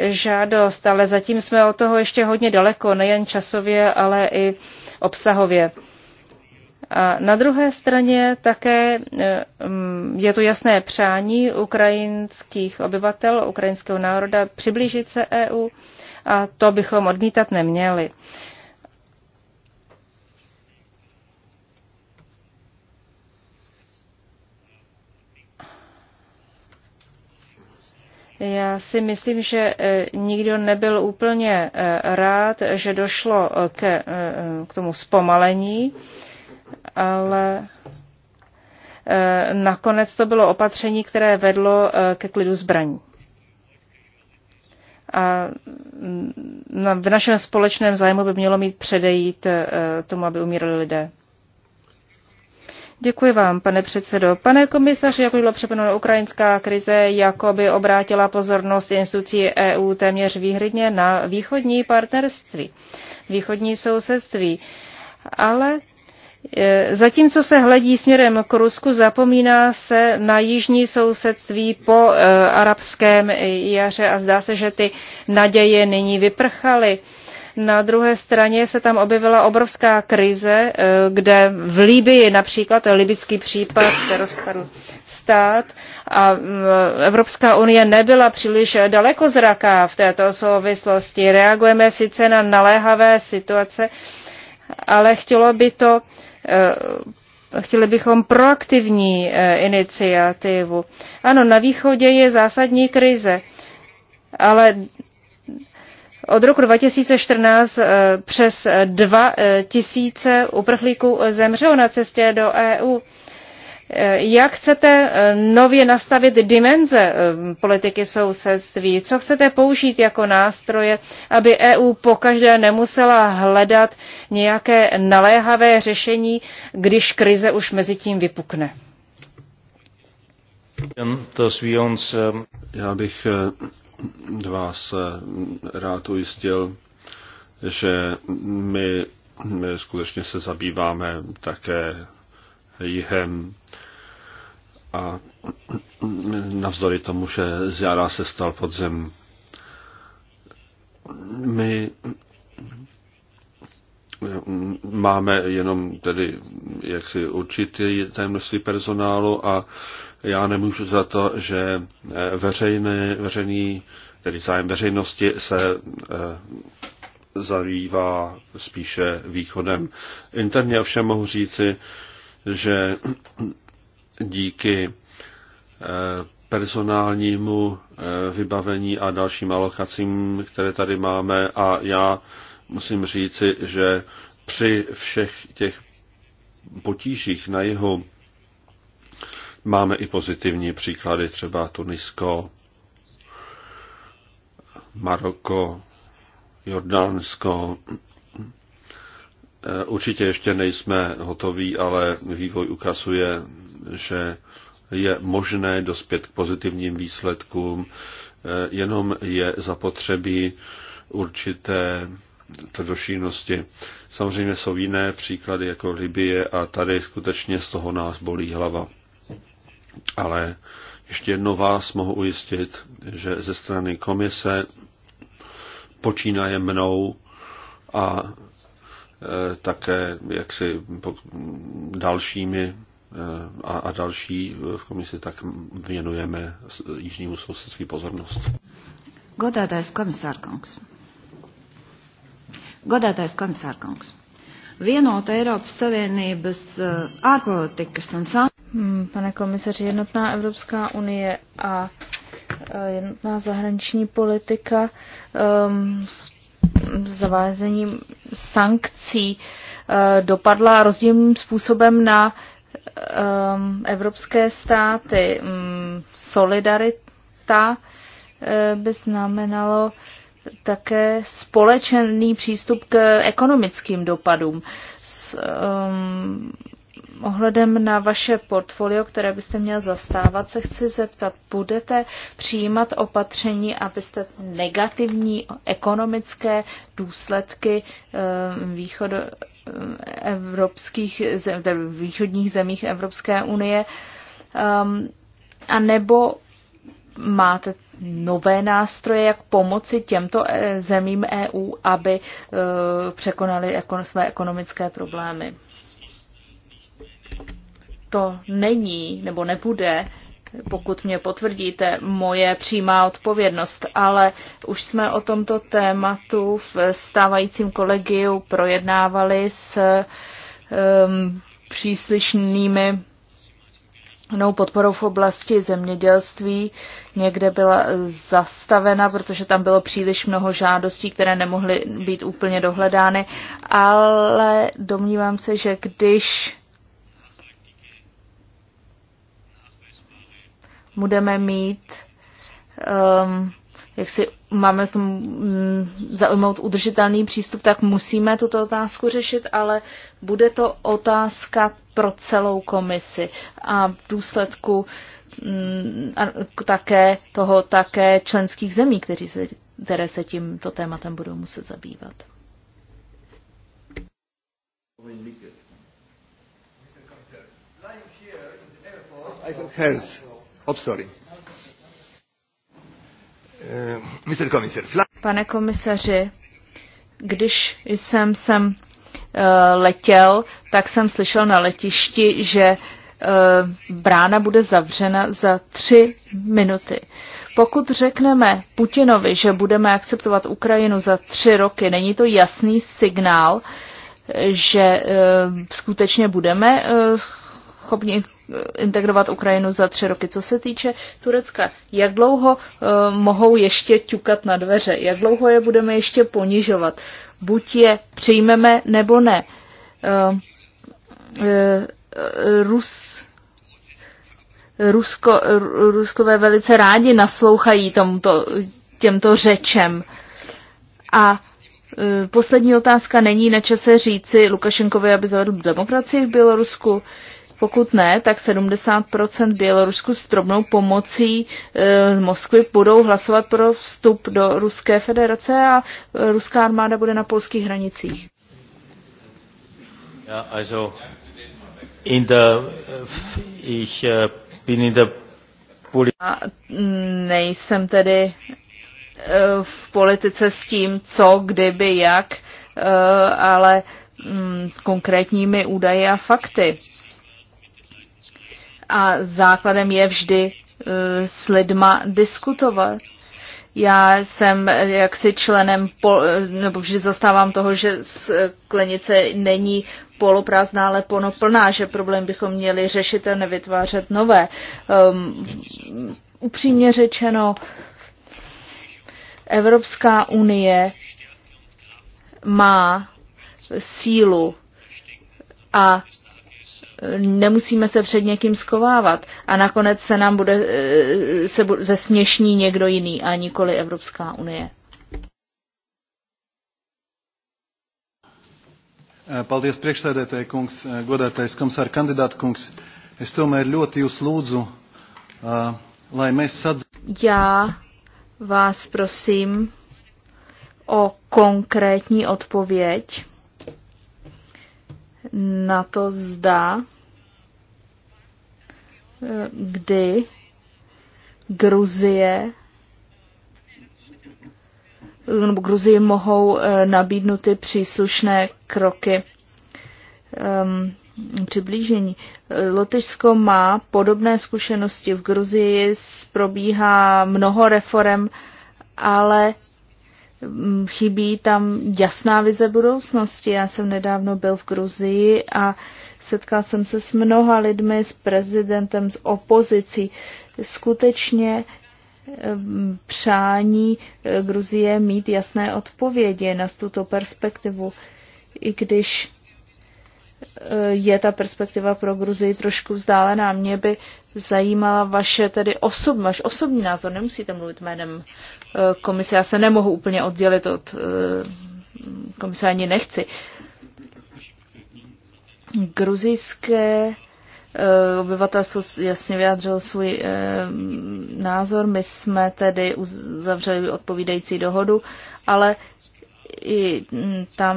žádost, ale zatím jsme od toho ještě hodně daleko, nejen časově, ale i obsahově. A na druhé straně také mm, je to jasné přání ukrajinských obyvatel, ukrajinského národa přiblížit se EU a to bychom odmítat neměli. Já si myslím, že eh, nikdo nebyl úplně eh, rád, že došlo eh, k, k tomu zpomalení, ale nakonec to bylo opatření, které vedlo ke klidu zbraní. A mm, v našem společném zájmu by mělo mít předejít tomu, aby umírali lidé. Děkuji vám, pane předsedo. Pane komisaři, jak bylo připomenuto, ukrajinská krize jakoby obrátila pozornost institucí EU téměř výhradně na východní partnerství, východní sousedství. Ale e, Zatímco se hledí směrem k Rusku, zapomíná se na jižní sousedství po e, arabském jaře a zdá se, že ty naděje nyní vyprchaly. Na druhé straně se tam objevila obrovská krize, eh, kde v Libii například, libický případ, se rozpadl stát a mm, Evropská unie nebyla příliš daleko zraká v této souvislosti. Reagujeme sice na naléhavé situace, ale chtělo by to eh, chtěli bychom proaktivní eh, iniciativu. Ano, na východě je zásadní krize, ale od roku 2014 eh, přes 2 eh, eh, tisíce uprchlíků zemřelo na cestě do EU. Jak chcete nově nastavit dimenze politiky sousedství? Co chcete použít jako nástroje, aby EU pokaždé nemusela hledat nějaké naléhavé řešení, když krize už mezi tím vypukne? Já bych vás rád ujistil, že my, my skutečně se zabýváme také jihem a navzdory tomu, že z jara se stal podzem. My máme jenom tedy jaksi určitý té množství personálu a já nemůžu za to, že eh, veřejný, veřejný, tedy zájem veřejnosti se eh, zabývá spíše východem. Interně ovšem mohu říci, že díky eh, personálnímu vybavení a dalším alokacím, které tady máme a já musím říci, že při všech těch potížích na jihu Máme i pozitivní příklady, třeba Tunisko, Maroko, Jordánsko. Eh, určitě ještě nejsme hotoví, ale vývoj ukazuje, že je možné dospět k pozitivním výsledkům, eh, jenom je zapotřebí určité tvrdošínosti. Samozřejmě jsou jiné příklady jako Libie a tady skutečně z toho nás bolí hlava ale ještě jedno vás mohu ujistit, že ze strany komise počínaje mnou a e, také jaksi dalšími e, a, a další v komisi, tak věnujeme jižnímu sousedství pozornost. Godātais komisārkungs. Godātais komisārkungs. Vienota Eiropas Savienības e, ārpolitikas un sám. Hmm, pane komisaři, jednotná Evropská unie a e, jednotná zahraniční politika um, s zavázením sankcí uh, dopadla rozdílným způsobem na um, evropské státy. Um, solidarita uh, by znamenalo také společný přístup k ekonomickým dopadům. S, um, ohledem na vaše portfolio, které byste měl zastávat, se chci zeptat, budete přijímat opatření, abyste negativní ekonomické důsledky eh, východu, eh, evropských, východních zemích Evropské unie, ehm, a nebo máte nové nástroje, jak pomoci těmto eh, zemím EU, aby překonali své ekonomické problémy to není nebo nebude, pokud mě potvrdíte, moje přímá odpovědnost, ale už jsme o tomto tématu v stávajícím kolegiu projednávali s um, příslišnými No, podporou v oblasti zemědělství někde byla zastavena, protože tam bylo příliš mnoho žádostí, které nemohly být úplně dohledány, ale domnívám se, že když budeme mít, um, jak si máme k tomu mm, zaujmout udržitelný přístup, tak musíme tuto otázku řešit, ale bude to otázka pro celou komisi a v důsledku mm, a také toho také členských zemí, kteří se, které se tímto tématem budou muset zabývat. I have health. Eh, Pane komisaři, když jsem sem eh, letěl, tak jsem slyšel na letišti, že eh, brána bude zavřena za tři minuty. Pokud řekneme Putinovi, že budeme akceptovat Ukrajinu za tři roky, není to jasný signál, že skutečně budeme schopni integrovat Ukrajinu za tři roky. Co se týče Turecka, jak dlouho eh, mohou ještě ťukat na dveře? Jak dlouho je budeme ještě ponižovat? Buď je přijmeme nebo ne. Eh, eh, Rus, Rusko, Ruskové velice rádi naslouchají tomto, těmto řečem. A poslední otázka není na čase říci Lukašenkovi, aby zavedl demokracii v Bělorusku. Pokud ne, tak 70 Bělorusku s drobnou pomocí e, Moskvy budou hlasovat pro vstup do Ruské federace a eh, ruská armáda bude na polských hranicích. Ja, also in der, äh, ich äh, bin in der a mm, nejsem tedy eh, v politice s tím, co, kdyby, jak, ale mm, konkrétními údaji a fakty a základem je vždy eh, s lidma diskutovat. Já jsem jaksi členem, pol, nebo vždy zastávám toho, že sklenice eh, není poloprázdná, ale plná, že problém bychom měli řešit a nevytvářet nové. Um, upřímně řečeno, Evropská unie má sílu a nemusíme se před někým skovávat a nakonec se nám bude eh, se zesměšní někdo jiný a nikoli Evropská unie. Eh, paldies priekšsēdētāji kungs, eh, godātais komisāra kandidāta kungs. Es tomēr ļoti jūs lūdzu, lai mēs sadzīvotu. Já vás prosím o konkrétní odpověď na to, zda eh, kdy Gruzie nebo Gruzii mohou eh, nabídnuty příslušné kroky um, přiblížení. Lotyšsko má podobné zkušenosti. V Gruzii probíhá mnoho reform, ale Mm, chybí tam jasná vize budoucnosti. Já jsem nedávno byl v Gruzii a setkal jsem se s mnoha lidmi, s prezidentem, s opozicí. Skutečně mm, přání eh, Gruzie mít jasné odpovědi na tuto perspektivu, i když je ta perspektiva pro Gruzii trošku vzdálená. Mě by zajímala vaše tedy osob, vaš osobní názor. Nemusíte mluvit jménem eh, komise, já se nemohu úplně oddělit od eh, komise, ani nechci. Gruzijské eh, obyvatelstvo jasně vyjádřilo svůj názor. My jsme tedy uzavřeli odpovídající dohodu, ale i tam,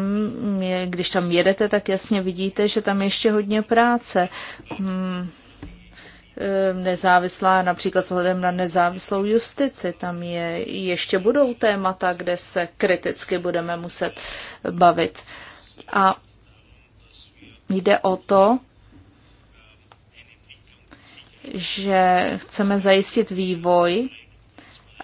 když tam jedete, tak jasně vidíte, že tam ještě hodně práce. Hmm, eh, nezávislá, například s ohledem na nezávislou justici, tam je, ještě budou témata, kde se kriticky budeme muset bavit. A jde o to, že chceme zajistit vývoj,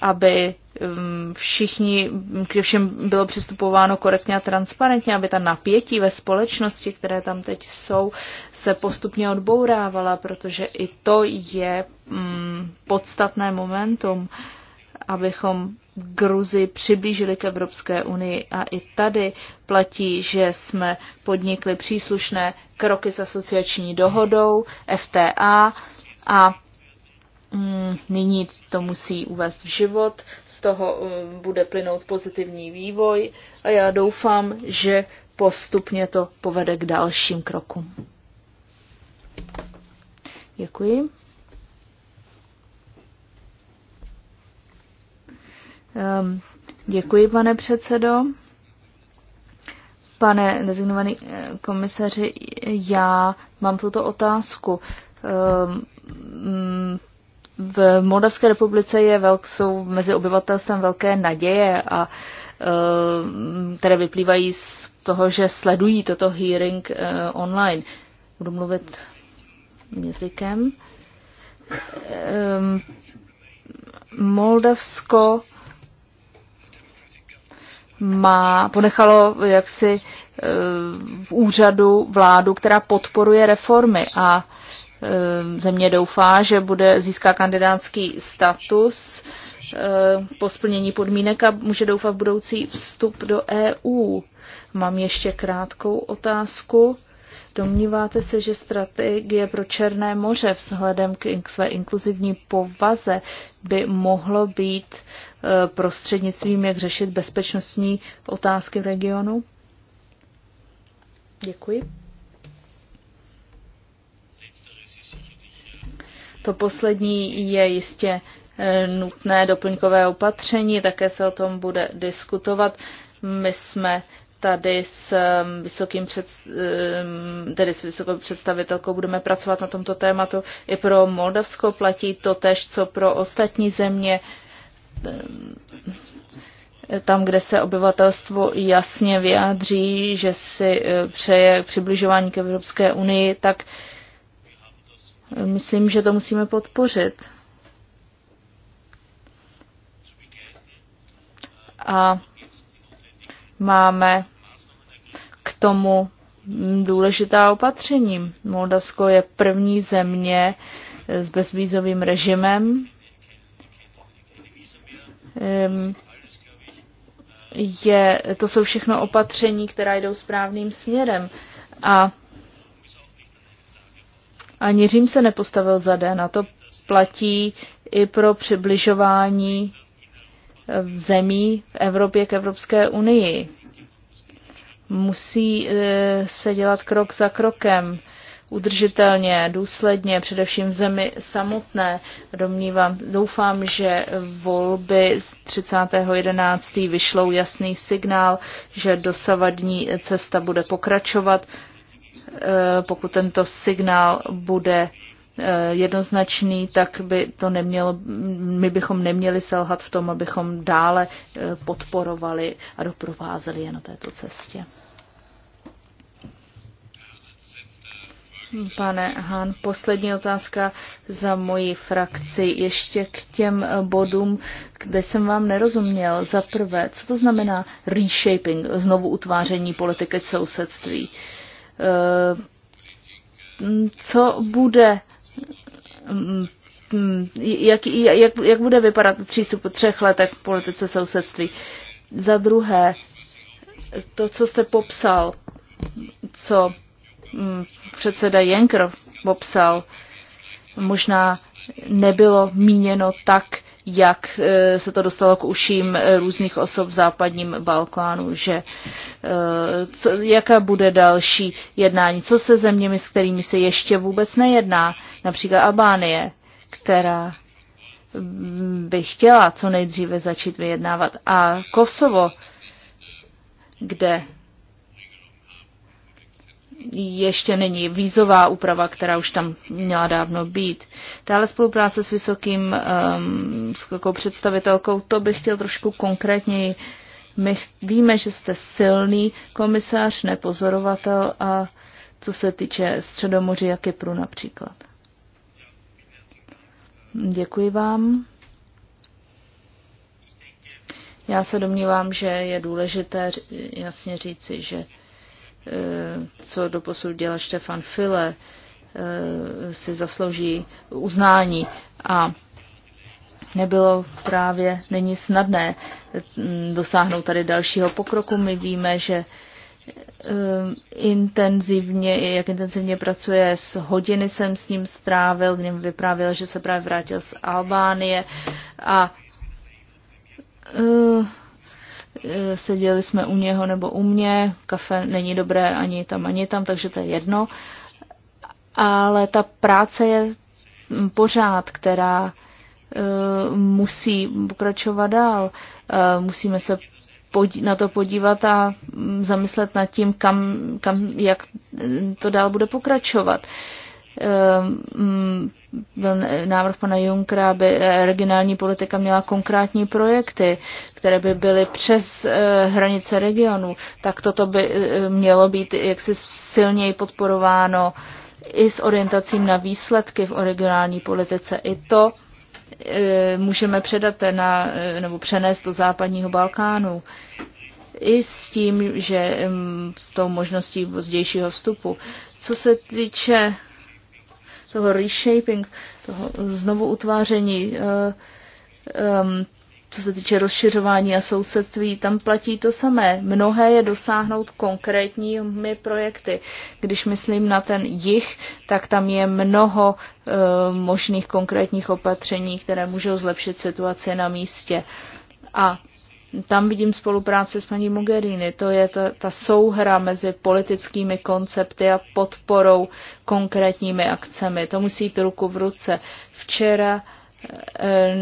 aby Um, všichni, k všem bylo přistupováno korektně a transparentně, aby ta napětí ve společnosti, které tam teď jsou, se postupně odbourávala, protože i to je mm, podstatné momentum, abychom Gruzi přiblížili k Evropské unii a i tady platí, že jsme podnikli příslušné kroky s asociační dohodou FTA a nyní to musí uvést v život, z toho eh, bude plynout pozitivní vývoj a já doufám, že postupně to povede k dalším krokům. Děkuji. Ehm, děkuji, pane předsedo. Pane designovaný eh, komisaři, já mám tuto otázku. Um, v Moldavské republice je velk, jsou mezi obyvatelstvem velké naděje, a, eh, které vyplývají z toho, že sledují toto hearing eh, online. Budu mluvit jazykem. Eh, Moldavsko má, ponechalo jaksi v úřadu vládu, která podporuje reformy a Ehm, země doufá, že bude získá kandidátský status ehm, po splnění podmínek a může doufat v budoucí vstup do EU. Mám ještě krátkou otázku. Domníváte se, že strategie pro Černé moře vzhledem k své inkluzivní povaze by mohlo být ehm, prostřednictvím, jak řešit bezpečnostní otázky v regionu? Děkuji. To poslední je jistě e, nutné doplňkové opatření, také se o tom bude diskutovat. My jsme tady s, e, vysokým před, e, tedy s vysokou představitelkou budeme pracovat na tomto tématu. I pro Moldavsko platí to tež, co pro ostatní země tam, kde se obyvatelstvo jasně vyjádří, že si přeje přibližování k Evropské unii, tak Myslím, že to musíme podpořit. A máme k tomu důležitá opatření. Moldavsko je první země s bezvízovým režimem. Je, to jsou všechno opatření, která jdou správným směrem. A ani Řím se nepostavil za den a to platí i pro přibližování eh, zemí v Evropě k Evropské unii. Musí eh, se dělat krok za krokem, udržitelně, důsledně, především v zemi samotné. Domnívám, doufám, že volby z 30.11. vyšlou jasný signál, že dosavadní cesta bude pokračovat Eh, pokud tento signál bude eh, jednoznačný, tak by to nemělo, my bychom neměli selhat v tom, abychom dále eh, podporovali a doprovázeli je na této cestě. Pane Hán, poslední otázka za moji frakci. Ještě k těm bodům, kde jsem vám nerozuměl. Za prvé, co to znamená reshaping, znovu utváření politiky sousedství? Uh, co bude jak, jak, jak bude vypadat přístup po třech letech v politice sousedství. Za druhé, to, co jste popsal, co mm, předseda Jenkr popsal, možná nebylo míněno tak jak eh, se to dostalo k uším eh, různých osob v západním Balkánu, že eh, co, jaká bude další jednání, co se zeměmi, s kterými se ještě vůbec nejedná, například Albánie, která by chtěla co nejdříve začít vyjednávat. A Kosovo, kde ještě není vízová úprava, která už tam měla dávno být. Dále spolupráce s vysokým um, s takovou představitelkou, to bych chtěl trošku konkrétněji. My víme, že jste silný komisář, nepozorovatel a co se týče Středomoří a Kypru například. Děkuji vám. Já se domnívám, že je důležité jasně říci, že Eh, co doposud dělal Štefan File, eh, si zaslouží uznání a nebylo právě, není snadné mm, dosáhnout tady dalšího pokroku. My víme, že eh, intenzivně, jak intenzivně pracuje, s hodiny jsem s ním strávil, kdy mi vyprávěl, že se právě vrátil z Albánie a Eh, seděli jsme u něho nebo u mě, kafe není dobré ani tam, ani tam, takže to je jedno. Ale ta práce je mm, pořád, která eh, musí pokračovat dál. Eh, musíme se na to podívat a mm, zamyslet nad tím, kam, kam, jak mm, to dál bude pokračovat byl návrh pana Junkra, aby eh, regionální politika měla konkrétní projekty, které by byly přes eh, hranice regionu, tak toto by eh, mělo být jaksi silněji podporováno i s orientacím na výsledky v regionální politice. I to můžeme předat na, nebo přenést do západního Balkánu. I s tím, že mm, s tou možností pozdějšího vstupu. Co se týče toho reshaping, toho znovu utváření, eh, ehm, co se týče rozšiřování a sousedství, tam platí to samé. Mnohé je dosáhnout konkrétními projekty. Když myslím na ten jich, tak tam je mnoho eh, možných konkrétních opatření, které můžou zlepšit situaci na místě. A tam vidím spolupráci s paní Mogherini. To je ta, ta souhra mezi politickými koncepty a podporou konkrétními akcemi. To musí jít ruku v ruce. Včera eh,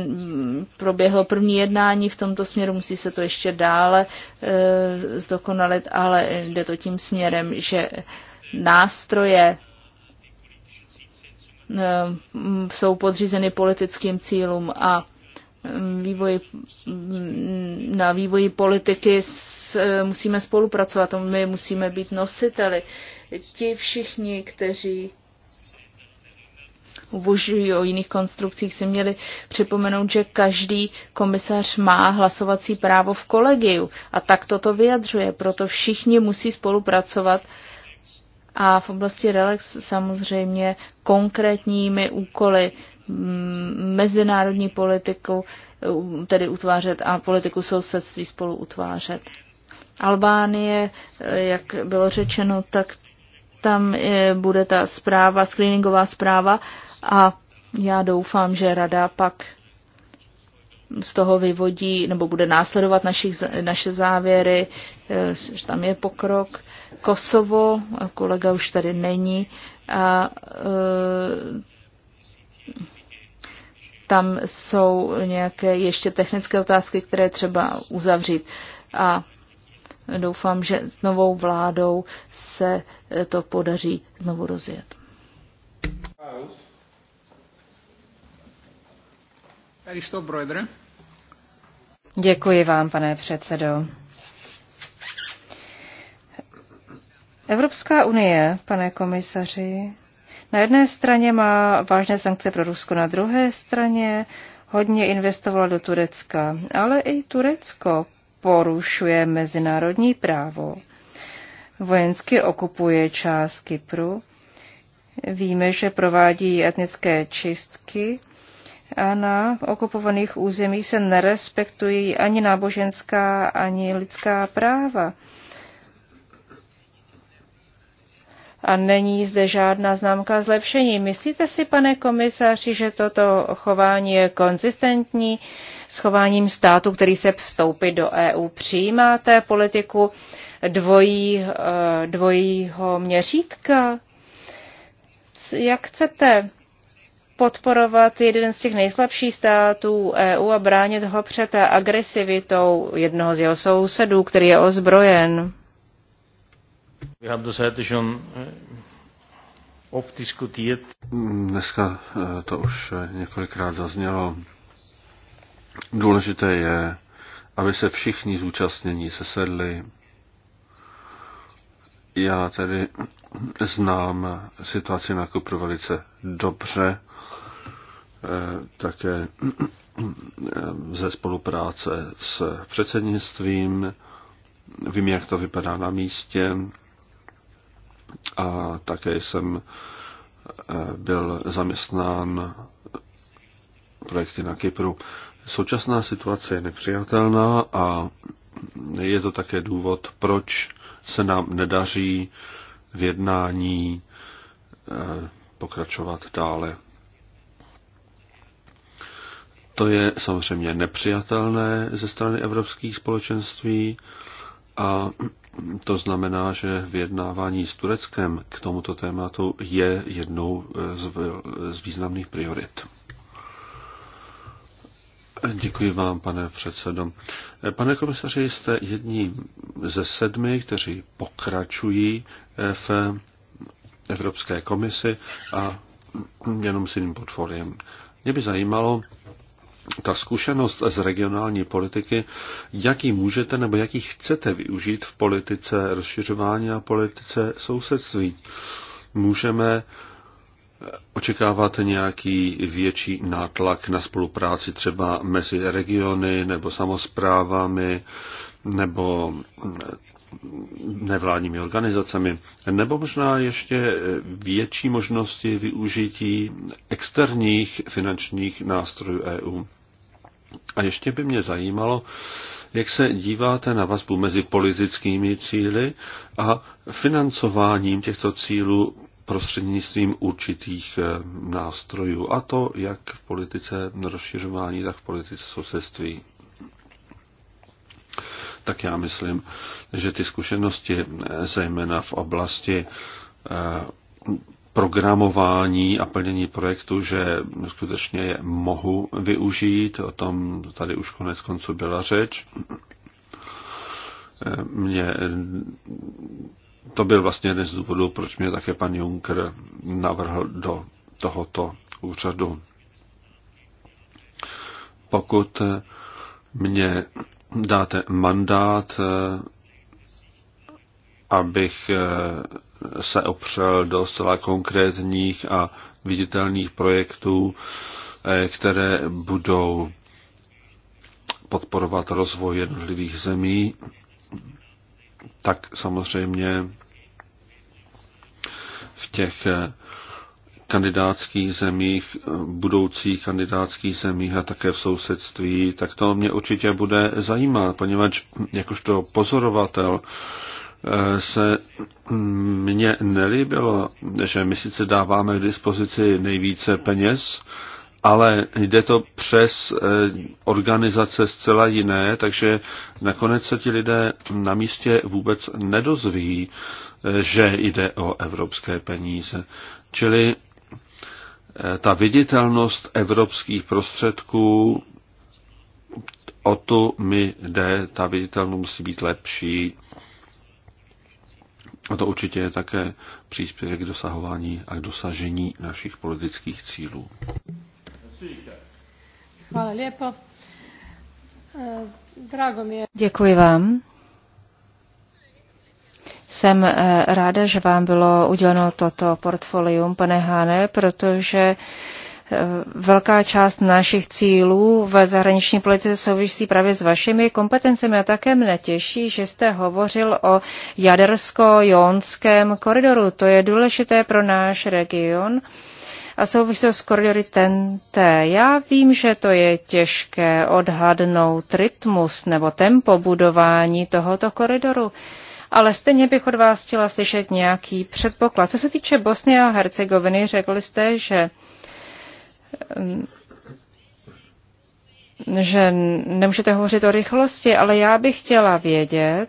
proběhlo první jednání v tomto směru, musí se to ještě dále eh, zdokonalit, ale jde to tím směrem, že nástroje eh, jsou podřízeny politickým cílům a vývoji, na vývoji politiky s, musíme spolupracovat, my musíme být nositeli. Ti všichni, kteří uvažují o jiných konstrukcích, si měli připomenout, že každý komisař má hlasovací právo v kolegiu a tak toto vyjadřuje. Proto všichni musí spolupracovat uh, a v oblasti relax samozřejmě konkrétními úkoly mm, mezinárodní politiku, tedy utvářet a politiku sousedství spolu utvářet. Albánie, eh, jak bylo řečeno, tak tam eh, bude ta zpráva, screeningová zpráva a já doufám, že rada pak z toho vyvodí nebo bude následovat našich, naše závěry, eh, že tam je pokrok. Kosovo, kolega už tady není, a e, tam jsou nějaké ještě technické otázky, které třeba uzavřít. A doufám, že s novou vládou se to podaří znovu rozjet. Děkuji vám, pane předsedo. Evropská unie, pane komisaři, na jedné straně má vážné sankce pro Rusko, na druhé straně hodně investovala do Turecka, ale i Turecko porušuje mezinárodní právo. Vojensky okupuje část Kypru. Víme, že provádí etnické čistky a na okupovaných územích se nerespektují ani náboženská, ani lidská práva. a není zde žádná známka zlepšení. Myslíte si, pane komisaři, že toto chování je konzistentní s chováním státu, který se vstoupit do EU? Přijímáte politiku dvojí, eh, dvojího měřítka? Jak chcete podporovat jeden z těch nejslabších států EU a bránit ho před agresivitou jednoho z jeho sousedů, který je ozbrojen? Wir haben das heute schon äh, oft diskutiert. Dneska eh, to už eh, několikrát zaznělo. Důležité je, aby se všichni zúčastnění sesedli. Já tedy znám situaci na Kupru velice dobře, eh, také ze spolupráce s předsednictvím. Vím, jak to vypadá na místě a také jsem eh, byl zaměstnán projekty na Kypru. Současná situace je nepřijatelná a je to také důvod, proč se nám nedaří v jednání eh, pokračovat dále. To je samozřejmě nepřijatelné ze strany evropských společenství a to znamená, že vyjednávání s Tureckem k tomuto tématu je jednou z významných priorit. Děkuji vám, pane předsedo. Pane komisaři, jste jedním ze sedmi, kteří pokračují v Evropské komisi a jenom s jiným portfoliem. Mě by zajímalo, ta zkušenost z regionální politiky, jaký můžete nebo jaký chcete využít v politice rozšiřování a politice sousedství. Můžeme očekávat nějaký větší nátlak na spolupráci třeba mezi regiony nebo samozprávami nebo nevládními organizacemi, nebo možná ještě větší možnosti využití externích finančních nástrojů EU. A ještě by mě zajímalo, jak se díváte na vazbu mezi politickými cíly a financováním těchto cílů prostřednictvím určitých eh, nástrojů, a to jak v politice rozšiřování, tak v politice sousedství tak já myslím, že ty zkušenosti, eh, zejména v oblasti eh, programování a plnění projektu, že skutečně je mohu využít, o tom tady už konec konců byla řeč. Eh, mě, to byl vlastně jeden z důvodů, proč mě také pan Juncker navrhl do tohoto úřadu. Pokud mě dáte mandát, eh, abych eh, se opřel do zcela konkrétních a viditelných projektů, eh, které budou podporovat rozvoj jednotlivých zemí, tak samozřejmě v těch kandidátských zemích, eh, budoucích kandidátských zemích a také v sousedství, tak to mě určitě bude zajímat, poněvadž jakožto pozorovatel eh, se mně nelíbilo, že my sice dáváme k dispozici nejvíce peněz, ale jde to přes eh, organizace zcela jiné, takže nakonec se ti lidé na místě vůbec nedozví, že jde o evropské peníze. Čili Eh, ta viditelnost evropských prostředků, o to mi jde, ta viditelnost musí být lepší. A to určitě je také příspěvek k dosahování a k dosažení našich politických cílů. Eh, Děkuji vám. Jsem eh, ráda, že vám bylo uděleno toto portfolium, pane Hane, protože eh, velká část našich cílů ve zahraniční politice souvisí právě s vašimi kompetencemi a také mne těší, že jste hovořil o jadersko-jonském koridoru. To je důležité pro náš region a souvisí s koridory TNT. Já vím, že to je těžké odhadnout rytmus nebo tempo budování tohoto koridoru ale stejně bych od vás chtěla slyšet nějaký předpoklad. Co se týče Bosny a Hercegoviny, řekli jste, že mm, že nemůžete hovořit o rychlosti, ale já bych chtěla vědět,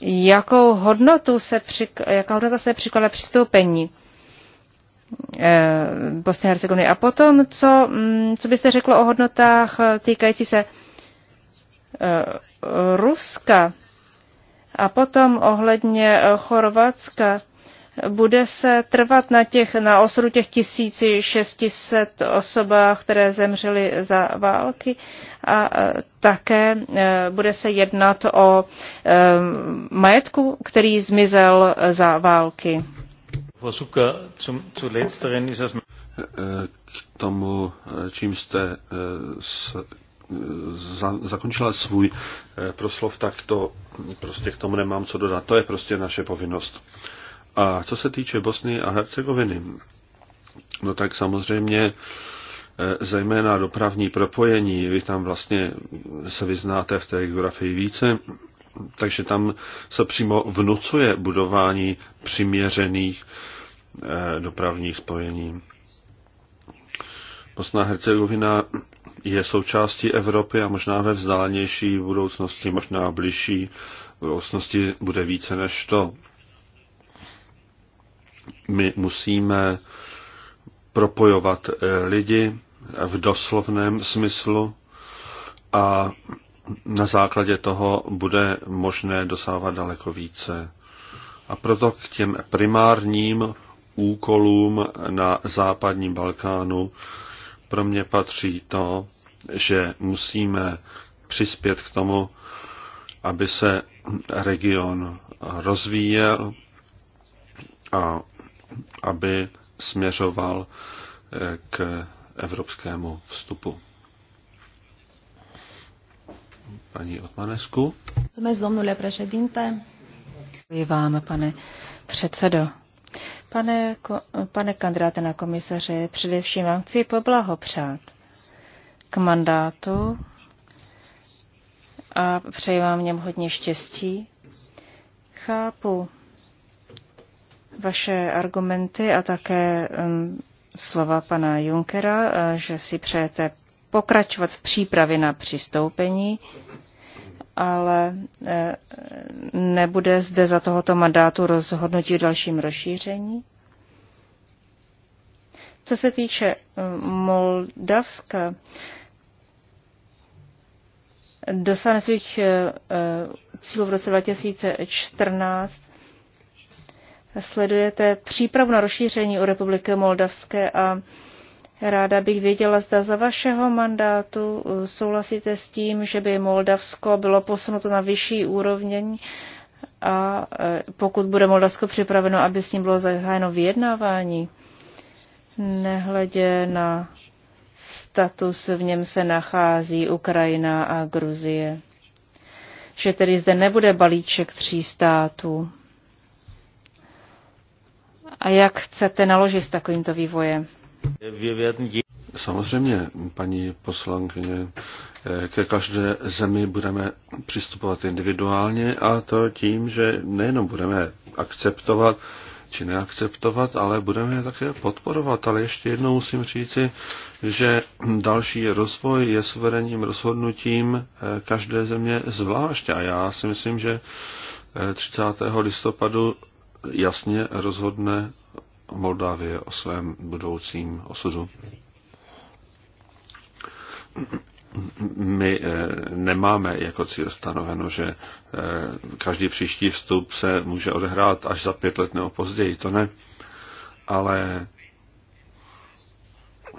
jakou hodnotu se, při jaká hodnota se přikládá přistoupení eh, Bosny a Hercegoviny. A potom, co, mm, co byste řeklo o hodnotách týkající se eh, Ruska? A potom ohledně eh, Chorvatska bude se trvat na, těch, na osudu těch 1600 osobách, které zemřely za války a eh, také eh, bude se jednat o majetku, který zmizel za války. K tomu, čím jste za, zakončila svůj eh, proslov, tak to prostě k tomu nemám co dodat. To je prostě naše povinnost. A co se týče Bosny a Hercegoviny, no tak samozřejmě eh, zejména dopravní propojení, vy tam vlastně se vyznáte v té geografii více, takže tam se přímo vnucuje budování přiměřených eh, dopravních spojení. Bosna a Hercegovina je součástí Evropy a možná ve vzdálenější budoucnosti, možná bližší budoucnosti bude více než to. My musíme propojovat eh, lidi v doslovném smyslu a na základě toho bude možné dosávat daleko více. A proto k těm primárním úkolům na západním Balkánu pro mě patří to, že musíme přispět k tomu, aby se region rozvíjel a aby směřoval eh, k evropskému vstupu. Paní Otmanesku. Děkuji vám, pane předsedo. Pane, pane kandidáte na komisaře, především vám chci poblahopřát k mandátu a přeji vám v něm hodně štěstí. Chápu vaše argumenty a také um, slova pana Junkera, eh, že si přejete pokračovat v přípravě na přistoupení ale eh, nebude zde za tohoto mandátu rozhodnutí o dalším rozšíření. Co se týče eh, Moldavska, dosáhne svých eh, cílů v roce 2014. Sledujete přípravu na rozšíření o republiky Moldavské a Ráda bych věděla, zda za vašeho mandátu eh, souhlasíte s tím, že by Moldavsko bylo posunuto na vyšší úroveň a eh, pokud bude Moldavsko připraveno, aby s ním bylo zahájeno vyjednávání, nehledě na status, v něm se nachází Ukrajina a Gruzie. Že tedy zde nebude balíček tří států. A jak chcete naložit s takovýmto vývojem? Samozřejmě, paní poslankyně, ke každé zemi budeme přistupovat individuálně a to tím, že nejenom budeme akceptovat či neakceptovat, ale budeme je také podporovat. Ale ještě jednou musím říci, že další rozvoj je suverénním rozhodnutím eh, každé země zvlášť. A já si myslím, že 30. Eh, listopadu jasně rozhodne Moldávie o svém budoucím osudu. My eh, nemáme jako cíl stanoveno, že eh, každý příští vstup se může odehrát až za pět let nebo později, to ne. Ale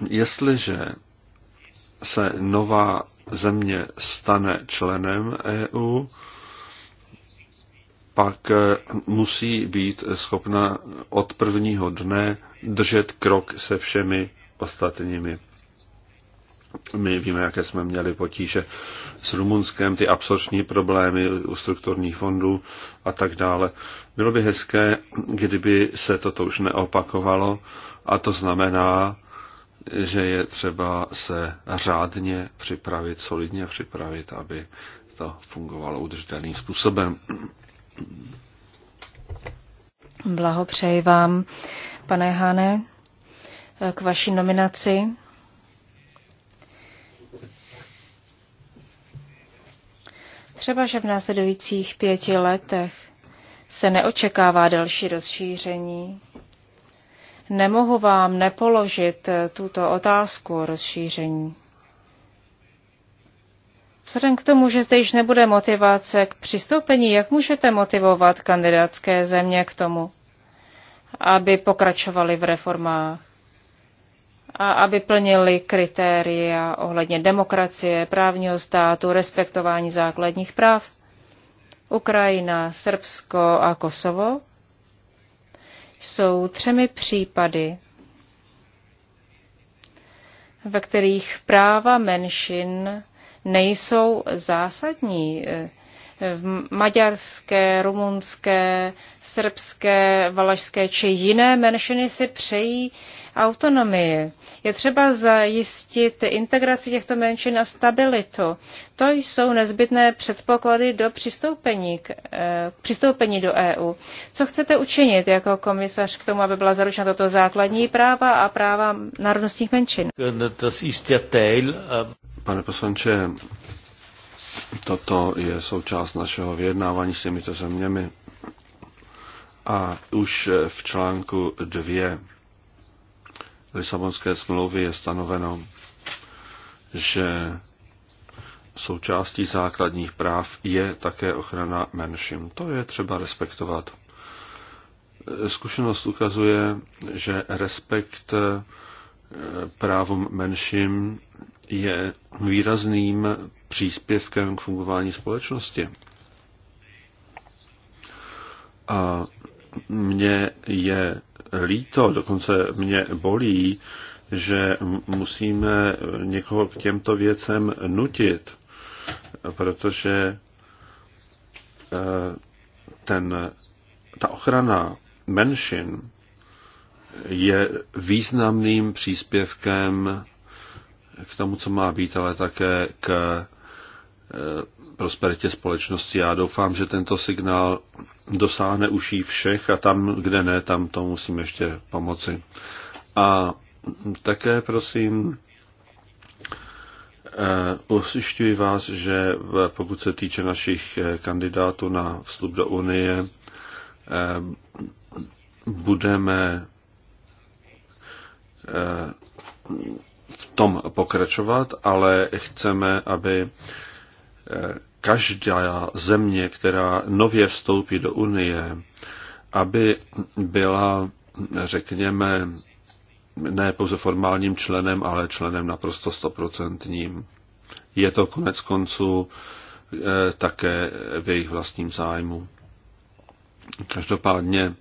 jestliže se nová země stane členem EU, pak eh, musí být schopna od prvního dne držet krok se všemi ostatními. My víme, jaké jsme měli potíže s Rumunskem, ty absorční problémy u strukturních fondů a tak dále. Bylo by hezké, kdyby se toto už neopakovalo a to znamená, že je třeba se řádně připravit, solidně připravit, aby to fungovalo udržitelným způsobem. Blahopřeji vám, pane Hane, k vaší nominaci. Třeba, že v následujících pěti letech se neočekává další rozšíření. Nemohu vám nepoložit tuto otázku o rozšíření. Vzhledem k tomu, že zde již nebude motivace k přistoupení, jak můžete motivovat kandidátské země k tomu, aby pokračovali v reformách a aby plnili kritéria ohledně demokracie, právního státu, respektování základních práv? Ukrajina, Srbsko a Kosovo jsou třemi případy, ve kterých práva menšin nejsou zásadní. V maďarské, rumunské, srbské, valašské či jiné menšiny si přejí autonomii. Je třeba zajistit integraci těchto menšin a stabilitu. To jsou nezbytné předpoklady do přistoupení, k, eh, k přistoupení do EU. Co chcete učinit jako komisař k tomu, aby byla zaručena toto základní práva a práva národnostních menšin? Pane poslanče, toto je součást našeho vyjednávání s těmito zeměmi. A už v článku 2 Lisabonské smlouvy je stanoveno, že součástí základních práv je také ochrana menším. To je třeba respektovat. Zkušenost ukazuje, že respekt eh, právům menším je výrazným příspěvkem k fungování společnosti. A mně je líto, dokonce mě bolí, že musíme někoho k těmto věcem nutit, protože e, ten, ta ochrana menšin je významným příspěvkem k tomu, co má být, ale také k eh, prosperitě společnosti. Já doufám, že tento signál dosáhne uší všech a tam, kde ne, tam to musím ještě pomoci. A také prosím, eh, usišťuji vás, že pokud se týče našich eh, kandidátů na vstup do Unie, budeme v tom pokračovat, ale chceme, aby eh, každá země, která nově vstoupí do Unie, aby byla, řekněme, ne pouze formálním členem, ale členem naprosto stoprocentním. Je to konec konců eh, také v jejich vlastním zájmu. Každopádně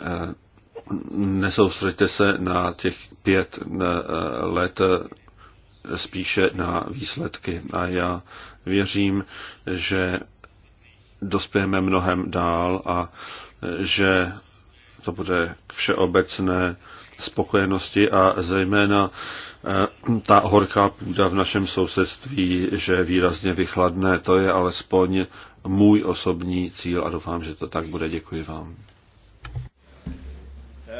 eh, nesoustředte se na těch pět eh, let, eh, spíše na výsledky. A já věřím, že dospějeme mnohem dál a eh, že to bude k všeobecné spokojenosti a zejména ta horká půda v našem sousedství, že výrazně vychladne, to je alespoň můj osobní cíl a doufám, že to tak bude. Děkuji vám.